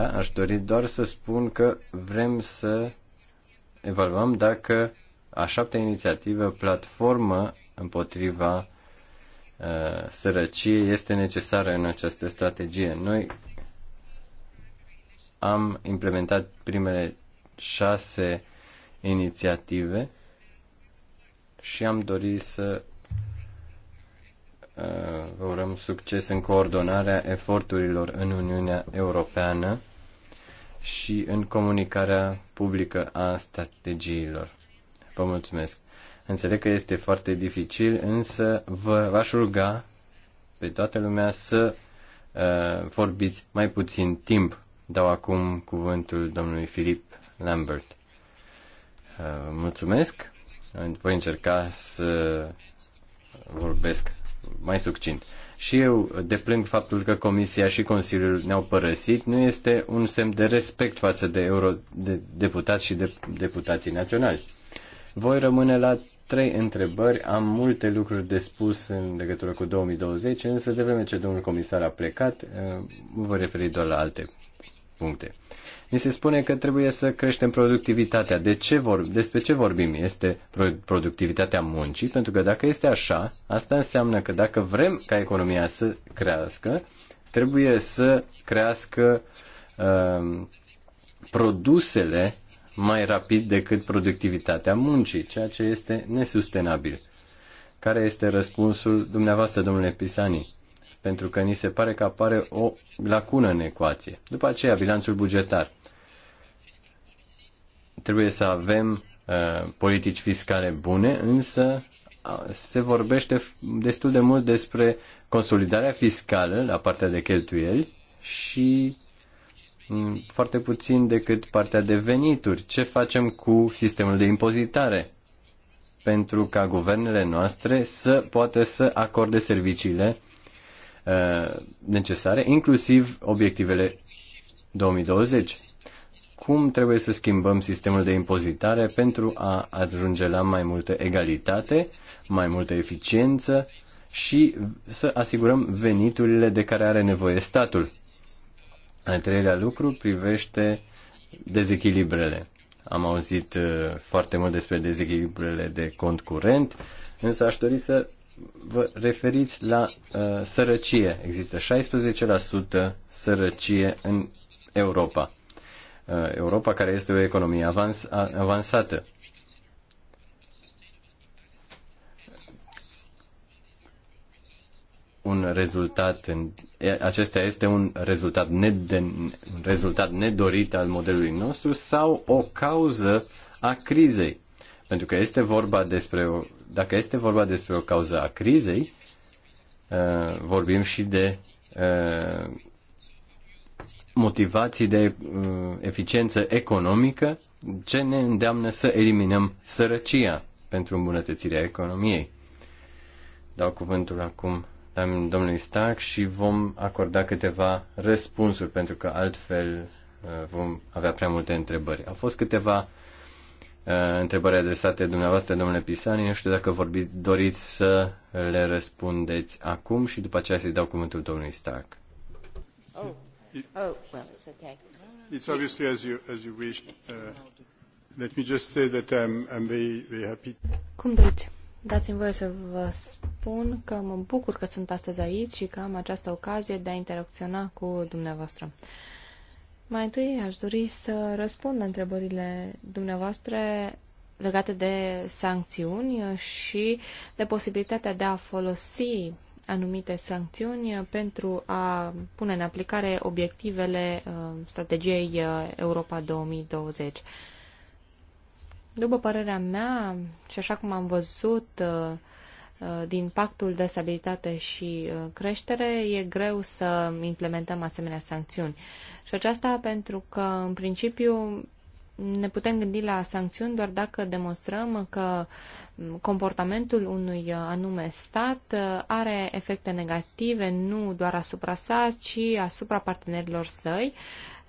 Da, aș dori doar să spun că vrem să evaluăm dacă a șaptea inițiativă, platformă împotriva uh, sărăciei, este necesară în această strategie. Noi am implementat primele șase inițiative și am dorit să uh, vă urăm succes în coordonarea eforturilor în Uniunea Europeană și în comunicarea publică a strategiilor. Vă mulțumesc. Înțeleg că este foarte dificil, însă vă aș ruga pe toată lumea să uh, vorbiți mai puțin timp. Dau acum cuvântul domnului Filip Lambert. Uh, mulțumesc. Voi încerca să vorbesc mai succint. Uh, și eu deplâng faptul că Comisia și Consiliul ne-au părăsit. Nu este un semn de respect față de, eurodeputați deputați și de deputații naționali. Voi rămâne la trei întrebări. Am multe lucruri de spus în legătură cu 2020, însă de vreme ce domnul comisar a plecat, eh, mă voi referi doar la alte puncte ni se spune că trebuie să creștem productivitatea. De ce vor, despre ce vorbim? Este productivitatea muncii? Pentru că dacă este așa, asta înseamnă că dacă vrem ca economia să crească, trebuie să crească uh, produsele mai rapid decât productivitatea muncii, ceea ce este nesustenabil. Care este răspunsul dumneavoastră, domnule Pisani? Pentru că ni se pare că apare o lacună în ecuație. După aceea, bilanțul bugetar. Trebuie să avem uh, politici fiscale bune, însă se vorbește destul de mult despre consolidarea fiscală la partea de cheltuieli și mm, foarte puțin decât partea de venituri. Ce facem cu sistemul de impozitare? Pentru ca guvernele noastre să poată să acorde serviciile uh, necesare, inclusiv obiectivele 2020 cum trebuie să schimbăm sistemul de impozitare pentru a ajunge la mai multă egalitate, mai multă eficiență și să asigurăm veniturile de care are nevoie statul. Al treilea lucru privește dezechilibrele. Am auzit uh, foarte mult despre dezechilibrele de cont curent, însă aș dori să vă referiți la uh, sărăcie. Există 16% sărăcie în Europa. Uh, Europa care este o economie avans, avansată. un rezultat, acesta este un rezultat, neden, un rezultat nedorit al modelului nostru sau o cauză a crizei. Pentru că este vorba despre o, dacă este vorba despre o cauză a crizei, uh, vorbim și de uh, motivații de uh, eficiență economică ce ne îndeamnă să eliminăm sărăcia pentru îmbunătățirea economiei. Dau cuvântul acum domnului Stark și vom acorda câteva răspunsuri, pentru că altfel uh, vom avea prea multe întrebări. Au fost câteva uh, întrebări adresate dumneavoastră, domnule Pisani. Nu știu dacă vorbi, doriți să le răspundeți acum și după aceea să-i dau cuvântul domnului Stark. Oh oh, well, it's okay. It's obviously as you, as you wish. Uh, let me just say that I'm, um, I'm very, very happy. Cum doriți? Dați-mi voie să vă spun că mă bucur că sunt astăzi aici și că am această ocazie de a interacționa cu dumneavoastră. Mai întâi aș dori să răspund la întrebările dumneavoastră legate de sancțiuni și de posibilitatea de a folosi anumite sancțiuni pentru a pune în aplicare obiectivele uh, strategiei uh, Europa 2020. După părerea mea, și așa cum am văzut uh, din pactul de stabilitate și creștere, e greu să implementăm asemenea sancțiuni. Și aceasta pentru că, în principiu, ne putem gândi la sancțiuni doar dacă demonstrăm că comportamentul unui anume stat are efecte negative nu doar asupra sa, ci asupra partenerilor săi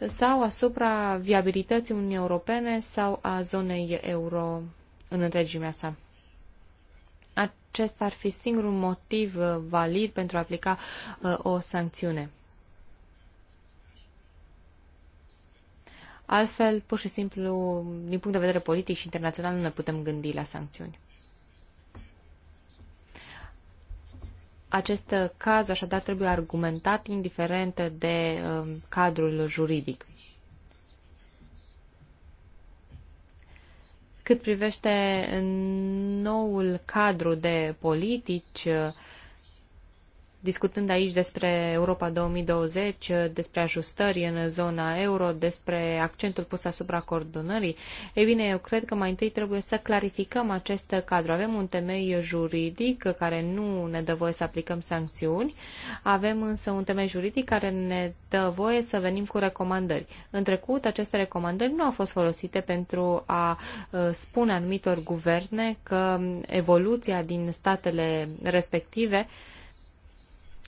sau asupra viabilității Uniunii Europene sau a zonei euro în întregimea sa. Acesta ar fi singurul motiv valid pentru a aplica uh, o sancțiune. Altfel, pur și simplu, din punct de vedere politic și internațional, nu ne putem gândi la sancțiuni. Acest caz, așadar, trebuie argumentat indiferent de um, cadrul juridic. Cât privește noul cadru de politici, uh, discutând aici despre Europa 2020, despre ajustări în zona euro, despre accentul pus asupra coordonării, ei bine, eu cred că mai întâi trebuie să clarificăm acest cadru. Avem un temei juridic care nu ne dă voie să aplicăm sancțiuni, avem însă un temei juridic care ne dă voie să venim cu recomandări. În trecut, aceste recomandări nu au fost folosite pentru a uh, spune anumitor guverne că evoluția din statele respective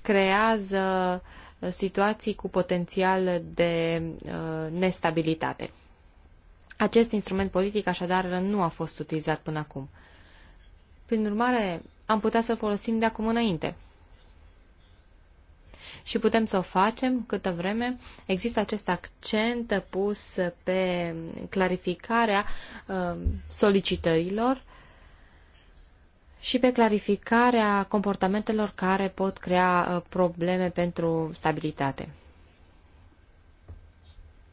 creează uh, situații cu potențial de uh, nestabilitate. Acest instrument politic așadar nu a fost utilizat până acum. Prin urmare, am putea să folosim de acum înainte. Și putem să o facem câtă vreme există acest accent pus pe clarificarea uh, solicitărilor și pe clarificarea comportamentelor care pot crea uh, probleme pentru stabilitate.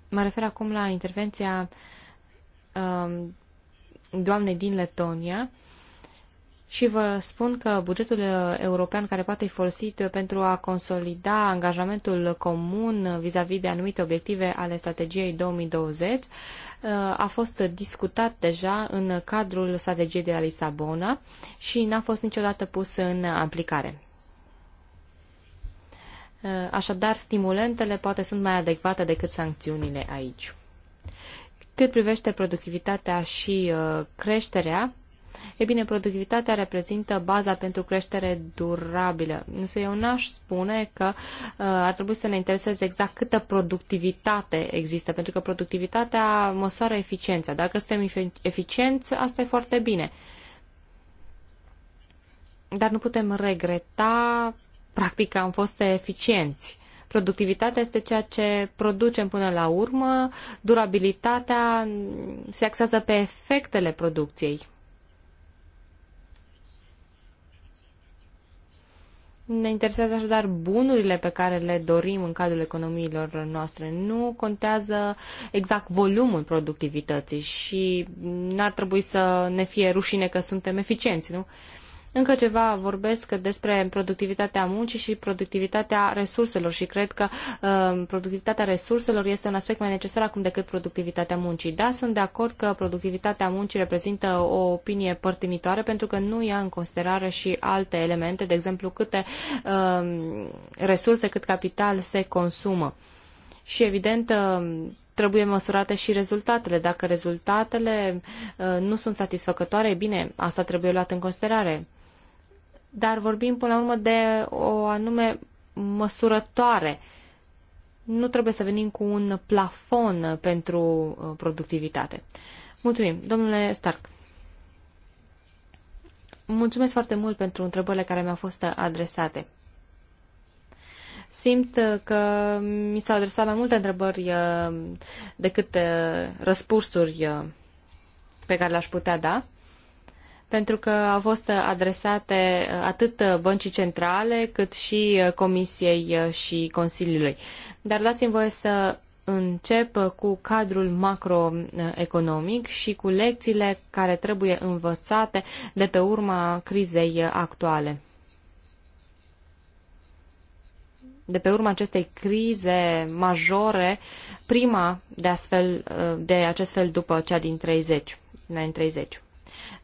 Mă refer acum la intervenția um, doamnei din Letonia, și vă spun că bugetul uh, european care poate fi folosit uh, pentru a consolida angajamentul comun vis-a-vis -vis de anumite obiective ale strategiei 2020 uh, a fost discutat deja în cadrul strategiei de la Lisabona și n-a fost niciodată pus în aplicare. Așadar, stimulentele poate sunt mai adecvate decât sancțiunile aici. Cât privește productivitatea și creșterea, E bine, productivitatea reprezintă baza pentru creștere durabilă. Însă eu n-aș spune că uh, ar trebui să ne intereseze exact câtă productivitate există, pentru că productivitatea măsoară eficiența. Dacă suntem eficienți, asta e foarte bine. Dar nu putem regreta, practic, că am fost eficienți. Productivitatea este ceea ce producem până la urmă, durabilitatea se axează pe efectele producției. Ne interesează așadar bunurile pe care le dorim în cadrul economiilor noastre. Nu contează exact volumul productivității și n-ar trebui să ne fie rușine că suntem eficienți, nu? Uh, încă ceva vorbesc despre productivitatea muncii și productivitatea resurselor și cred că uh, productivitatea resurselor este un aspect mai necesar acum decât productivitatea muncii. Da, sunt de acord că productivitatea muncii reprezintă o opinie părtinitoare pentru că nu ia în considerare și alte elemente, de exemplu câte uh, resurse, cât capital se consumă. Și evident, uh, trebuie măsurate și rezultatele. Dacă rezultatele uh, nu sunt satisfăcătoare, bine, asta trebuie luat în considerare dar vorbim până la urmă de o anume măsurătoare. Nu trebuie să venim cu un plafon pentru uh, productivitate. Mulțumim, domnule Stark. Mulțumesc foarte mult pentru întrebările care mi-au fost adresate. Simt uh, că mi s-au adresat mai multe întrebări uh, decât răspunsuri pe care le-aș putea da pentru că au fost adresate atât băncii centrale cât și Comisiei și Consiliului. Dar dați-mi voie să încep cu cadrul macroeconomic și cu lecțiile care trebuie învățate de pe urma crizei actuale. de pe urma acestei crize majore, prima de, astfel, de acest fel după cea din 30, din 30.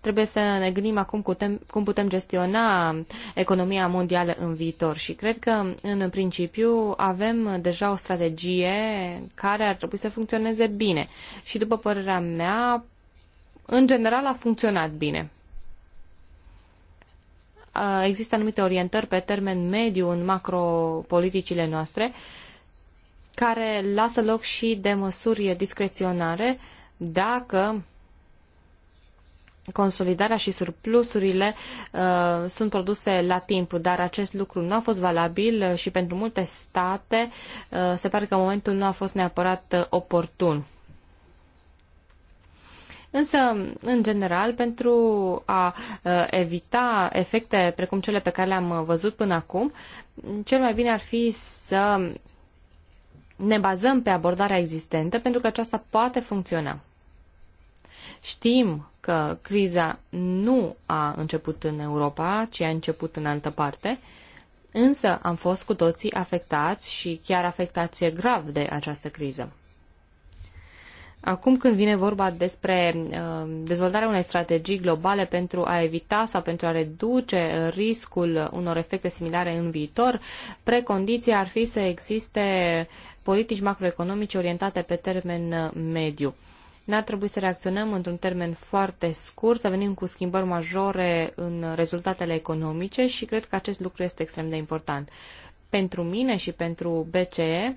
Trebuie să ne gândim acum cum putem gestiona economia mondială în viitor și cred că, în principiu, avem deja o strategie care ar trebui să funcționeze bine și, după părerea mea, în general a funcționat bine există anumite orientări pe termen mediu în macropoliticile noastre, care lasă loc și de măsuri discreționare dacă consolidarea și surplusurile uh, sunt produse la timp, dar acest lucru nu a fost valabil și pentru multe state uh, se pare că momentul nu a fost neapărat uh, oportun. Însă, în general, pentru a uh, evita efecte precum cele pe care le-am văzut până acum, cel mai bine ar fi să ne bazăm pe abordarea existentă, pentru că aceasta poate funcționa. Știm că criza nu a început în Europa, ci a început în altă parte, însă am fost cu toții afectați și chiar afectați grav de această criză. Acum când vine vorba despre uh, dezvoltarea unei strategii globale pentru a evita sau pentru a reduce riscul unor efecte similare în viitor, precondiția ar fi să existe politici macroeconomice orientate pe termen uh, mediu. N-ar trebui să reacționăm într-un termen foarte scurt, să venim cu schimbări majore în rezultatele economice și cred că acest lucru este extrem de important. Pentru mine și pentru BCE,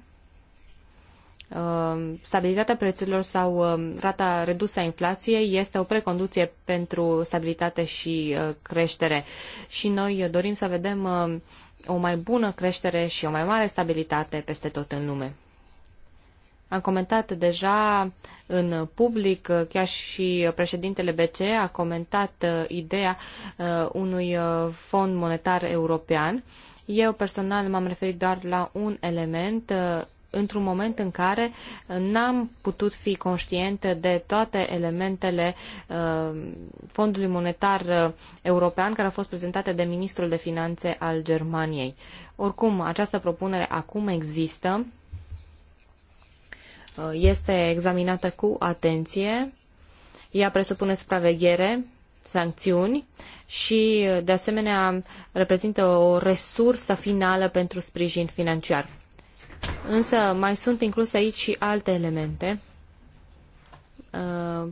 um, stabilitatea prețurilor sau um, rata redusă a inflației este o preconduție pentru stabilitate și uh, creștere. Și noi dorim să vedem um, o mai bună creștere și o mai mare stabilitate peste tot în lume. Am comentat deja în public, uh, chiar și președintele BCE a comentat uh, ideea uh, unui fond monetar european. Eu personal m-am referit doar la un element într-un moment în care n-am putut fi conștient de toate elementele Fondului Monetar European care au fost prezentate de Ministrul de Finanțe al Germaniei. Oricum, această propunere acum există Uh, este examinată cu atenție. Ea presupune supraveghere, sancțiuni și, uh, de asemenea, reprezintă o resursă finală pentru sprijin financiar. Însă mai sunt incluse aici și alte elemente, uh,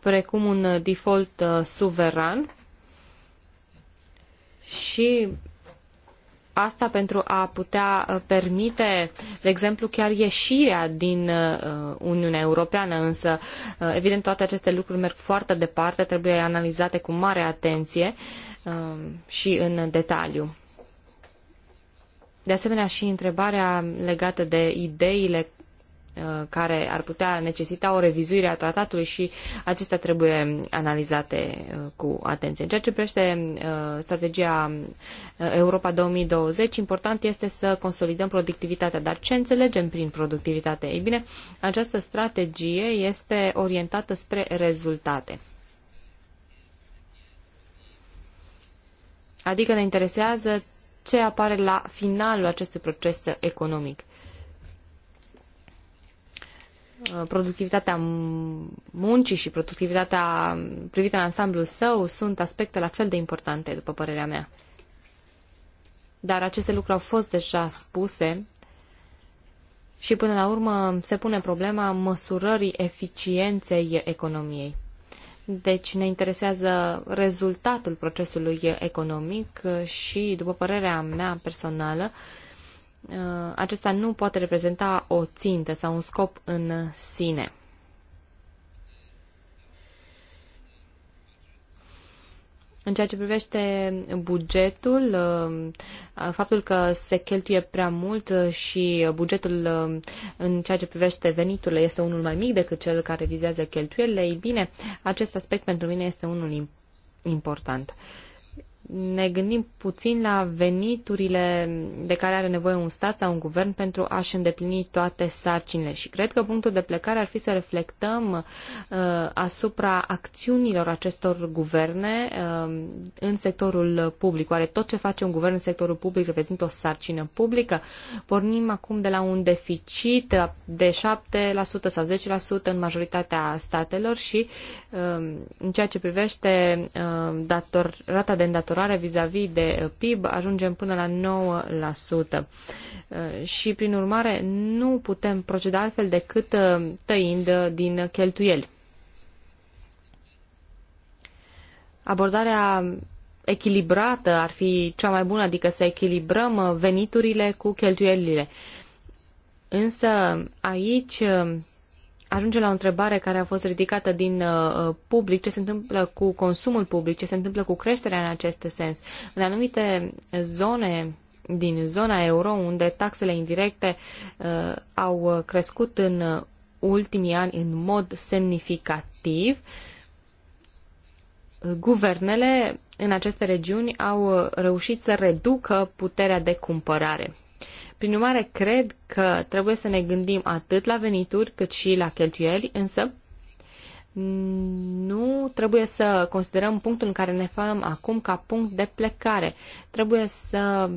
precum un default suveran și asta pentru a putea uh, permite, de exemplu, chiar ieșirea din uh, Uniunea Europeană, însă, uh, evident, toate aceste lucruri merg foarte departe, trebuie analizate cu mare atenție um, și în detaliu. De asemenea, și întrebarea legată de ideile Uh, care ar putea necesita o revizuire a tratatului și acestea trebuie analizate uh, cu atenție. În ceea ce privește uh, strategia Europa 2020, important este să consolidăm productivitatea. Dar ce înțelegem prin productivitate? Ei bine, această strategie este orientată spre rezultate. Adică ne interesează ce apare la finalul acestui proces economic. Uh, productivitatea muncii și productivitatea privită în ansamblul său sunt aspecte la fel de importante, după părerea mea. Dar aceste lucruri au fost deja spuse și până la urmă se pune problema măsurării eficienței economiei. Deci ne interesează rezultatul procesului economic și, după părerea mea personală, uh, Uh, acesta nu poate reprezenta o țintă sau un scop în sine. În ceea ce privește bugetul, uh, faptul că se cheltuie prea mult și bugetul uh, în ceea ce privește veniturile este unul mai mic decât cel care vizează cheltuielile, ei bine, acest aspect pentru mine este unul important ne gândim puțin la veniturile de care are nevoie un stat sau un guvern pentru a-și îndeplini toate sarcinile. Și cred că punctul de plecare ar fi să reflectăm uh, asupra acțiunilor acestor guverne uh, în sectorul public. Oare tot ce face un guvern în sectorul public reprezintă o sarcină publică? Pornim acum de la un deficit de 7% sau 10% în majoritatea statelor și uh, în ceea ce privește uh, dator, rata de îndatorare majorare vis-a-vis -vis de uh, PIB, ajungem până la 9%. Uh, și, prin urmare, nu putem proceda altfel decât uh, tăind din cheltuieli. Abordarea echilibrată ar fi cea mai bună, adică să echilibrăm veniturile cu cheltuielile. Însă aici ajunge la o întrebare care a fost ridicată din uh, uh, public, ce se întâmplă cu consumul public, ce se întâmplă cu creșterea în acest sens. În anumite zone din zona euro, unde taxele indirecte uh, au crescut în ultimii ani în mod semnificativ, guvernele în aceste regiuni au reușit să reducă puterea de cumpărare. Prin urmare, cred că trebuie să ne gândim atât la venituri cât și la cheltuieli, însă nu trebuie să considerăm punctul în care ne facem acum ca punct de plecare. Trebuie să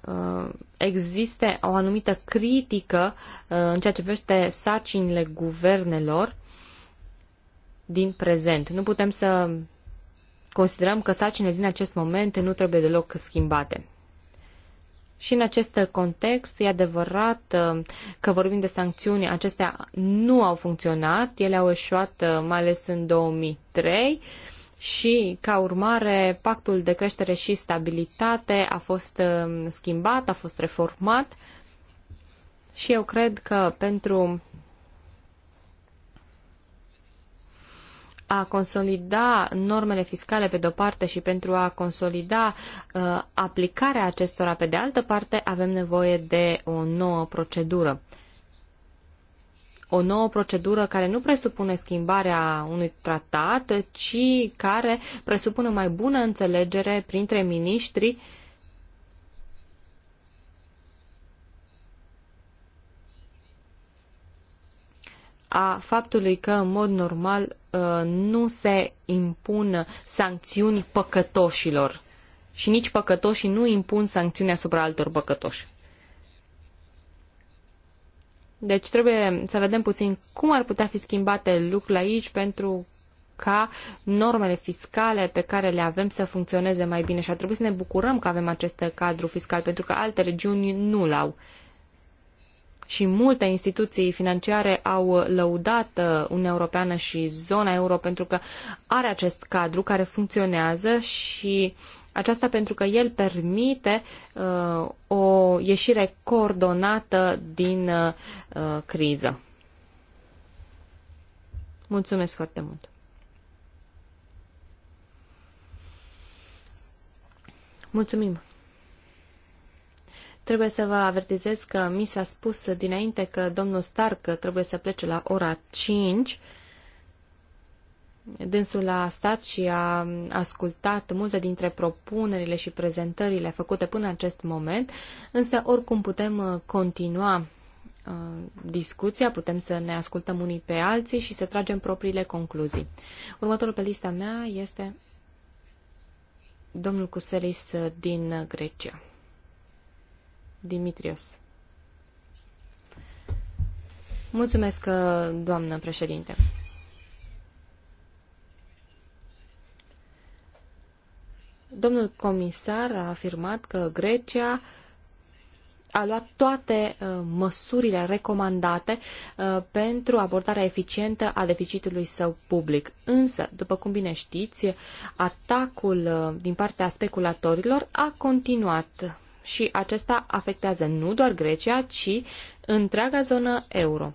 uh, existe o anumită critică uh, în ceea ce privește sacinile guvernelor din prezent. Nu putem să considerăm că sacinile din acest moment nu trebuie deloc schimbate. Și în acest context, e adevărat uh, că vorbim de sancțiuni, acestea nu au funcționat, ele au eșuat uh, mai ales în 2003 și, ca urmare, pactul de creștere și stabilitate a fost uh, schimbat, a fost reformat și eu cred că pentru a consolida normele fiscale pe de-o parte și pentru a consolida uh, aplicarea acestora pe de altă parte, avem nevoie de o nouă procedură. O nouă procedură care nu presupune schimbarea unui tratat, ci care presupune mai bună înțelegere printre miniștrii uh, a faptului că, în mod normal, uh, nu se impun sancțiuni păcătoșilor și nici păcătoșii nu impun sancțiuni asupra altor păcătoși. Deci trebuie să vedem puțin cum ar putea fi schimbate lucrurile aici pentru ca normele fiscale pe care le avem să funcționeze mai bine și ar trebui să ne bucurăm că avem acest cadru fiscal pentru că alte regiuni nu l-au și multe instituții financiare au lăudat uh, Uniunea Europeană și zona euro pentru că are acest cadru care funcționează și aceasta pentru că el permite uh, o ieșire coordonată din uh, uh criză. Mulțumesc foarte mult! Mulțumim! Trebuie să vă avertizez că mi s-a spus dinainte că domnul Stark trebuie să plece la ora 5. Dânsul a stat și a ascultat multe dintre propunerile și prezentările făcute până acest moment, însă oricum putem uh, continua uh, discuția, putem să ne ascultăm unii pe alții și să tragem propriile concluzii. Următorul pe lista mea este domnul Cuselis uh, din Grecia. Dimitrios. Mulțumesc, uh, doamnă președinte. Domnul comisar a afirmat că Grecia a luat toate uh, măsurile recomandate uh, pentru abordarea eficientă a deficitului său public. Însă, după cum bine știți, atacul din partea speculatorilor a continuat și acesta afectează nu doar Grecia, ci întreaga zonă euro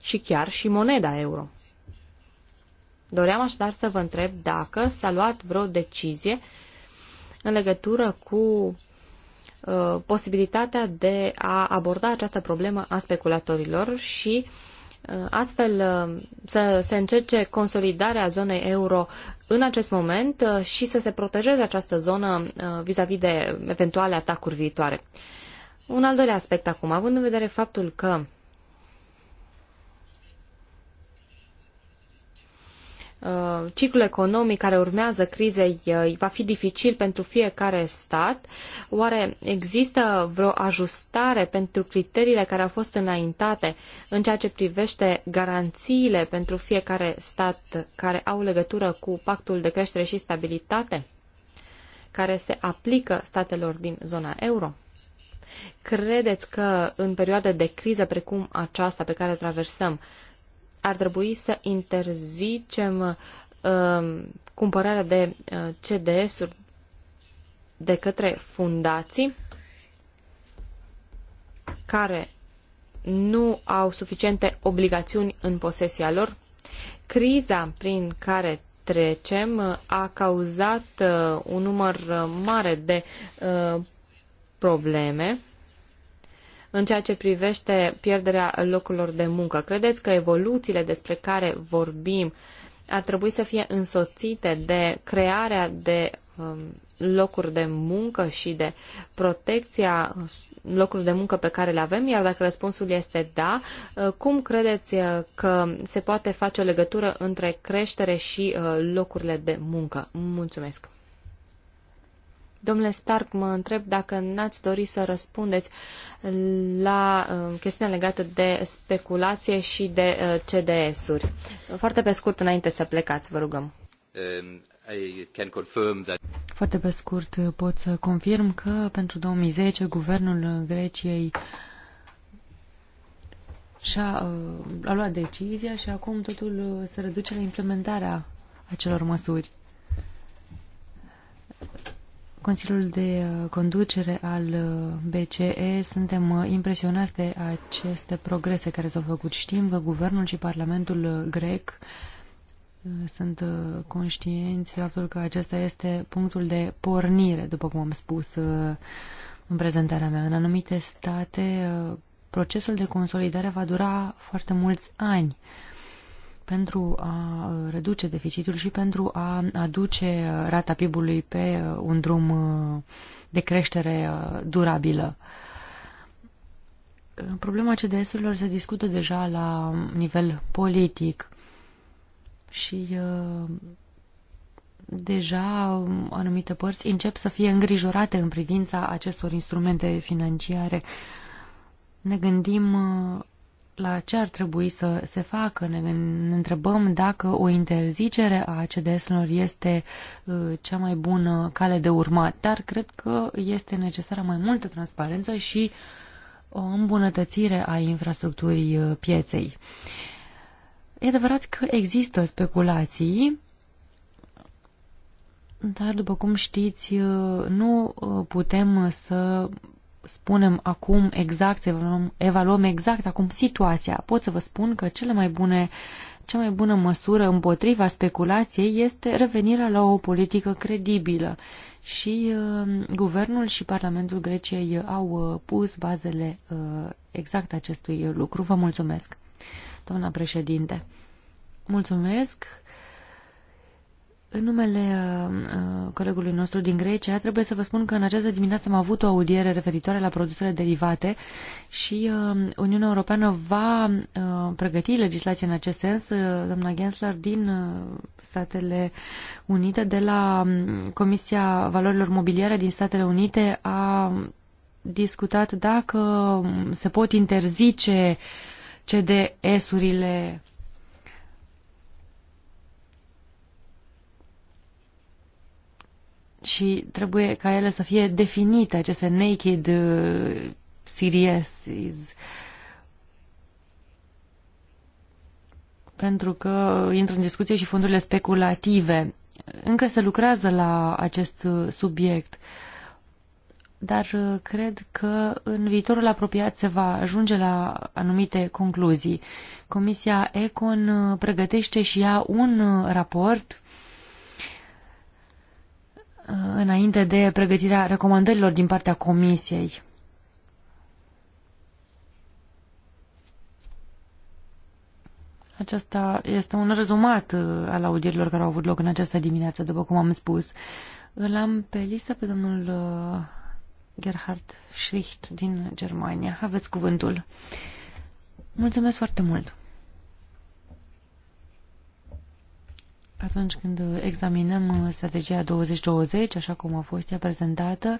și chiar și moneda euro. Doream așadar să vă întreb dacă s-a luat vreo decizie în legătură cu uh, posibilitatea de a aborda această problemă a speculatorilor și uh, Uh, astfel uh, să se încerce consolidarea zonei euro în acest moment uh, și să se protejeze această zonă vis-a-vis de eventuale atacuri viitoare. Un al doilea aspect acum, având în vedere faptul că Uh, ciclul economic care urmează crizei uh, va fi dificil pentru fiecare stat, oare există vreo ajustare pentru criteriile care au fost înaintate în ceea ce privește garanțiile pentru fiecare stat care au legătură cu pactul de creștere și stabilitate care se aplică statelor din zona euro? Credeți că în perioade de criză precum aceasta pe care o traversăm, ar trebui să interzicem uh, cumpărarea de uh, CDS-uri de către fundații care nu au suficiente obligațiuni în posesia lor. Criza prin care trecem uh, a cauzat uh, un număr uh, mare de probleme în ceea ce privește pierderea locurilor de muncă. Credeți că evoluțiile despre care vorbim ar trebui să fie însoțite de crearea de um, locuri de muncă și de protecția uh, locurilor de muncă pe care le avem, iar dacă răspunsul este da, uh, cum credeți uh, că se poate face o legătură între creștere și locurile de muncă? Mulțumesc! Domnule Stark, mă întreb dacă n-ați dori să răspundeți la uh, chestiunea legată de speculație și de uh, CDS-uri. Foarte pe scurt, înainte să plecați, vă rugăm. Um, I can confirm that... Foarte pe scurt, uh, pot să confirm că pentru 2010 guvernul Greciei și-a uh, a luat decizia și acum totul uh, se reduce la implementarea acelor măsuri Consiliul de uh, conducere al uh, BCE, suntem uh, impresionați de aceste progrese care s-au făcut. Știm că guvernul și Parlamentul grec sunt conștienți faptul că acesta este punctul de pornire, după cum am spus în prezentarea mea. În anumite state, procesul de consolidare va dura foarte mulți ani pentru a uh, reduce deficitul și pentru a aduce uh, rata PIB-ului pe uh, un drum de creștere durabilă. Problema CDS-urilor se discută deja la nivel politic și deja um, anumite părți încep să fie îngrijorate în privința acestor instrumente financiare. Ne gândim la ce ar trebui să se facă. Ne întrebăm dacă o interzicere a CDS-urilor este uh, cea mai bună cale de urmat, dar cred că este necesară mai multă transparență și o îmbunătățire a infrastructurii uh, pieței. E adevărat că există speculații, dar după cum știți, uh, nu putem să spunem acum exact, să evaluăm, evaluăm exact acum situația. Pot să vă spun că cele mai bune, cea mai bună măsură împotriva speculației este revenirea la o politică credibilă. Și uh, guvernul și Parlamentul Greciei au uh, pus bazele uh, exact acestui lucru. Vă mulțumesc, doamna președinte. Mulțumesc. În numele uh, uh, colegului nostru din Grecia, trebuie să vă spun că în această dimineață am avut o audiere referitoare la produsele derivate și uh, Uniunea Europeană va uh, pregăti legislație în acest sens, uh, doamna Gensler, din uh, Statele Unite, de la um, Comisia Valorilor Mobiliare din Statele Unite a discutat dacă se pot interzice CDS-urile și trebuie ca ele să fie definite, aceste naked uh, serieses. Pentru că intră în discuție și fondurile speculative. Încă se lucrează la acest uh, subiect, dar uh, cred că în viitorul apropiat se va ajunge la anumite concluzii. Comisia Econ uh, pregătește și ea un raport Uh, înainte de pregătirea recomandărilor din partea Comisiei. Acesta este un rezumat uh, al audierilor care au avut loc în această dimineață, după cum am spus. Îl am pe listă pe domnul uh, Gerhard Schlicht din Germania. Aveți cuvântul. Mulțumesc foarte mult! atunci când examinăm uh, strategia 2020, așa cum a fost ea prezentată,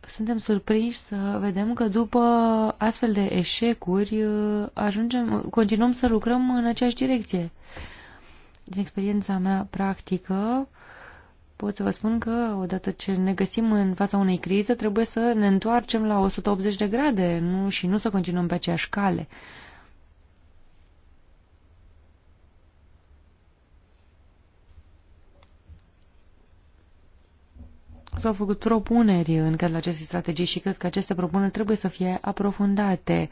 suntem surprinși să vedem că după astfel de eșecuri uh, ajungem, continuăm să lucrăm în aceeași direcție. Din experiența mea practică, pot să vă spun că odată ce ne găsim în fața unei crize, trebuie să ne întoarcem la 180 de grade nu, și nu să continuăm pe aceeași cale. Uh, S-au făcut propuneri în cadrul acestei strategii și cred că aceste propuneri trebuie să fie aprofundate.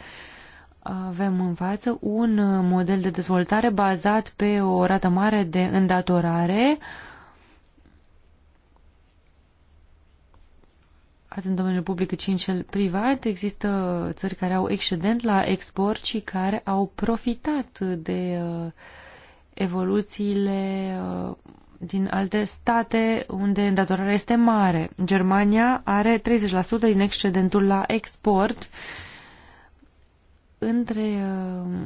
Avem în față un model de dezvoltare bazat pe o rată mare de îndatorare, atât în domeniul public cât și în cel privat. Există țări care au excedent la export și care au profitat de uh, evoluțiile uh, din alte state unde îndatorarea este mare. Germania are 30% din excedentul la export între uh,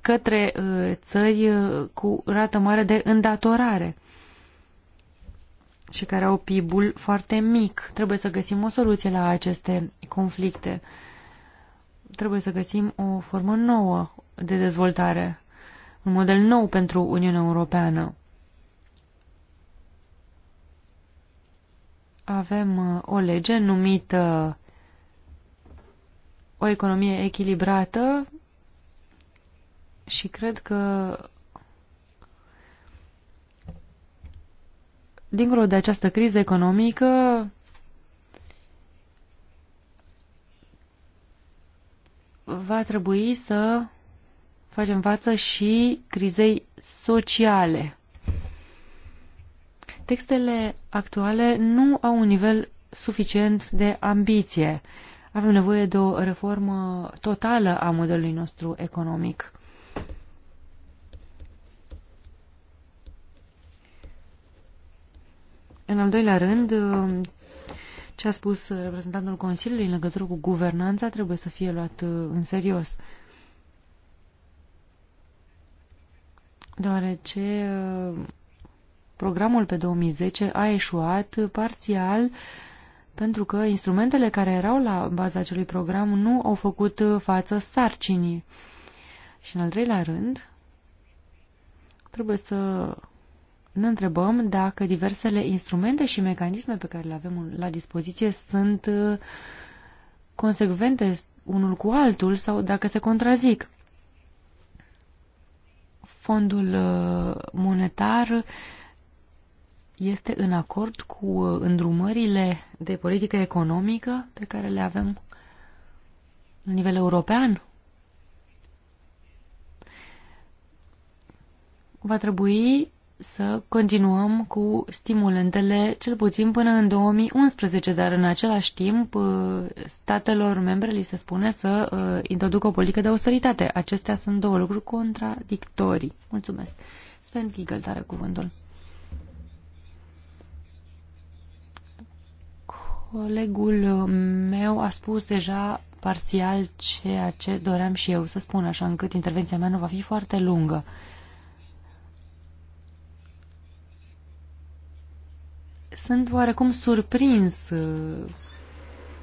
către uh, țări uh, cu rată mare de îndatorare și care au PIB-ul foarte mic. Trebuie să găsim o soluție la aceste conflicte. Trebuie să găsim o formă nouă de dezvoltare un model nou pentru Uniunea Europeană. Avem uh, o lege numită uh, o economie echilibrată și cred că dincolo de această criză economică va trebui să facem față și crizei sociale. Textele actuale nu au un nivel suficient de ambiție. Avem nevoie de o reformă totală a modelului nostru economic. În al doilea rând, ce a spus reprezentantul Consiliului în legătură cu guvernanța trebuie să fie luat uh, în serios. deoarece uh, programul pe 2010 a eșuat parțial pentru că instrumentele care erau la baza acelui program nu au făcut uh, față sarcinii. Și în al treilea rând, trebuie să ne întrebăm dacă diversele instrumente și mecanisme pe care le avem la dispoziție sunt uh, consecvente unul cu altul sau dacă se contrazic. Fondul uh, monetar este în acord cu uh, îndrumările de politică economică pe care le avem la nivel european? Va trebui să continuăm cu stimulentele cel puțin până în 2011, dar în același timp uh, statelor membre li se spune să uh, introducă o politică de austeritate. Acestea sunt două lucruri contradictorii. Mulțumesc. Sven Giegel are cuvântul. Colegul uh, meu a spus deja parțial ceea ce doream și eu să spun, așa încât intervenția mea nu va fi foarte lungă. Uh, Sunt oarecum surprins uh,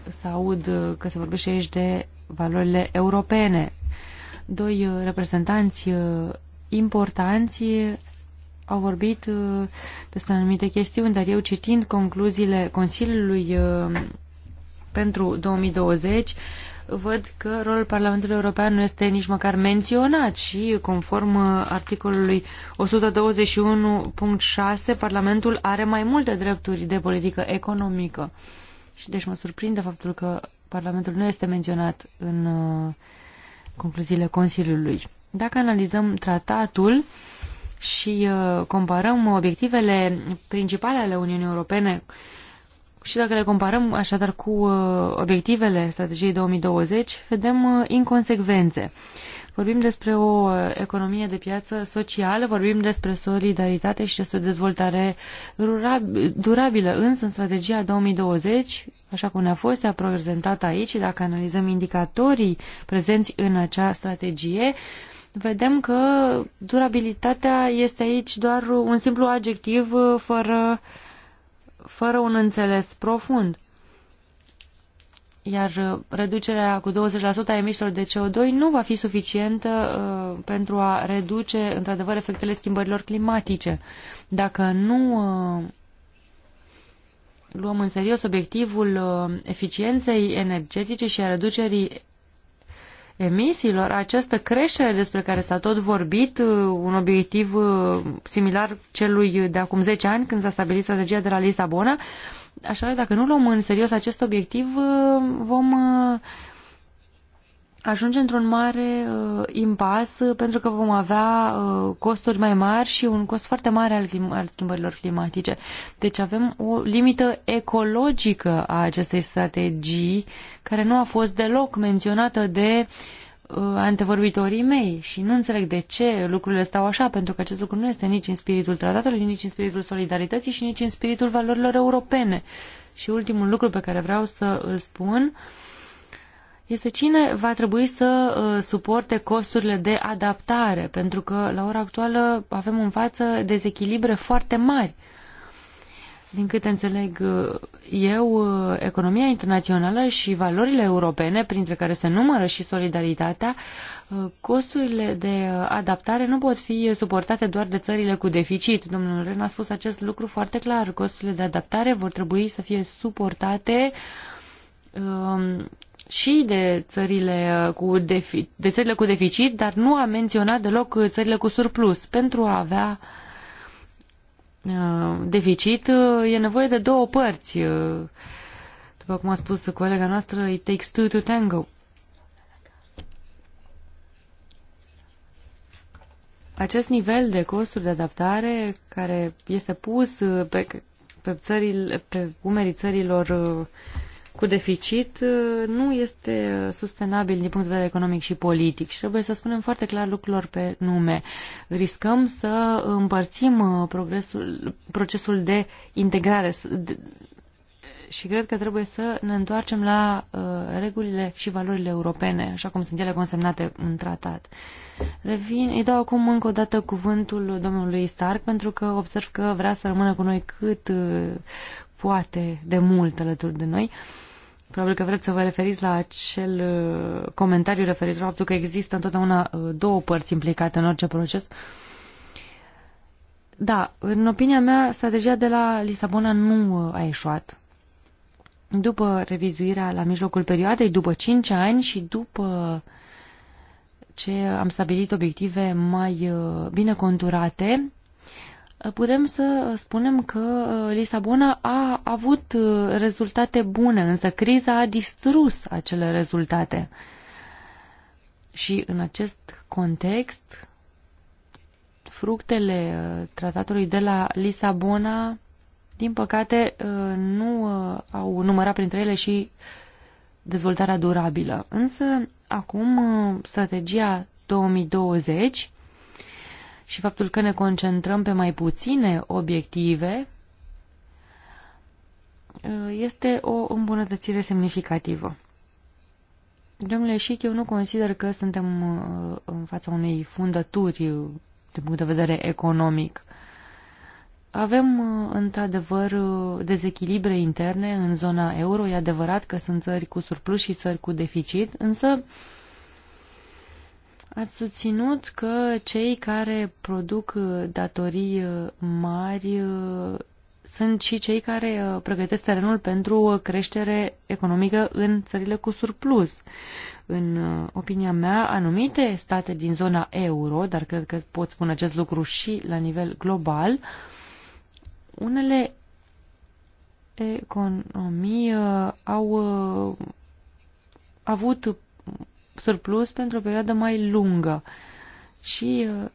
să aud uh, că se vorbește aici de valorile europene. Doi uh, reprezentanți importanți au vorbit despre anumite chestiuni, dar eu citind concluziile Consiliului pentru 2020 văd că rolul Parlamentului European nu este nici măcar menționat și, conform uh, articolului 121.6, Parlamentul are mai multe drepturi de politică economică. Și deci mă surprinde faptul că Parlamentul nu este menționat în uh, concluziile Consiliului. Dacă analizăm tratatul și uh, comparăm obiectivele principale ale Uniunii Europene, și dacă le comparăm așadar cu uh, obiectivele strategiei 2020, vedem uh, inconsecvențe. Vorbim despre o uh, economie de piață socială, vorbim despre solidaritate și despre dezvoltare durabilă, însă în strategia 2020, așa cum ne-a fost a prezentat aici, dacă analizăm indicatorii prezenți în acea strategie, vedem că durabilitatea este aici doar un simplu adjectiv fără uh, fără un înțeles profund. Iar uh, reducerea cu 20% a emisiilor de CO2 nu va fi suficientă uh, pentru a reduce, într-adevăr, efectele schimbărilor climatice. Dacă nu uh, luăm în serios obiectivul uh, eficienței energetice și a reducerii emisiilor, această creștere despre care s-a tot vorbit, uh, un obiectiv uh, similar celui de acum 10 ani când s-a stabilit strategia de la Lisabona, așa că dacă nu luăm în serios acest obiectiv, uh, vom ajunge într-un mare uh, impas uh, pentru că vom avea uh, costuri mai mari și un cost foarte mare al, clim- al schimbărilor climatice. Deci avem o limită ecologică a acestei strategii care nu a fost deloc menționată de uh, antevorbitorii mei și nu înțeleg de ce lucrurile stau așa, pentru că acest lucru nu este nici în spiritul tratatului, nici în spiritul solidarității și nici în spiritul valorilor europene. Și ultimul lucru pe care vreau să îl spun uh, este cine va trebui să uh, suporte costurile de adaptare, pentru că la ora actuală avem în față dezechilibre foarte mari. Din câte înțeleg uh, eu, uh, economia internațională și valorile europene, printre care se numără și solidaritatea, costurile de adaptare nu pot fi suportate doar de țările cu deficit. Domnul Ren a spus acest lucru foarte clar. Costurile de adaptare vor trebui să fie suportate um, și de țările uh, cu, defi- de țările cu deficit, dar nu a menționat deloc uh, țările cu surplus. Pentru a avea uh, deficit e nevoie de două părți. după cum a spus colega noastră, it takes two to tango. Acest nivel de costuri de adaptare care este pus pe, pe, țările, pe umerii țărilor uh, cu deficit uh, nu este sustenabil din punct de vedere economic și politic și trebuie să spunem foarte clar lucrurilor pe nume. Riscăm să împărțim uh, progresul, procesul de integrare și cred că trebuie să ne întoarcem la uh, regulile și valorile europene, așa cum sunt ele consemnate în tratat. Revin, îi dau acum încă o dată cuvântul domnului Stark, pentru că observ că vrea să rămână cu noi cât uh, poate de mult alături de noi. Uh, Probabil că vreți să vă referiți la acel uh, comentariu referitor la faptul că există întotdeauna uh, două părți implicate în orice proces. Da, în opinia mea, strategia de la Lisabona nu uh, a eșuat. După revizuirea la mijlocul perioadei, după 5 ani și după ce am stabilit obiective mai bine conturate, putem să spunem că uh, Lisabona a avut uh, rezultate bune, însă criza a distrus acele rezultate. Și în acest context, fructele uh, tratatului de la Lisabona, din păcate, nu au numărat printre ele și dezvoltarea durabilă. Însă, acum, strategia 2020 și faptul că ne concentrăm pe mai puține obiective uh, este o îmbunătățire semnificativă. Domnule Șic, eu nu consider că suntem uh, în fața unei fundături din punct de vedere economic. Avem, uh, într-adevăr, dezechilibre interne în zona euro. E adevărat că sunt țări cu surplus și țări cu deficit, însă Ați susținut că cei care produc uh, datorii uh, mari uh, sunt și cei care pregătesc terenul pentru creștere economică în țările cu surplus. În opinia mea, anumite state din zona euro, dar cred că pot spune acest lucru și la nivel global, unele economii au avut surplus pentru o perioadă mai lungă. Și uh,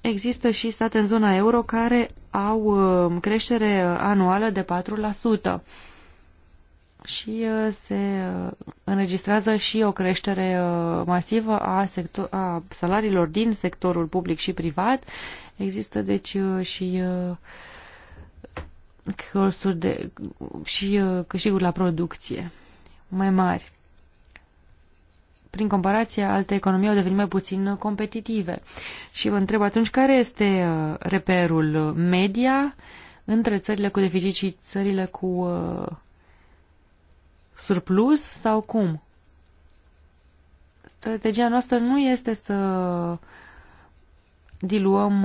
există și state în zona euro care au uh, creștere anuală de 4% și uh, se înregistrează și o creștere masivă a, sector, a salariilor din sectorul public și privat. Există deci și costuri de, și câștiguri la producție mai mari. Prin comparație, alte economii au devenit mai puțin competitive. Și vă întreb atunci, care este uh, reperul media între țările cu deficit și țările cu uh, surplus sau cum? Strategia noastră nu este să diluăm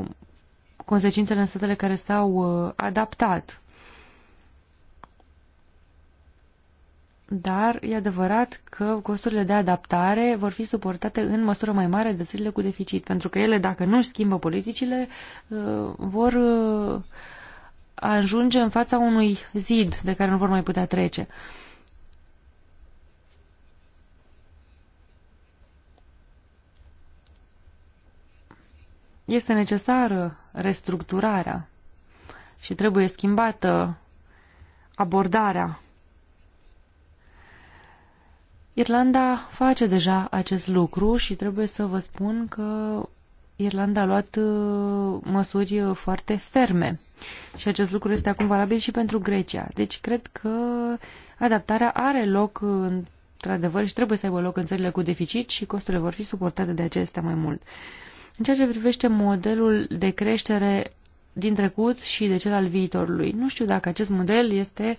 uh, consecințele în statele care s-au adaptat dar e adevărat că costurile de adaptare vor fi suportate în măsură mai mare de țările cu deficit, pentru că ele, dacă nu își schimbă politicile, uh, vor uh, ajunge în fața unui zid de care nu vor mai putea trece. Este necesară restructurarea și trebuie schimbată abordarea Irlanda face deja acest lucru și trebuie să vă spun că Irlanda a luat uh, măsuri uh, foarte ferme și acest lucru este acum valabil și pentru Grecia. Deci cred că adaptarea are loc uh, într-adevăr și trebuie să aibă loc în țările cu deficit și costurile vor fi suportate de acestea mai mult. În ceea ce privește modelul de creștere din trecut și de cel al viitorului. Nu știu dacă acest model este...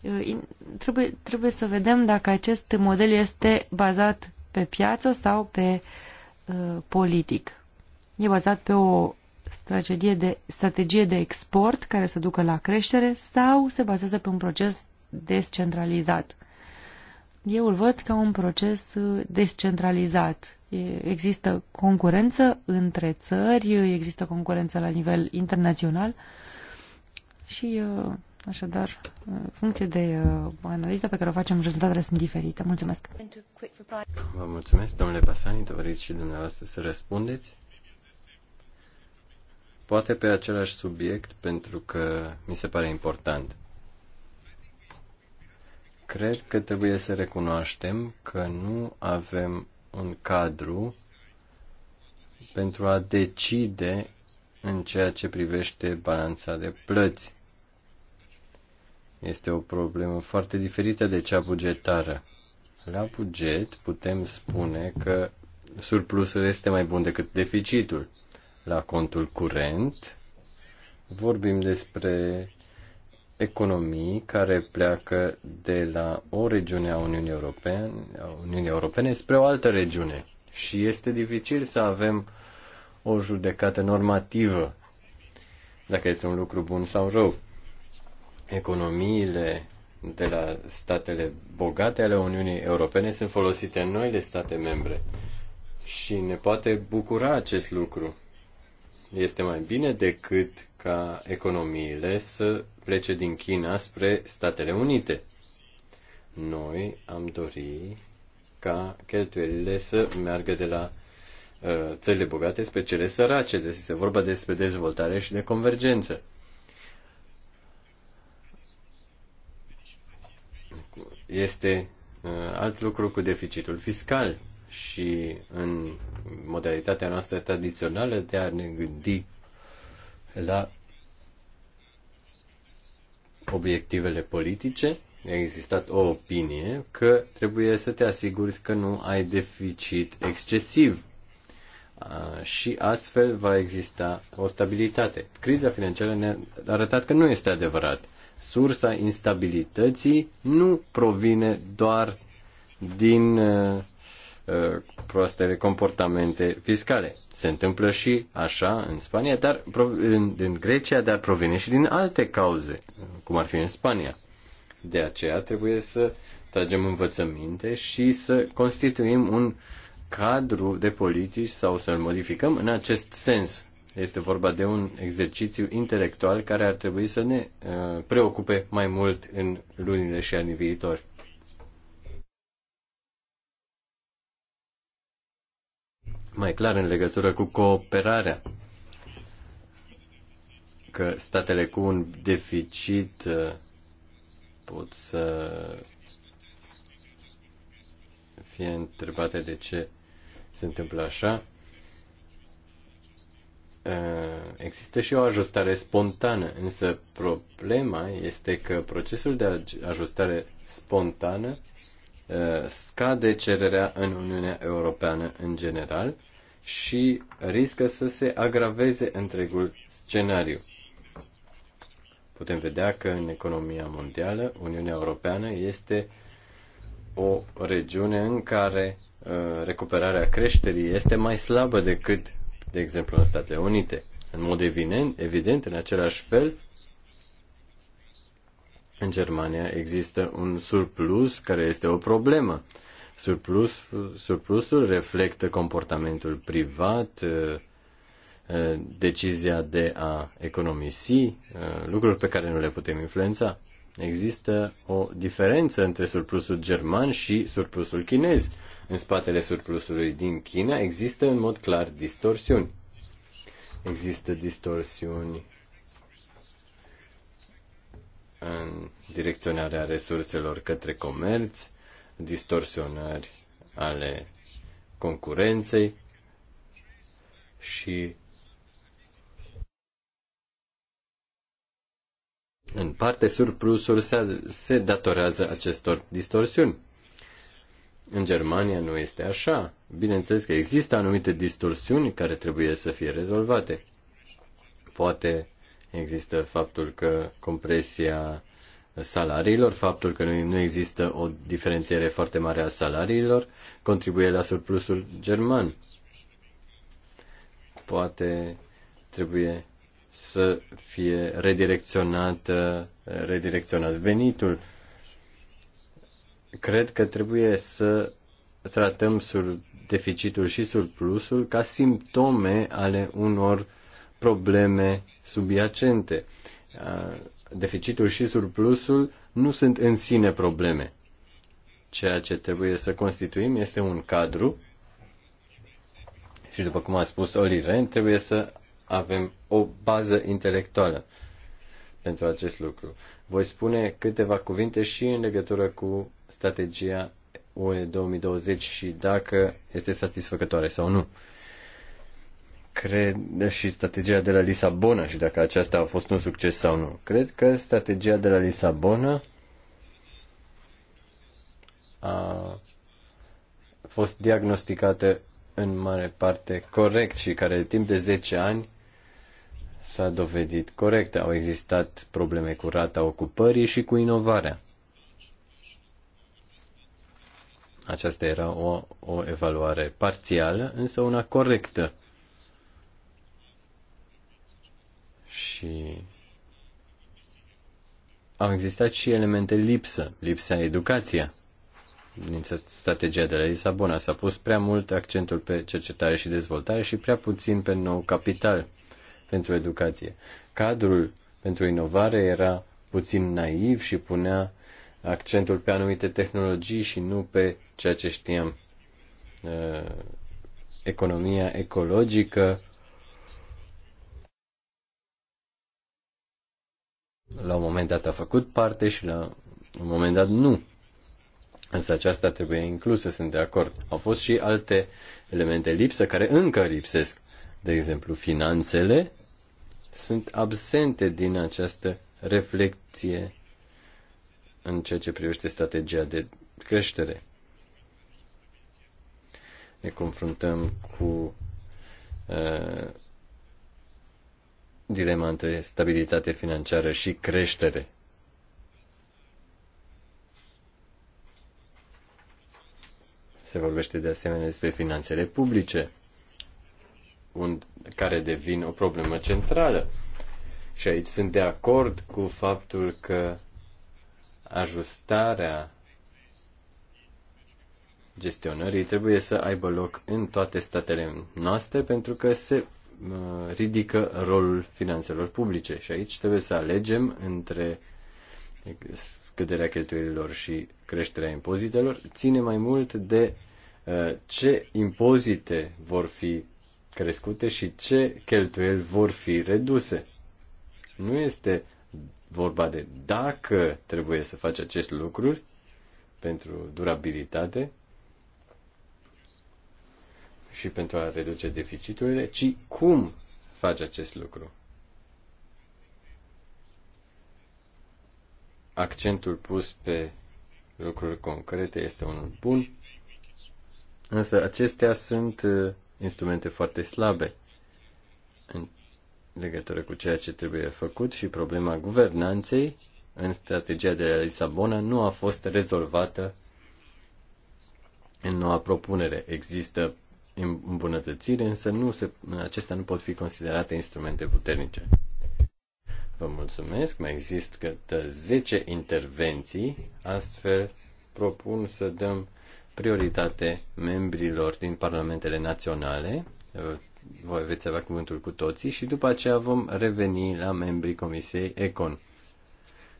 Uh, trebuie, trebuie să vedem dacă acest model este bazat pe piață sau pe uh, politic. E bazat pe o strategie de, strategie de export care să ducă la creștere sau se bazează pe un proces descentralizat eu îl văd ca un proces uh, descentralizat. Există concurență între țări, există concurență la nivel internațional și, uh, așadar, uh, în funcție de analiza pe care o facem, rezultatele sunt diferite. Mulțumesc! Vă mulțumesc, domnule Pasani, doriți și dumneavoastră să răspundeți? Poate pe același subiect, pentru că mi se pare important. Cred că trebuie să recunoaștem că nu avem un cadru pentru a decide în ceea ce privește balanța de plăți. Este o problemă foarte diferită de cea bugetară. La buget putem spune că surplusul este mai bun decât deficitul. La contul curent vorbim despre economii care pleacă de la o regiune a Uniunii Europene, a Uniunii Europene spre o altă regiune. Și este dificil să avem o judecată normativă dacă este un lucru bun sau rău. Economiile de la statele bogate ale Uniunii Europene sunt folosite în noile state membre și ne poate bucura acest lucru. Este mai bine decât ca economiile să plece din China spre Statele Unite. Noi am dori ca cheltuielile să meargă de la uh, țările bogate spre cele sărace. Deci se vorba despre dezvoltare și de convergență. Este uh, alt lucru cu deficitul fiscal și în modalitatea noastră tradițională de a ne gândi la obiectivele politice, a existat o opinie că trebuie să te asiguri că nu ai deficit excesiv și astfel va exista o stabilitate. Criza financiară ne-a arătat că nu este adevărat. Sursa instabilității nu provine doar din uh, Uh, proastele comportamente fiscale. Se întâmplă și așa în Spania, dar în, în Grecia, dar provine și din alte cauze, cum ar fi în Spania. De aceea trebuie să tragem învățăminte și să constituim un cadru de politici sau să-l modificăm în acest sens. Este vorba de un exercițiu intelectual care ar trebui să ne uh, preocupe mai mult în lunile și anii viitori. mai clar în legătură cu cooperarea că statele cu un deficit uh, pot să fie întrebate de ce se întâmplă așa. Uh, există și o ajustare spontană, însă problema este că procesul de ajustare spontană uh, scade cererea în Uniunea Europeană în general și riscă să se agraveze întregul scenariu. Putem vedea că în economia mondială, Uniunea Europeană este o regiune în care uh, recuperarea creșterii este mai slabă decât, de exemplu, în Statele Unite. În mod evident, evident, în același fel, în Germania există un surplus care este o problemă Surplus, surplusul reflectă comportamentul privat, uh, uh, decizia de a economisi, uh, lucruri pe care nu le putem influența. Există o diferență între surplusul german și surplusul chinez. În spatele surplusului din China există în mod clar distorsiuni. Există distorsiuni în direcționarea resurselor către comerț, distorsionări ale concurenței și în parte surplusul se, se datorează acestor distorsiuni. În Germania nu este așa. Bineînțeles că există anumite distorsiuni care trebuie să fie rezolvate. Poate există faptul că compresia salariilor, faptul că nu există o diferențiere foarte mare a salariilor contribuie la surplusul german. Poate trebuie să fie redirecționat, redirecționat venitul. Cred că trebuie să tratăm sur deficitul și surplusul ca simptome ale unor probleme subiacente deficitul și surplusul nu sunt în sine probleme. Ceea ce trebuie să constituim este un cadru și, după cum a spus Oli Ren, trebuie să avem o bază intelectuală pentru acest lucru. Voi spune câteva cuvinte și în legătură cu strategia UE 2020 și dacă este satisfăcătoare sau nu cred, și strategia de la Lisabona și dacă aceasta a fost un succes sau nu. Cred că strategia de la Lisabona a fost diagnosticată în mare parte corect și care timp de 10 ani s-a dovedit corect. Au existat probleme cu rata ocupării și cu inovarea. Aceasta era o, o evaluare parțială, însă una corectă. și au existat și elemente lipsă, lipsa educația. Din strategia de la Lisabona s-a pus prea mult accentul pe cercetare și dezvoltare și prea puțin pe nou capital pentru educație. Cadrul pentru inovare era puțin naiv și punea accentul pe anumite tehnologii și nu pe ceea ce știam. Uh, economia ecologică La un moment dat a făcut parte și la un moment dat nu. Însă aceasta trebuie inclusă, sunt de acord. Au fost și alte elemente lipsă care încă lipsesc. De exemplu, finanțele sunt absente din această reflecție în ceea ce privește strategia de creștere. Ne confruntăm cu uh, dilema între stabilitate financiară și creștere. Se vorbește de asemenea despre finanțele publice, unde care devin o problemă centrală. Și aici sunt de acord cu faptul că ajustarea gestionării trebuie să aibă loc în toate statele noastre pentru că se Uh, ridică rolul finanțelor publice. Și aici trebuie să alegem între scăderea cheltuielilor și creșterea impozitelor. Ține mai mult de uh, ce impozite vor fi crescute și ce cheltuieli vor fi reduse. Nu este vorba de dacă trebuie să faci acest lucru pentru durabilitate, și pentru a reduce deficiturile, ci cum faci acest lucru. Accentul pus pe lucruri concrete este unul bun, însă acestea sunt uh, instrumente foarte slabe în legătură cu ceea ce trebuie făcut și problema guvernanței în strategia de la Lisabona nu a fost rezolvată în noua propunere. Există îmbunătățiri, însă nu se, acestea nu pot fi considerate instrumente puternice. Vă mulțumesc, mai există 10 intervenții, astfel propun să dăm prioritate membrilor din parlamentele naționale. Voi veți avea cuvântul cu toții și după aceea vom reveni la membrii Comisiei Econ.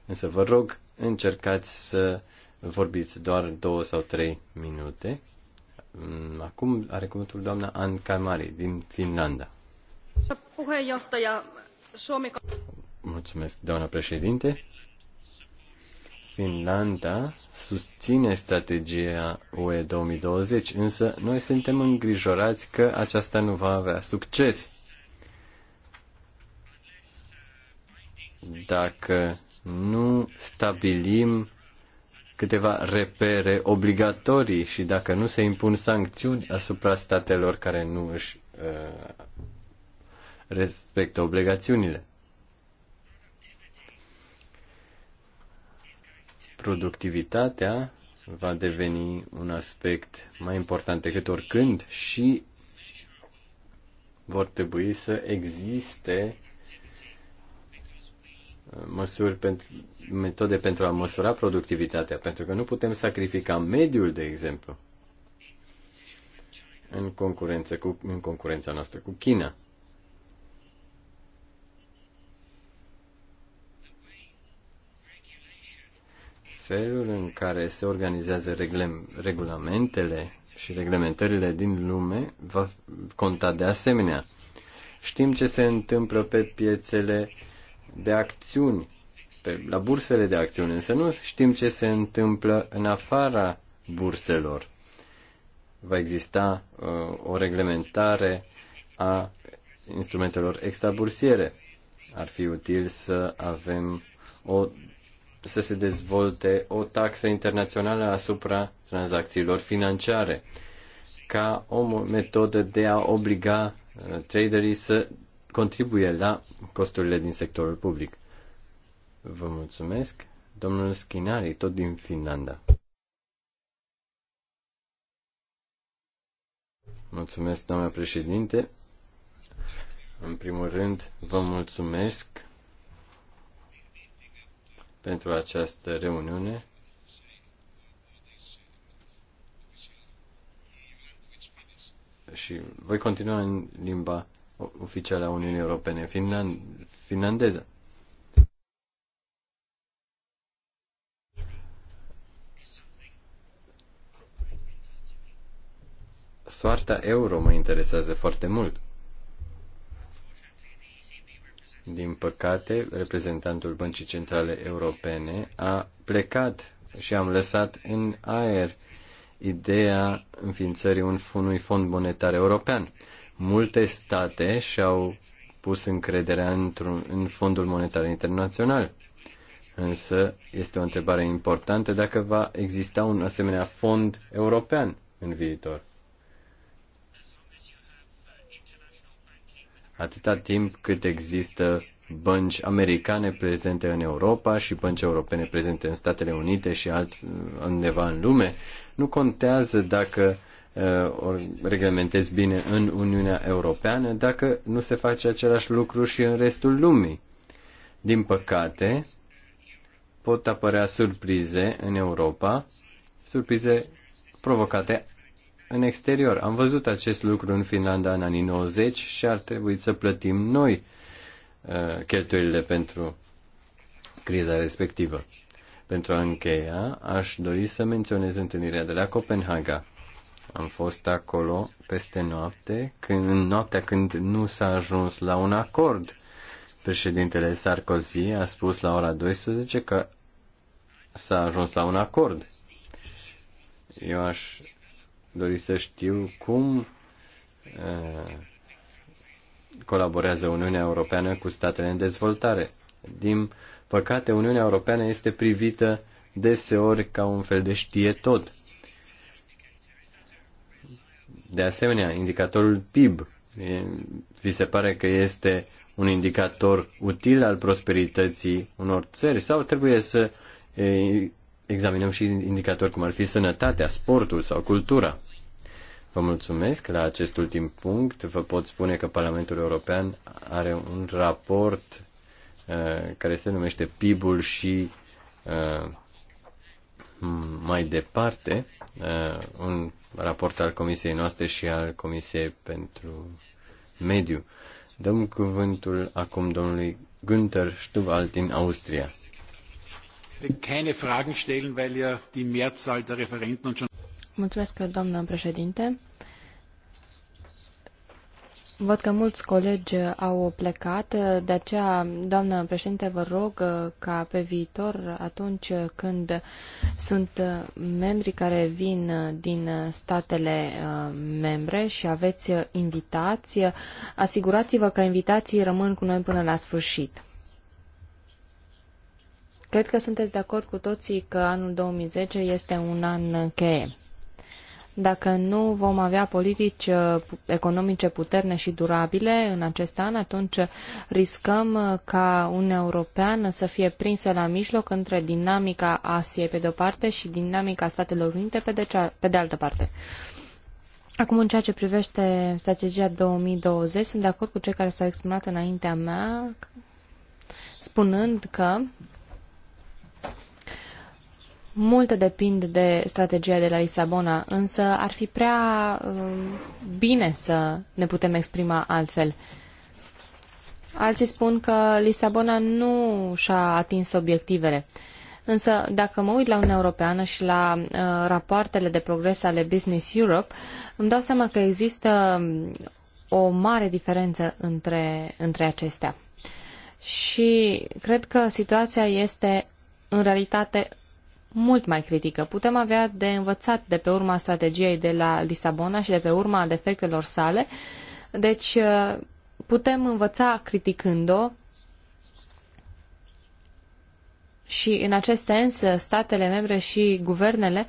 Însă vă rog, încercați să vorbiți doar două sau trei minute Mm, acum are cuvântul doamna Ann Kalmari din Finlanda. Mulțumesc, doamna președinte. Finlanda susține strategia UE 2020, însă noi suntem îngrijorați că aceasta nu va avea succes. Dacă nu stabilim câteva repere obligatorii și dacă nu se impun sancțiuni asupra statelor care nu își uh, respectă obligațiunile. Productivitatea va deveni un aspect mai important decât oricând și vor trebui să existe măsuri pentru, metode pentru a măsura productivitatea, pentru că nu putem sacrifica mediul, de exemplu, în, concurență cu, în concurența noastră cu China. Felul în care se organizează reglem, regulamentele și reglementările din lume va conta de asemenea. Știm ce se întâmplă pe piețele uh, de acțiuni, pe, la bursele de acțiuni, însă nu știm ce se întâmplă în afara burselor. Va exista uh, o reglementare a instrumentelor extrabursiere. Ar fi util să avem o să se dezvolte o taxă internațională asupra tranzacțiilor financiare ca o metodă de a obliga uh, traderii să contribuie la costurile din sectorul public. Vă mulțumesc, domnul Schinari, tot din Finlanda. Mulțumesc, doamna președinte. În primul rând, vă mulțumesc pentru această reuniune. Și voi continua în limba oficială a Uniunii Europene finland, finlandeză. Soarta euro mă interesează foarte mult. Din păcate, reprezentantul Băncii Centrale Europene a plecat și am lăsat în aer ideea înființării unui fond monetar european. Multe state și-au pus încrederea într-un, în Fondul Monetar Internațional. Însă este o întrebare importantă dacă va exista un asemenea fond european în viitor. Atâta timp cât există bănci americane prezente în Europa și bănci europene prezente în Statele Unite și alt, undeva în lume, nu contează dacă Uh, reglementezi bine în Uniunea Europeană dacă nu se face același lucru și în restul lumii. Din păcate, pot apărea surprize în Europa, surprize provocate în exterior. Am văzut acest lucru în Finlanda în anii 90 și ar trebui să plătim noi uh, cheltuielile pentru criza respectivă. Pentru a încheia, aș dori să menționez întâlnirea de la Copenhaga. Am fost acolo peste noapte, când, în noaptea când nu s-a ajuns la un acord. Președintele Sarkozy a spus la ora 12 că s-a ajuns la un acord. Eu aș dori să știu cum uh, colaborează Uniunea Europeană cu statele în dezvoltare. Din păcate, Uniunea Europeană este privită deseori ca un fel de știe tot. De asemenea, indicatorul PIB vi se pare că este un indicator util al prosperității unor țări sau trebuie să examinăm și indicatori cum ar fi sănătatea, sportul sau cultura? Vă mulțumesc. La acest ultim punct vă pot spune că Parlamentul European are un raport uh, care se numește PIB-ul și uh, mai departe, uh, un raport al comisiei noastre și al comisiei pentru mediu. Dăm cuvântul acum domnului Günther Stubal din Austria. Keine Fragen stellen, weil ja die Mehrzahl der Referenten und schon Mulțumesc, doamnă președinte. Văd că mulți colegi au plecat, de aceea, doamnă președinte, vă rog uh, ca pe viitor, atunci când sunt membri care vin uh, din statele uh, membre și aveți invitații, asigurați-vă că invitații rămân cu noi până la sfârșit. Cred că sunteți de acord cu toții că anul 2010 este un an cheie. Dacă nu vom avea politici uh, economice puternice și durabile în acest an, atunci riscăm uh, ca un european să fie prinsă la mijloc între dinamica Asiei pe de-o parte și dinamica Statelor Unite pe de, cea, pe de altă parte. Acum, în ceea ce privește strategia 2020, sunt de acord cu cei care s-au exprimat înaintea mea, spunând că Multe depind de strategia de la Lisabona, însă ar fi prea um, bine să ne putem exprima altfel. Alții spun că Lisabona nu și-a atins obiectivele. Însă, dacă mă uit la Uniunea Europeană și la uh, rapoartele de progres ale Business Europe, îmi dau seama că există o mare diferență între, între acestea. Și cred că situația este în realitate mult mai critică. Putem avea de învățat de pe urma strategiei de la Lisabona și de pe urma defectelor sale, deci uh, putem învăța criticând-o și în acest sens, statele membre și guvernele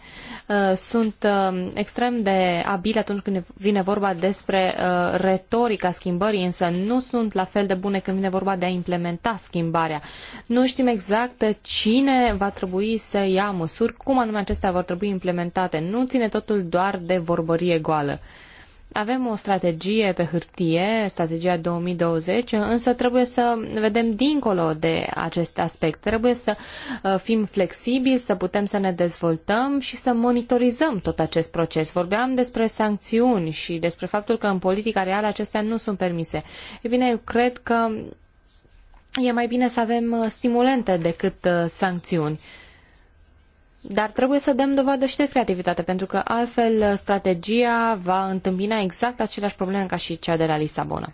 uh, sunt uh, extrem de abile atunci când vine vorba despre uh, retorica schimbării, însă nu sunt la fel de bune când vine vorba de a implementa schimbarea. Nu știm exact cine va trebui să ia măsuri, cum anume acestea vor trebui implementate. Nu ține totul doar de vorbărie goală. Avem o strategie pe hârtie, strategia 2020, însă trebuie să vedem dincolo de acest aspect. Trebuie să uh, fim flexibili, să putem să ne dezvoltăm și să monitorizăm tot acest proces. Vorbeam despre sancțiuni și despre faptul că în politica reală acestea nu sunt permise. E bine, eu cred că e mai bine să avem uh, stimulente decât uh, sancțiuni. Dar trebuie să dăm dovadă și de creativitate, pentru că altfel strategia va întâmpina exact aceleași probleme ca și cea de la Lisabona.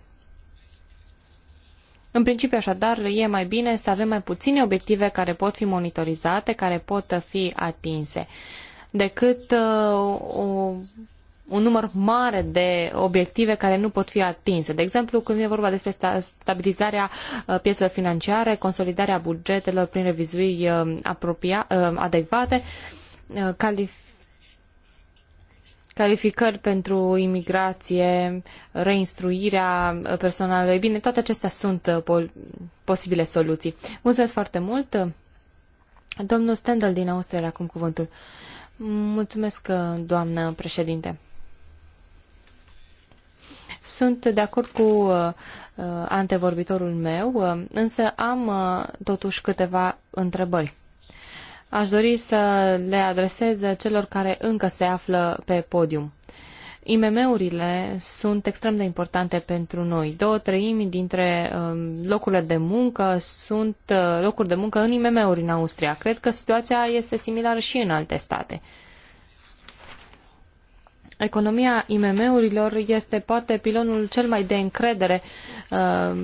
În principiu, așadar, e mai bine să avem mai puține obiective care pot fi monitorizate, care pot fi atinse, decât uh, o un număr mare de obiective care nu pot fi atinse. De exemplu, când e vorba despre stabilizarea uh, piețelor financiare, consolidarea bugetelor prin revizuiri uh, apropia, uh, adecvate, calificări pentru imigrație, reinstruirea personalului. Bine, toate acestea sunt posibile soluții. Mulțumesc foarte mult. Domnul Stendel din Austria, acum cuvântul. Mulțumesc, doamnă președinte. Sunt de acord cu uh, antevorbitorul meu, uh, însă am uh, totuși câteva întrebări. Aș dori să le adresez celor care încă se află pe podium. IMM-urile sunt extrem de importante pentru noi. Două treimi dintre um, locurile de muncă sunt locuri de muncă în IMM-uri în Austria. Cred că situația este similară și în alte state economia IMM-urilor este poate pilonul cel mai de încredere uh,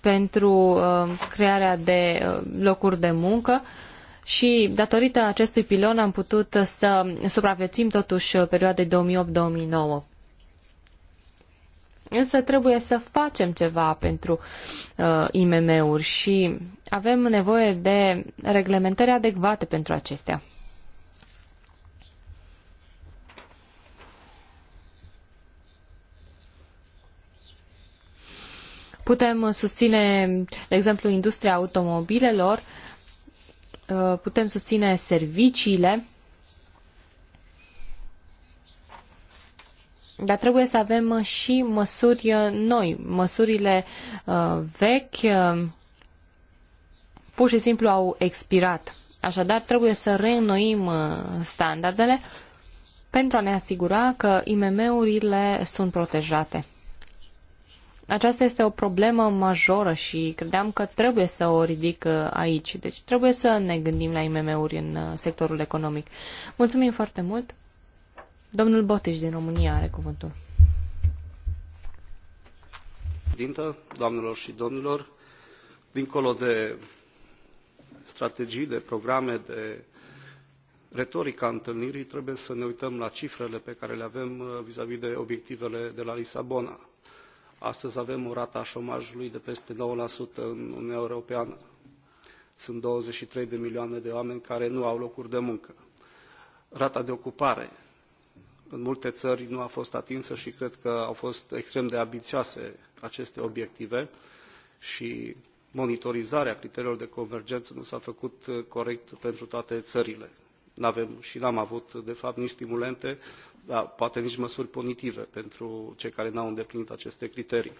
pentru uh, crearea de uh, locuri de muncă și datorită acestui pilon am putut să supraviețuim totuși perioadei 2008-2009. Însă trebuie să facem ceva pentru IMM-uri și avem nevoie de reglementări adecvate pentru acestea. Putem susține, de exemplu, industria automobilelor, uh, putem susține serviciile, Dar trebuie să avem și măsuri uh, noi. Măsurile uh, vechi pur și simplu au expirat. Așadar, trebuie să reînnoim standardele pentru a ne asigura că IMM-urile sunt protejate. Aceasta este o problemă majoră și credeam că trebuie să o ridic uh, aici. Deci trebuie să ne gândim la IMM-uri în uh, sectorul economic. Mulțumim foarte mult. Domnul Botiș din România are cuvântul. Dintă, doamnelor și domnilor, dincolo de strategii, de programe, de retorica întâlnirii, trebuie să ne uităm la cifrele pe care le avem uh, vis-a-vis -vis de obiectivele de la Lisabona Astăzi avem o rată a șomajului de peste 9% în Uniunea Europeană. Sunt 23 de milioane de oameni care nu au locuri de muncă. Rata de ocupare în multe țări nu a fost atinsă și cred că au fost extrem de ambițioase aceste obiective și monitorizarea criteriilor de convergență nu s-a făcut corect pentru toate țările. Nu avem și n-am avut, de fapt, nici stimulente, da, poate nici măsuri punitive pentru cei care nu au îndeplinit aceste criterii.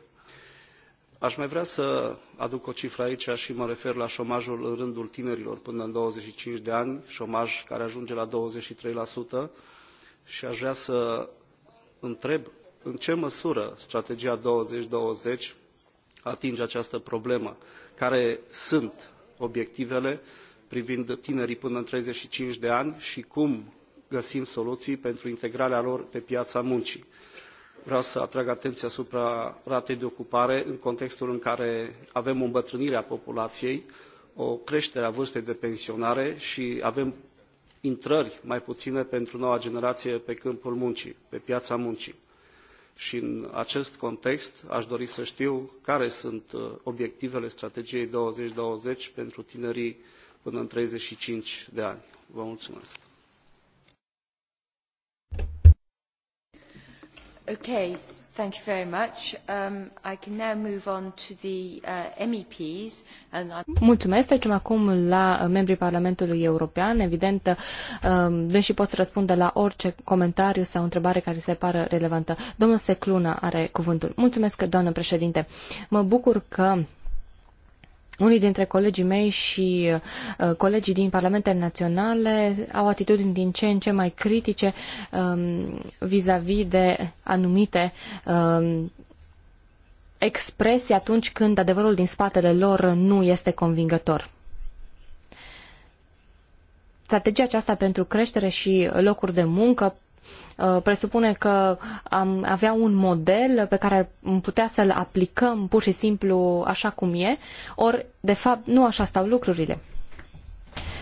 Aș mai vrea să aduc o cifră aici și mă refer la șomajul în rândul tinerilor până în 25 de ani, șomaj care ajunge la 23% și aș vrea să întreb în ce măsură strategia 2020 atinge această problemă, care sunt obiectivele privind tinerii până în 35 de ani și cum găsim soluții pentru integrarea lor pe piața muncii. Vreau să atrag atenția asupra ratei de ocupare în contextul în care avem o îmbătrânire a populației, o creștere a vârstei de pensionare și avem intrări mai puține pentru noua generație pe câmpul muncii, pe piața muncii. Și în acest context aș dori să știu care sunt uh, obiectivele strategiei 2020 pentru tinerii până în 35 de ani. Vă mulțumesc! Mulțumesc, trecem acum la uh, membrii Parlamentului European. Evident, um, deși pot să răspundă la orice comentariu sau întrebare care se pară relevantă. Domnul Secluna are cuvântul. Mulțumesc, doamnă președinte. Mă bucur că unii dintre colegii mei și uh, colegii din parlamentele naționale au atitudini din ce în ce mai critice um, vis-a-vis -vis de anumite um, expresii atunci când adevărul din spatele lor nu este convingător. Strategia aceasta pentru creștere și locuri de muncă Uh, presupune că am avea un model pe care am putea să-l aplicăm pur și simplu așa cum e, ori, de fapt, nu așa stau lucrurile.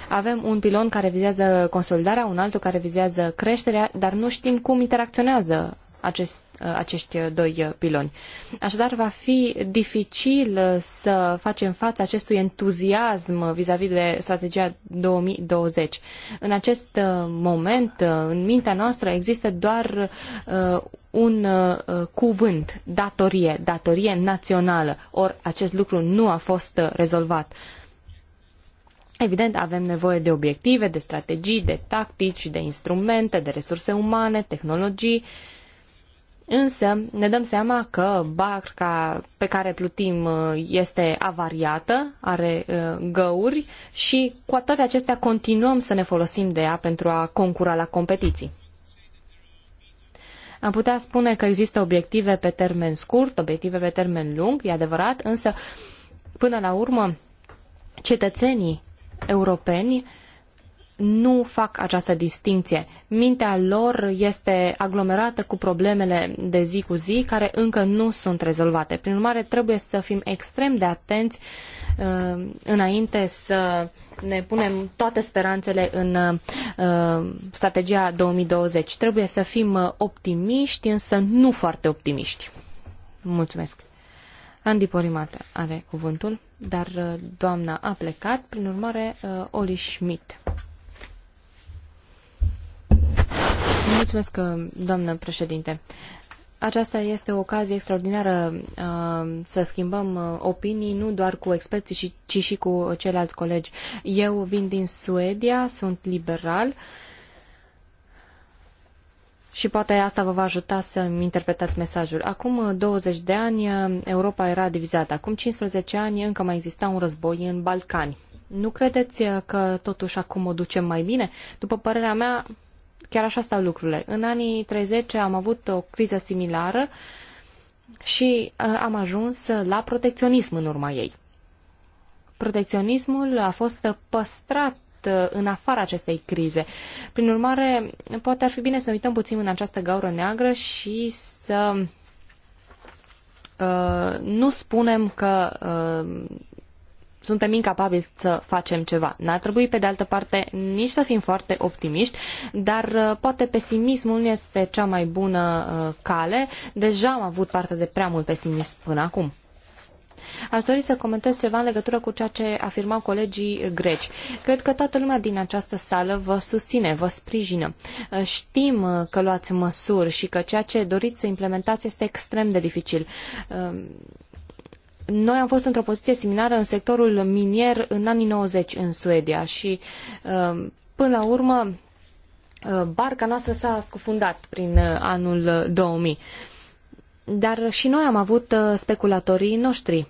Avem un pilon care vizează consolidarea, un altul care vizează creșterea, dar nu știm cum interacționează acest, Uh, acești uh, doi uh, piloni. Așadar, va fi dificil să facem față acestui entuziasm vis-a-vis de strategia 2020. În acest moment, în mintea noastră, există doar un cuvânt, datorie, datorie națională. Ori acest lucru nu a fost rezolvat. Evident, avem nevoie de obiective, de strategii, de tactici, de instrumente, de resurse umane, tehnologii, uh, Însă ne dăm seama că barca pe care plutim uh, este avariată, are uh, găuri și cu toate acestea continuăm să ne folosim de ea pentru a concura la competiții. Am putea spune că există obiective pe termen scurt, obiective pe termen lung, e adevărat, însă până la urmă cetățenii europeni nu fac această distinție. Mintea lor este aglomerată cu problemele de zi cu zi care încă nu sunt rezolvate. Prin urmare, trebuie să fim extrem de atenți uh, înainte să ne punem toate speranțele în uh, strategia 2020. Trebuie să fim uh, optimiști, însă nu foarte optimiști. Mulțumesc. Andy Porimat are cuvântul, dar uh, doamna a plecat, prin urmare, uh, Oli Schmidt. Mulțumesc, uh, doamnă președinte. Aceasta este o ocazie extraordinară uh, să schimbăm uh, opinii, nu doar cu experții, ci și cu ceilalți colegi. Eu vin din Suedia, sunt liberal și poate asta vă va ajuta să interpretați mesajul. Acum 20 de ani Europa era divizată, acum 15 ani încă mai exista un război în Balcani. Nu credeți că totuși acum o ducem mai bine? După părerea mea, Chiar așa stau lucrurile. În anii 30 am avut o criză similară și uh, am ajuns la protecționism în urma ei. Protecționismul a fost păstrat uh, în afara acestei crize. Prin urmare, poate ar fi bine să uităm puțin în această gaură neagră și să uh, nu spunem că uh, suntem incapabili să facem ceva. N-ar trebui, pe de altă parte, nici să fim foarte optimiști, dar uh, poate pesimismul nu este cea mai bună uh, cale. Deja am avut parte de prea mult pesimism până acum. Aș dori să comentez ceva în legătură cu ceea ce afirmau colegii greci. Cred că toată lumea din această sală vă susține, vă sprijină. Uh, știm că luați măsuri și că ceea ce doriți să implementați este extrem de dificil noi am fost într-o poziție similară în sectorul minier în anii 90 în Suedia și um, până la urmă uh, barca noastră s-a scufundat prin uh, anul 2000. Dar și noi am avut uh, speculatorii noștri.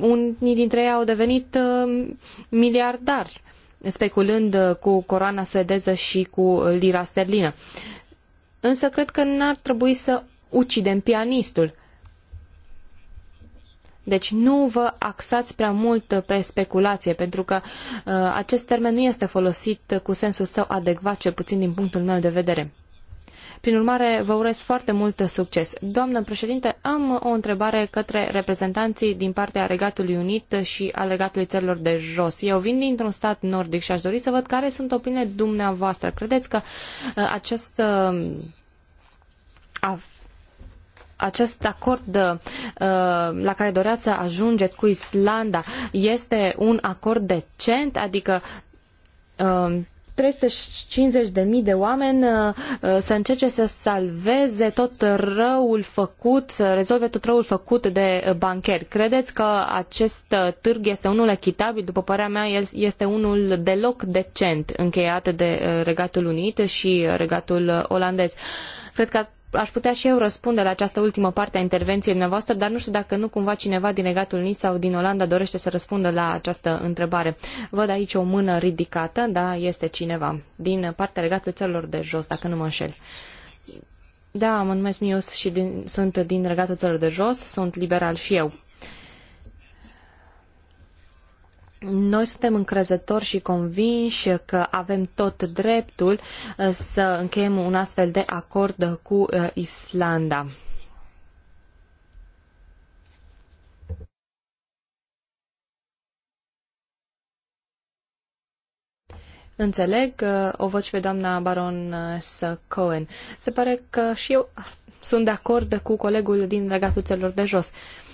Unii dintre ei au devenit miliardari speculând cu coroana suedeză și cu lira sterlină. Însă cred că n-ar trebui să ucidem pianistul. Deci nu vă axați prea mult pe speculație, pentru că uh, acest termen nu este folosit cu sensul său adecvat, cel puțin din punctul meu de vedere. Prin urmare, vă urez foarte mult succes. Doamnă președinte, am o întrebare către reprezentanții din partea Regatului Unit și al Regatului Țărilor de Jos. Eu vin dintr-un stat nordic și aș dori să văd care sunt opiniile dumneavoastră. Credeți că uh, acest uh, acest acord uh, la care doreați să ajungeți cu Islanda este un acord decent? Adică 350.000 uh, de oameni uh, să încerce să salveze tot răul făcut, să rezolve tot răul făcut de bancheri. Credeți că acest târg este unul echitabil? După părerea mea, el este unul deloc decent încheiat de Regatul Unit și Regatul Olandez. Cred că aș putea și eu răspunde la această ultimă parte a intervenției dumneavoastră, dar nu știu dacă nu cumva cineva din Regatul Nice sau din Olanda dorește să răspundă la această întrebare. Văd aici o mână ridicată, da, este cineva din partea Regatului Țărilor de Jos, dacă nu mă înșel. Da, mă numesc Mius și din, sunt din Regatul Țărilor de Jos, sunt liberal și eu. Noi suntem încrezători și convinși că avem tot dreptul uh, să încheiem un astfel de acord cu uh, Islanda. Înțeleg, uh, o văd și pe doamna baron Cohen. Se pare că și eu sunt de acord cu colegul din Regatul celor de Jos. Uh,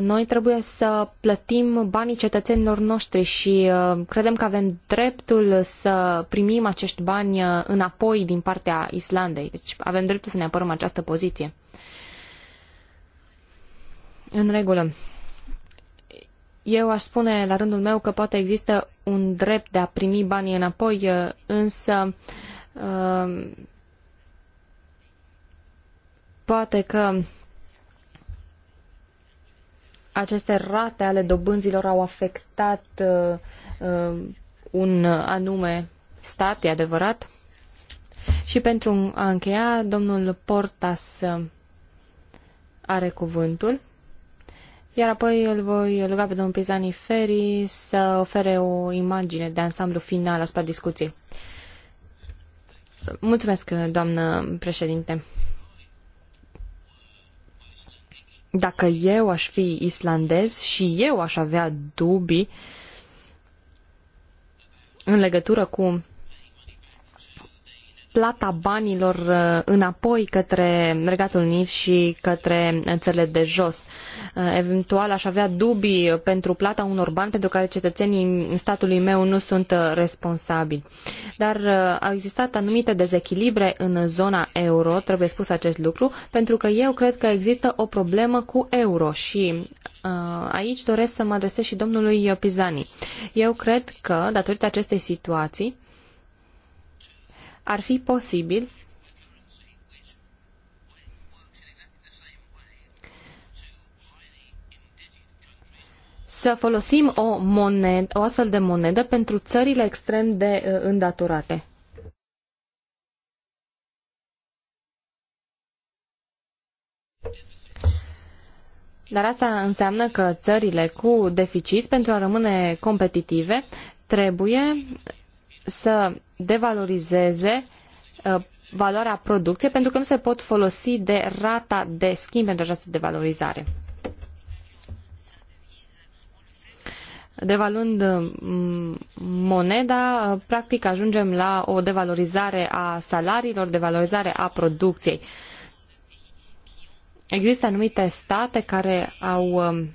noi trebuie să plătim banii cetățenilor noștri și uh, credem că avem dreptul să primim acești bani uh, înapoi din partea Islandei. Deci avem dreptul să ne apărăm această poziție. În regulă. Eu aș spune la rândul meu că poate există un drept de a primi banii înapoi, uh, însă poate că aceste rate ale dobânzilor au afectat uh, uh, un anume stat, e adevărat. Și pentru a încheia, domnul Portas uh, are cuvântul, iar apoi îl voi ruga pe domnul Pisani Feri să ofere o imagine de ansamblu final asupra discuției. Mulțumesc, doamnă președinte. Dacă eu aș fi islandez și eu aș avea dubii în legătură cu plata banilor uh, înapoi către Regatul Unit și către uh, țările de jos. Uh, eventual aș avea dubii pentru plata unor bani pentru care cetățenii statului meu nu sunt responsabili. Dar au existat anumite dezechilibre în zona euro, trebuie spus acest lucru, pentru că eu cred că există o problemă cu euro și aici doresc să mă adresez și domnului Pizani. Eu cred că, datorită acestei situații, ar fi posibil să folosim o, monedă, o astfel de monedă pentru țările extrem de uh, îndatorate. Dar asta înseamnă că țările cu deficit, pentru a rămâne competitive, trebuie să devalorizeze uh, valoarea producției pentru că nu se pot folosi de rata de schimb pentru această devalorizare. Devalând mm, moneda, uh, practic ajungem la o devalorizare a salariilor, devalorizare a producției. Există anumite state care au um,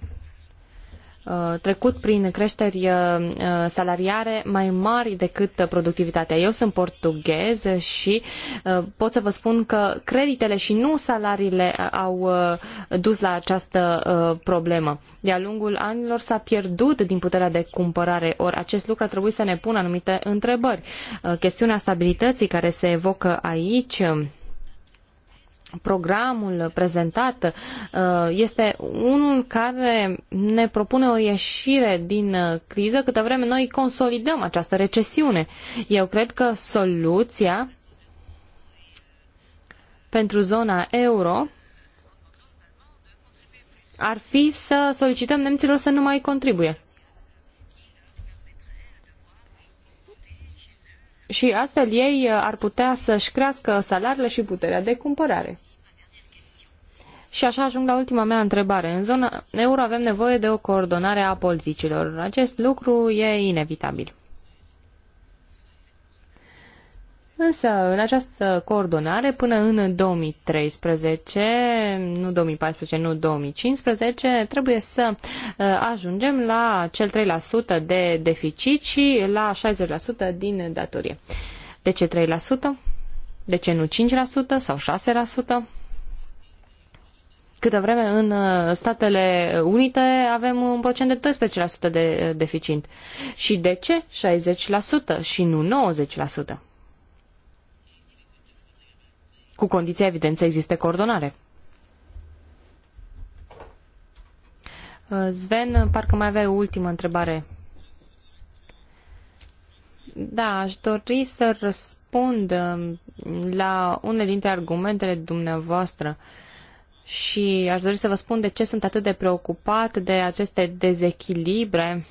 Uh, trecut prin creșteri uh, uh, salariare mai mari decât productivitatea. Eu sunt portughez și pot să vă spun că creditele și nu salariile au dus la această problemă. De-a lungul anilor s-a pierdut din puterea de cumpărare, ori acest lucru ar trebui să ne pună anumite întrebări. Chestiunea stabilității care se evocă aici programul prezentat uh, este unul care ne propune o ieșire din uh, criză, câtă vreme noi consolidăm această recesiune. Eu cred că soluția pentru zona euro ar fi să solicităm nemților să nu mai contribuie. și astfel ei uh, ar putea să-și crească salariile și puterea de cumpărare. Și așa ajung la ultima mea întrebare. În zona euro avem nevoie de o coordonare a politicilor. Acest lucru e inevitabil. Însă, în această coordonare, până în 2013, nu 2014, nu 2015, trebuie să uh, ajungem la cel 3% de deficit și la 60% din datorie. De ce 3%? De ce nu 5% sau 6%? Câtă vreme în uh, Statele Unite avem un procent de 12% de uh, deficit. Și de ce 60% și nu 90%? cu condiția, evident, să existe coordonare. Sven, parcă mai avea o ultimă întrebare. Da, aș dori să răspund um, la unele dintre argumentele dumneavoastră și aș dori să vă spun de ce sunt atât de preocupat de aceste dezechilibre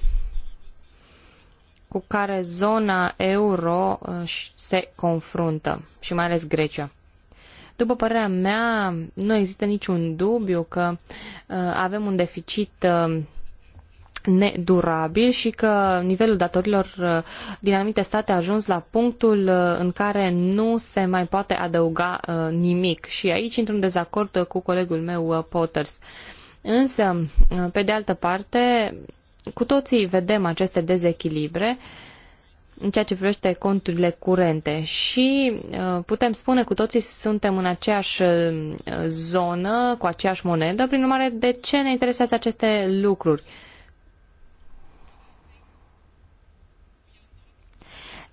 cu care zona euro uh, se confruntă și mai ales Grecia. După părerea mea, nu există niciun dubiu că uh, avem un deficit uh, nedurabil și că nivelul datorilor uh, din anumite state a ajuns la punctul în care nu se mai poate adăuga nimic. Și aici intru în dezacord cu colegul meu Potters. Însă, pe de altă parte, cu toții vedem aceste dezechilibre uh, în ceea ce privește conturile curente și uh, putem spune cu toții suntem în aceeași uh, zonă, cu aceeași monedă, prin urmare de ce ne interesează aceste lucruri?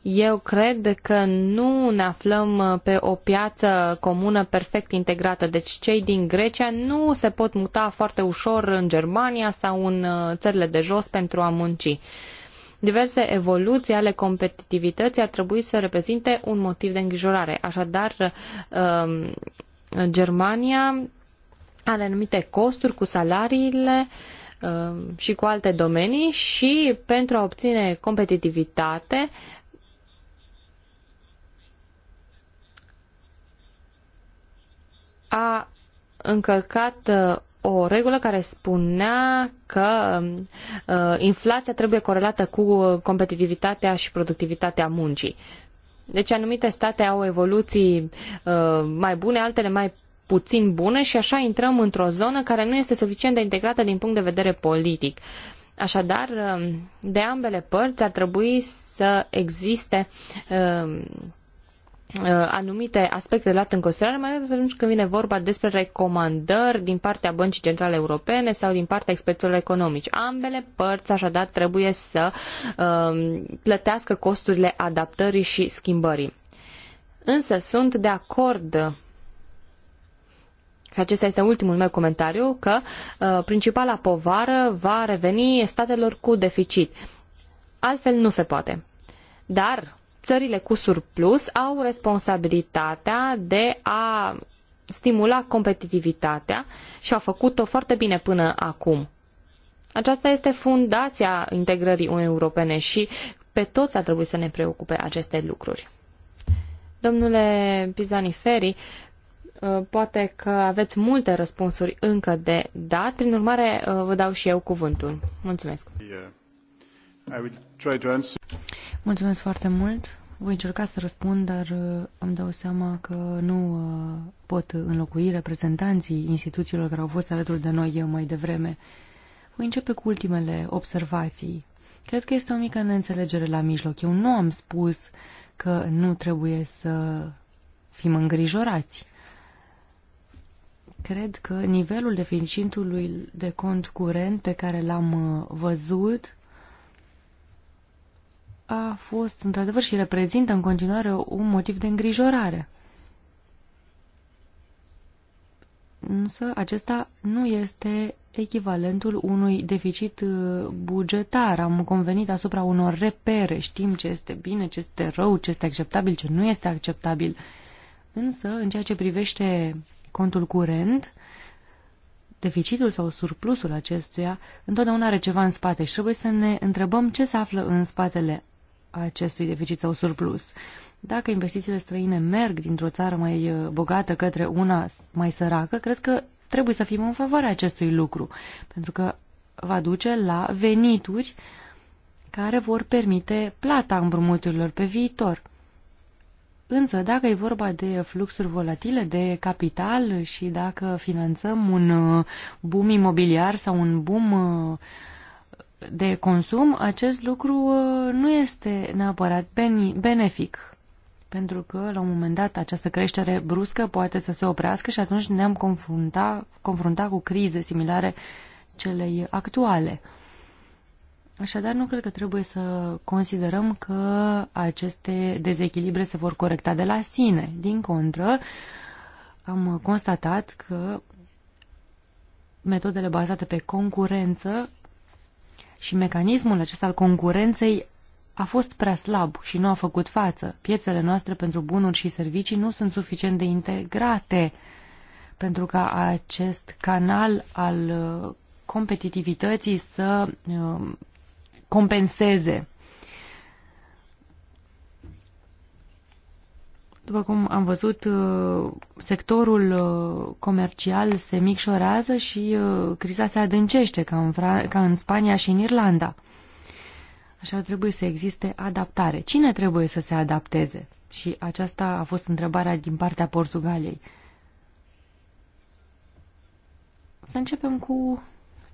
Eu cred că nu ne aflăm uh, pe o piață comună perfect integrată, deci cei din Grecia nu se pot muta foarte ușor în Germania sau în țările de jos pentru a munci. Diverse evoluții ale competitivității ar trebui să reprezinte un motiv de îngrijorare. Așadar, um, Germania are anumite costuri cu salariile um, și cu alte domenii și pentru a obține competitivitate a încălcat uh, o regulă care spunea că uh, inflația trebuie corelată cu competitivitatea și productivitatea muncii. Deci anumite state au evoluții uh, mai bune, altele mai puțin bune și așa intrăm într-o zonă care nu este suficient de integrată din punct de vedere politic. Așadar, uh, de ambele părți ar trebui să existe uh, Uh, anumite aspecte de luat în considerare, mai ales atunci când vine vorba despre recomandări din partea Băncii Centrale Europene sau din partea experților economici. Ambele părți, așadar, trebuie să um, plătească costurile adaptării și schimbării. Însă sunt de acord acesta este ultimul meu comentariu, că uh, principala povară va reveni statelor cu deficit. Altfel nu se poate. Dar țările cu surplus au responsabilitatea de a stimula competitivitatea și au făcut-o foarte bine până acum. Aceasta este fundația integrării europene și pe toți ar trebui să ne preocupe aceste lucruri. Domnule Pizaniferi, poate că aveți multe răspunsuri încă de dat, prin urmare vă dau și eu cuvântul. Mulțumesc. Yeah. Mulțumesc foarte mult. Voi încerca să răspund, dar uh, îmi dau seama că nu uh, pot înlocui reprezentanții instituțiilor care au fost alături de noi eu uh, mai devreme. Voi începe cu ultimele observații. Cred că este o mică neînțelegere la mijloc. Eu nu am spus că nu trebuie să fim îngrijorați. Cred că nivelul deficitului de cont curent pe care l-am văzut a fost într-adevăr și reprezintă în continuare un motiv de îngrijorare. Însă acesta nu este echivalentul unui deficit uh, bugetar. Am convenit asupra unor repere, știm ce este bine, ce este rău, ce este acceptabil, ce nu este acceptabil. Însă, în ceea ce privește contul curent, deficitul sau surplusul acestuia întotdeauna are ceva în spate și trebuie să ne întrebăm ce se află în spatele acestui deficit sau surplus. Dacă investițiile străine merg dintr-o țară mai uh, bogată către una mai săracă, cred că trebuie să fim în favoarea acestui lucru, pentru că va duce la venituri care vor permite plata împrumuturilor pe viitor. Însă, dacă e vorba de fluxuri volatile de capital și dacă finanțăm un uh, boom imobiliar sau un boom uh, de consum, acest lucru uh, nu este neapărat benefic, pentru că la un moment dat această creștere bruscă poate să se oprească și atunci ne-am confrunta, confrunta cu crize similare celei actuale. Așadar, nu cred că trebuie să considerăm că aceste dezechilibre se vor corecta de la sine. Din contră, am constatat că metodele bazate pe concurență și mecanismul acesta al concurenței a fost prea slab și nu a făcut față. Piețele noastre pentru bunuri și servicii nu sunt suficient de integrate pentru ca acest canal al uh, competitivității să uh, compenseze După cum am văzut, uh, sectorul uh, comercial se micșorează și uh, criza se adâncește, ca în, Fra ca în Spania și în Irlanda. Așa trebuie să existe adaptare. Cine trebuie să se adapteze? Și aceasta a fost întrebarea din partea Portugaliei. Să începem cu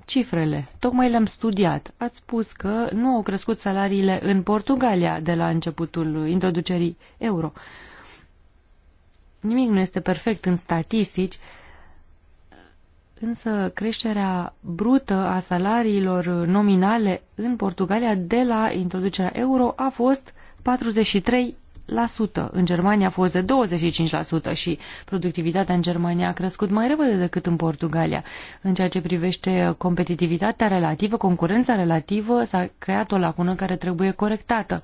cifrele. Tocmai le-am studiat. Ați spus că nu au crescut salariile în Portugalia de la începutul introducerii euro. Nimic nu este perfect în statistici, însă creșterea brută a salariilor nominale în Portugalia de la introducerea euro a fost 43%. În Germania a fost de 25% și productivitatea în Germania a crescut mai repede decât în Portugalia. În ceea ce privește competitivitatea relativă, concurența relativă, s-a creat o lacună care trebuie corectată.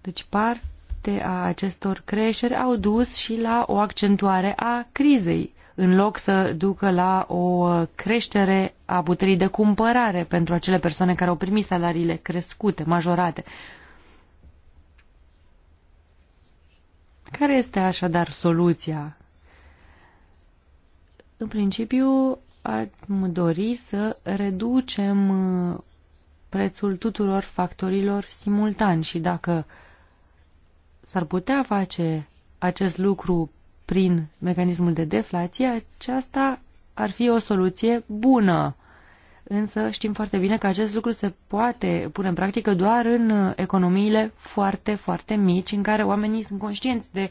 Deci par parte a acestor creșteri au dus și la o accentuare a crizei, în loc să ducă la o creștere a puterii de cumpărare pentru acele persoane care au primit salariile crescute, majorate. Care este așadar soluția? În principiu, am dori să reducem prețul tuturor factorilor simultan și dacă uh, s-ar putea face acest lucru prin mecanismul de deflație, aceasta ar fi o soluție bună. Însă știm foarte bine că acest lucru se poate pune în practică doar în economiile foarte, foarte mici, în care oamenii sunt conștienți de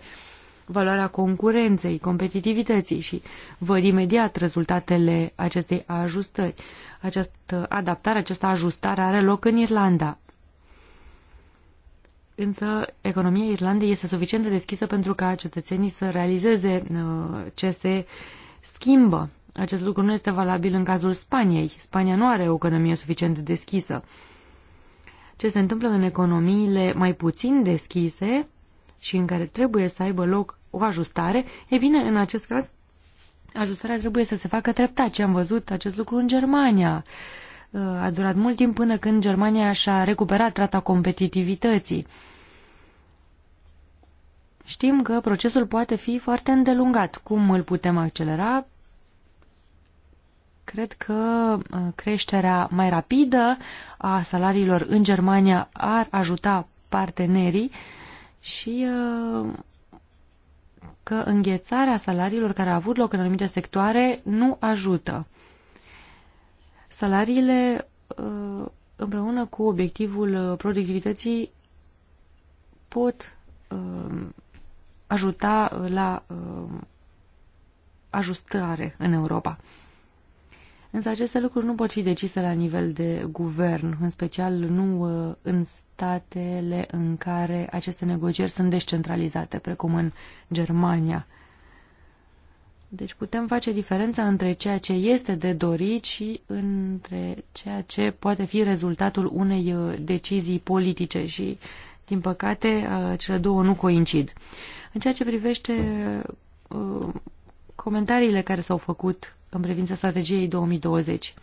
valoarea concurenței, competitivității și văd imediat rezultatele acestei ajustări. Această adaptare, această ajustare are loc în Irlanda, însă economia Irlandei este suficient de deschisă pentru ca cetățenii să realizeze uh, ce se schimbă. Acest lucru nu este valabil în cazul Spaniei. Spania nu are o economie suficient de deschisă. Ce se întâmplă în economiile mai puțin deschise și în care trebuie să aibă loc o ajustare, e bine, în acest caz, ajustarea trebuie să se facă treptat. Ce am văzut acest lucru în Germania. Uh, Uh, a durat mult timp până când Germania și-a recuperat trata competitivității. Știm că procesul poate fi foarte îndelungat. Cum îl putem accelera? Cred că uh, creșterea mai rapidă a salariilor în Germania ar ajuta partenerii și uh, că înghețarea salariilor care a avut loc în anumite sectoare nu ajută. Salariile uh, împreună cu obiectivul uh, productivității pot uh, ajuta la ajustare în Europa. Însă aceste lucruri nu pot fi decise la nivel de guvern, în special nu în statele în care aceste negocieri sunt descentralizate, precum în Germania. Deci putem face diferența între ceea ce este de dorit și între ceea ce poate fi rezultatul unei uh, decizii politice și, din păcate, uh, cele două nu coincid. În ceea ce privește uh, comentariile care s-au făcut în privința strategiei 2020,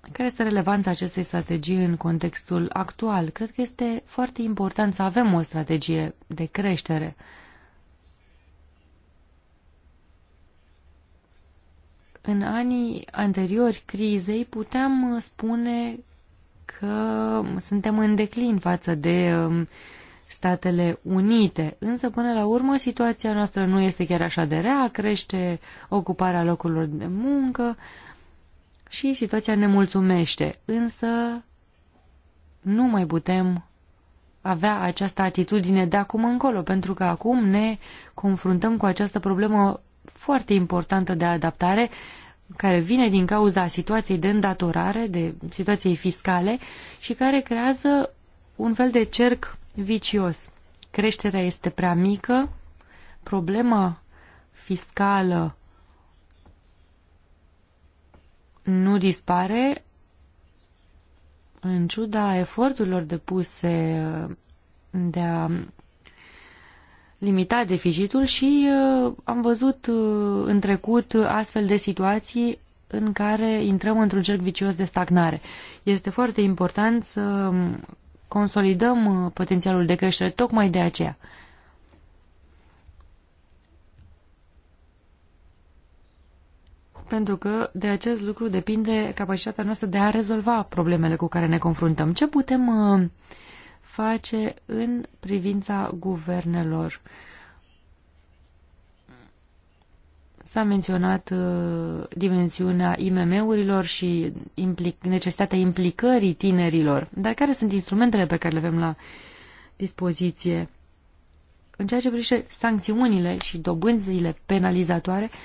care este relevanța acestei strategii în contextul actual? Cred că este foarte important să avem o strategie de creștere uh, În anii anteriori crizei puteam uh, spune că suntem în declin față de um, Statele Unite, însă până la urmă situația noastră nu este chiar așa de rea, crește ocuparea locurilor de muncă și situația ne mulțumește, însă nu mai putem avea această atitudine de acum încolo, pentru că acum ne confruntăm cu această problemă foarte importantă de adaptare care vine din cauza situației de îndatorare, de situației fiscale și care creează un fel de cerc vicios. Creșterea este prea mică, problema fiscală nu dispare în ciuda eforturilor depuse de a limita deficitul și uh, am văzut uh, în trecut astfel de situații în care intrăm într-un cerc vicios de stagnare. Este foarte important să um, consolidăm uh, potențialul de creștere tocmai de aceea. Pentru că de acest lucru depinde capacitatea noastră de a rezolva problemele cu care ne confruntăm. Ce putem uh, face în privința guvernelor. S-a menționat uh, dimensiunea IMM-urilor și implic necesitatea implicării tinerilor. Dar care sunt instrumentele pe care le avem la dispoziție? În ceea ce privește sancțiunile și dobânzile penalizatoare, uh,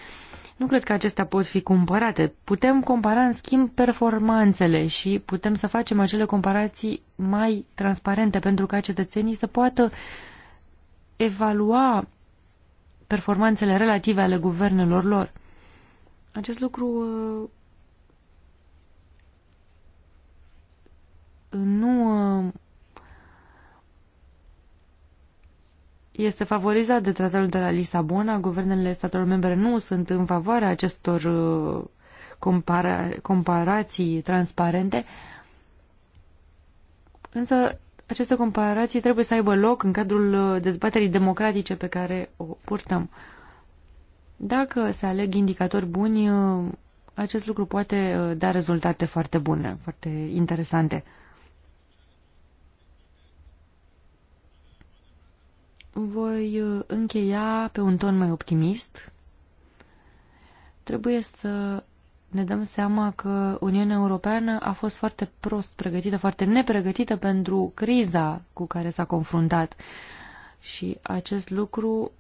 nu cred că acestea pot fi cumpărate. Putem compara, în schimb, performanțele și putem să facem acele comparații mai transparente pentru ca cetățenii să poată evalua performanțele relative ale guvernelor lor. Acest lucru uh, nu uh, este favorizat de tratatul de la Lisabona, guvernele statelor membre nu sunt în favoarea acestor uh, compara comparații transparente, însă aceste comparații trebuie să aibă loc în cadrul uh, dezbaterii democratice pe care o purtăm. Dacă se aleg indicatori buni, uh, acest lucru poate da rezultate foarte bune, foarte interesante. voi uh, încheia pe un ton mai optimist. Trebuie să ne dăm seama că Uniunea Europeană a fost foarte prost pregătită, foarte nepregătită pentru criza cu care s-a confruntat. Și acest lucru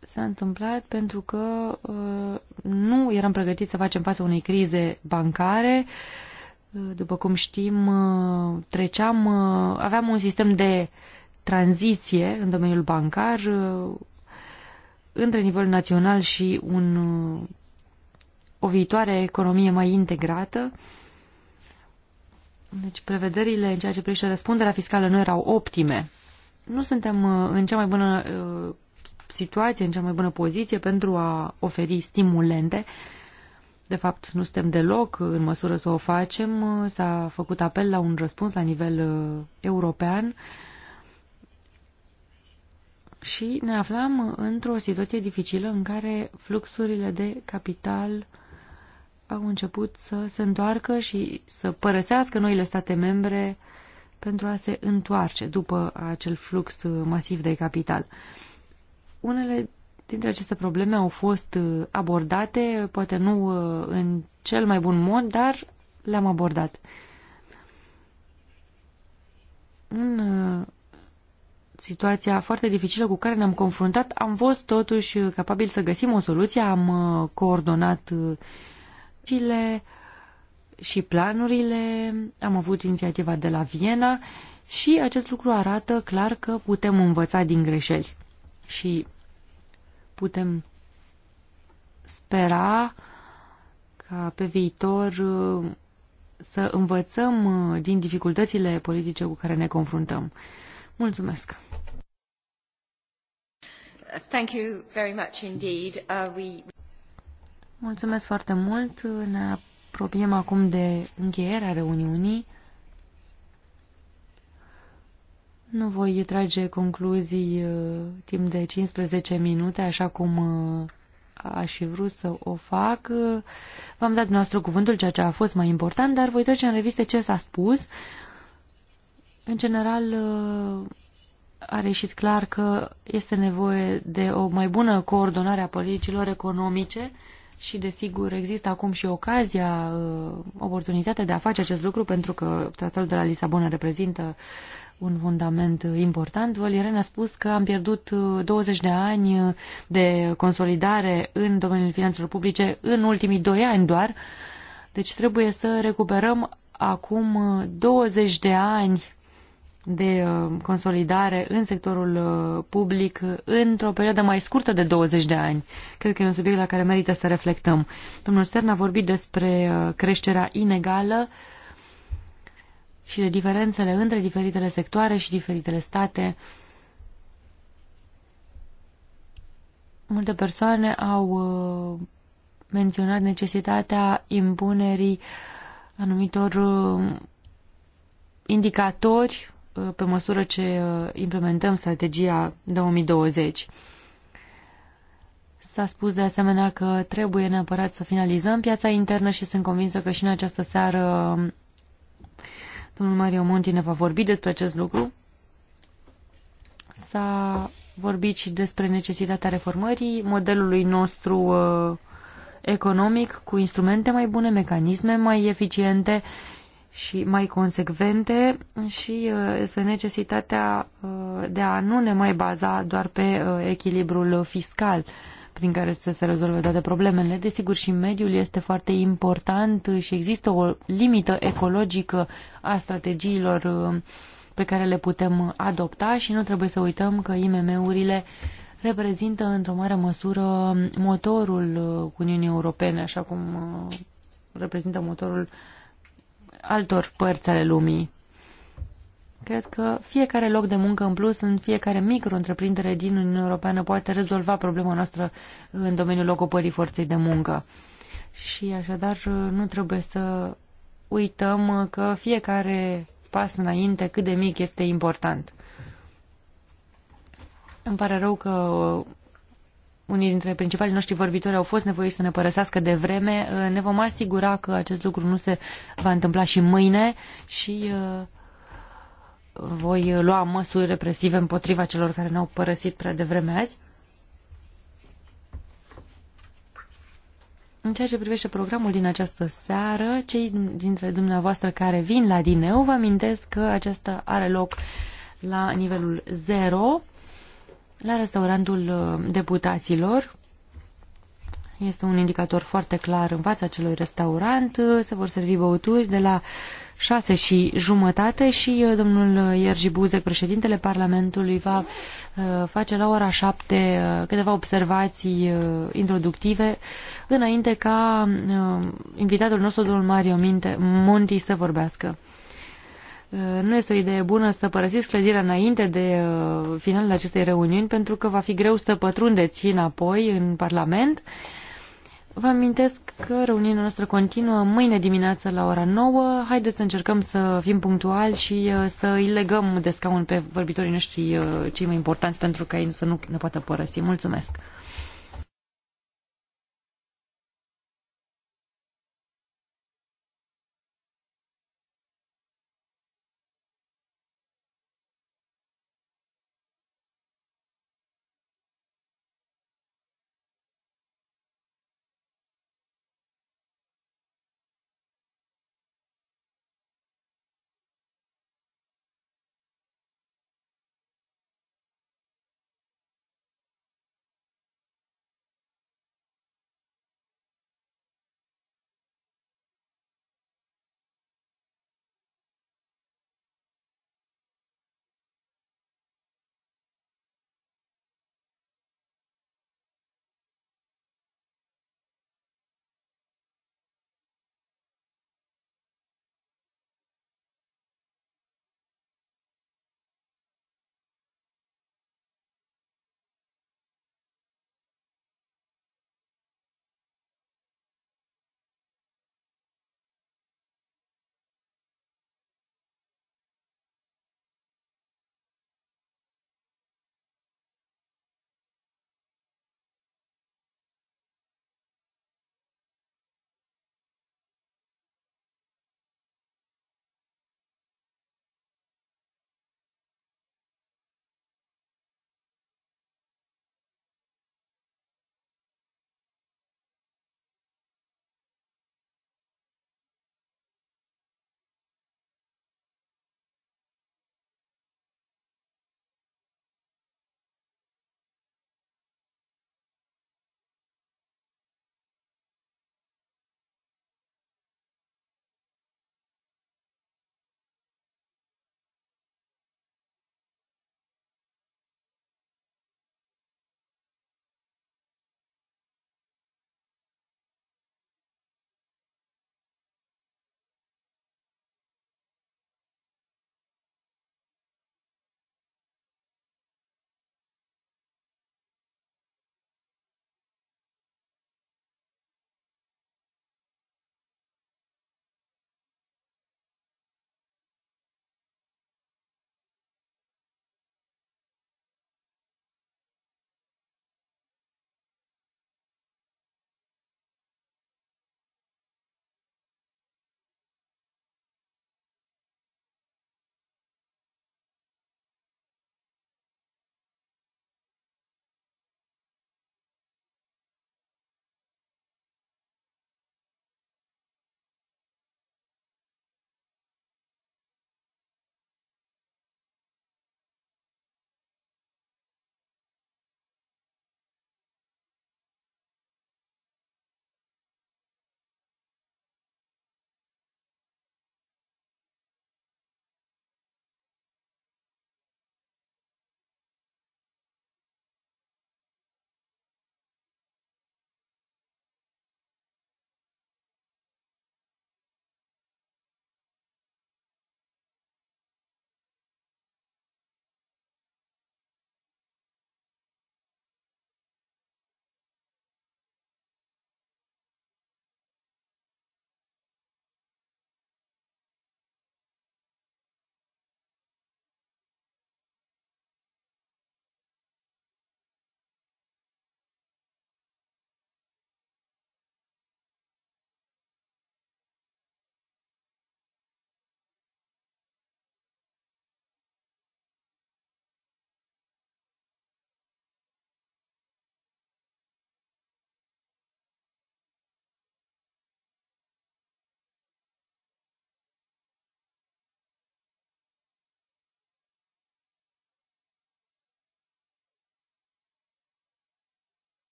s-a întâmplat pentru că uh, nu eram pregătiți să facem față unei crize bancare. Uh, după cum știm, uh, treceam, aveam un sistem de tranziție în domeniul bancar uh, între nivel național și un, uh, o viitoare economie mai integrată. Deci prevederile în ceea ce privește răspunderea fiscală nu erau optime. Nu suntem uh, în cea mai bună situație, în cea mai bună poziție pentru a oferi stimulente. De fapt, nu suntem deloc în măsură să o facem. S-a făcut apel la un răspuns la nivel european și ne aflam într-o situație dificilă în care fluxurile de capital au început să se întoarcă și să părăsească noile state membre pentru a se întoarce după acel flux masiv de capital. Unele dintre aceste probleme au fost abordate, poate nu uh, în cel mai bun mod, dar le-am abordat. Un situația foarte dificilă cu care ne-am confruntat, am fost totuși capabili să găsim o soluție, am uh, coordonat uh, cele și planurile, am avut inițiativa de la Viena și acest lucru arată clar că putem învăța din greșeli și putem spera ca pe viitor uh, să învățăm din dificultățile politice cu care ne confruntăm. Mulțumesc! Thank you very much indeed. Uh, we... Mulțumesc foarte mult. Ne apropiem acum de încheierea reuniunii. Nu voi trage concluzii uh, timp de 15 minute, așa cum uh, aș fi vrut să o fac. V-am dat noastră cuvântul, ceea ce a fost mai important, dar voi trece în reviste ce s-a spus. În general, uh, a reșit clar că este nevoie de o mai bună coordonare a politicilor economice și, desigur, există acum și ocazia, uh, oportunitatea de a face acest lucru, pentru că tratatul de la Lisabona reprezintă un fundament important. Valerian a spus că am pierdut 20 uh, de ani de consolidare în domeniul finanțelor publice în ultimii 2 ani doar, deci trebuie să recuperăm acum 20 uh, de ani de uh, consolidare în sectorul uh, public într-o perioadă mai scurtă de 20 de ani. Cred că e un subiect la care merită să reflectăm. Domnul Stern a vorbit despre uh, creșterea inegală și de diferențele între diferitele sectoare și diferitele state. Multe persoane au menționat necesitatea impunerii anumitor indicatori Uh, pe măsură ce uh, implementăm strategia 2020. S-a spus de asemenea că trebuie neapărat să finalizăm piața internă și sunt convinsă că și în această seară um, domnul Mario Monti ne va vorbi despre acest lucru. S-a vorbit și despre necesitatea reformării modelului nostru uh, economic cu instrumente mai bune, mecanisme mai eficiente și mai consecvente și uh, este necesitatea uh, de a nu ne mai baza doar pe uh, echilibrul fiscal prin care să se rezolve toate problemele. Desigur, și mediul este foarte important și există o limită ecologică a strategiilor pe care le putem adopta și nu trebuie să uităm că IMM-urile reprezintă într-o mare măsură motorul Uniunii Europene, așa cum reprezintă motorul uh, altor părți ale lumii. Cred că fiecare loc de muncă în plus, în fiecare micro-întreprindere din Uniunea Europeană poate rezolva problema noastră în domeniul ocupării forței de muncă. Și așadar nu trebuie să uităm că fiecare pas înainte, cât de mic, este important. Îmi pare rău că unii dintre principalii noștri vorbitori au fost nevoiți să ne părăsească de vreme. Uh, ne vom asigura că acest lucru nu se va întâmpla și mâine și uh, voi lua măsuri represive împotriva celor care ne-au părăsit prea devreme azi. În ceea ce privește programul din această seară, cei dintre dumneavoastră care vin la Dineu, vă amintesc că aceasta are loc la nivelul 0 la restaurantul uh, deputaților. Este un indicator foarte clar în fața acelui restaurant. Uh, se vor servi băuturi de la 6 și jumătate și uh, domnul Iergi Buzec, președintele Parlamentului, va face la ora 7 câteva observații introductive înainte ca invitatul nostru, domnul Mario Minte, Monti, să vorbească. Uh, nu este o idee bună să părăsiți clădirea înainte de uh, finalul acestei reuniuni, pentru că va fi greu să pătrundeți înapoi în Parlament. Vă amintesc că reuniunea noastră continuă mâine dimineață la ora 9. Haideți să încercăm să fim punctuali și uh, să îi legăm de scaun pe vorbitorii noștri cei mai importanți pentru ca ei să nu ne poată părăsi. Mulțumesc!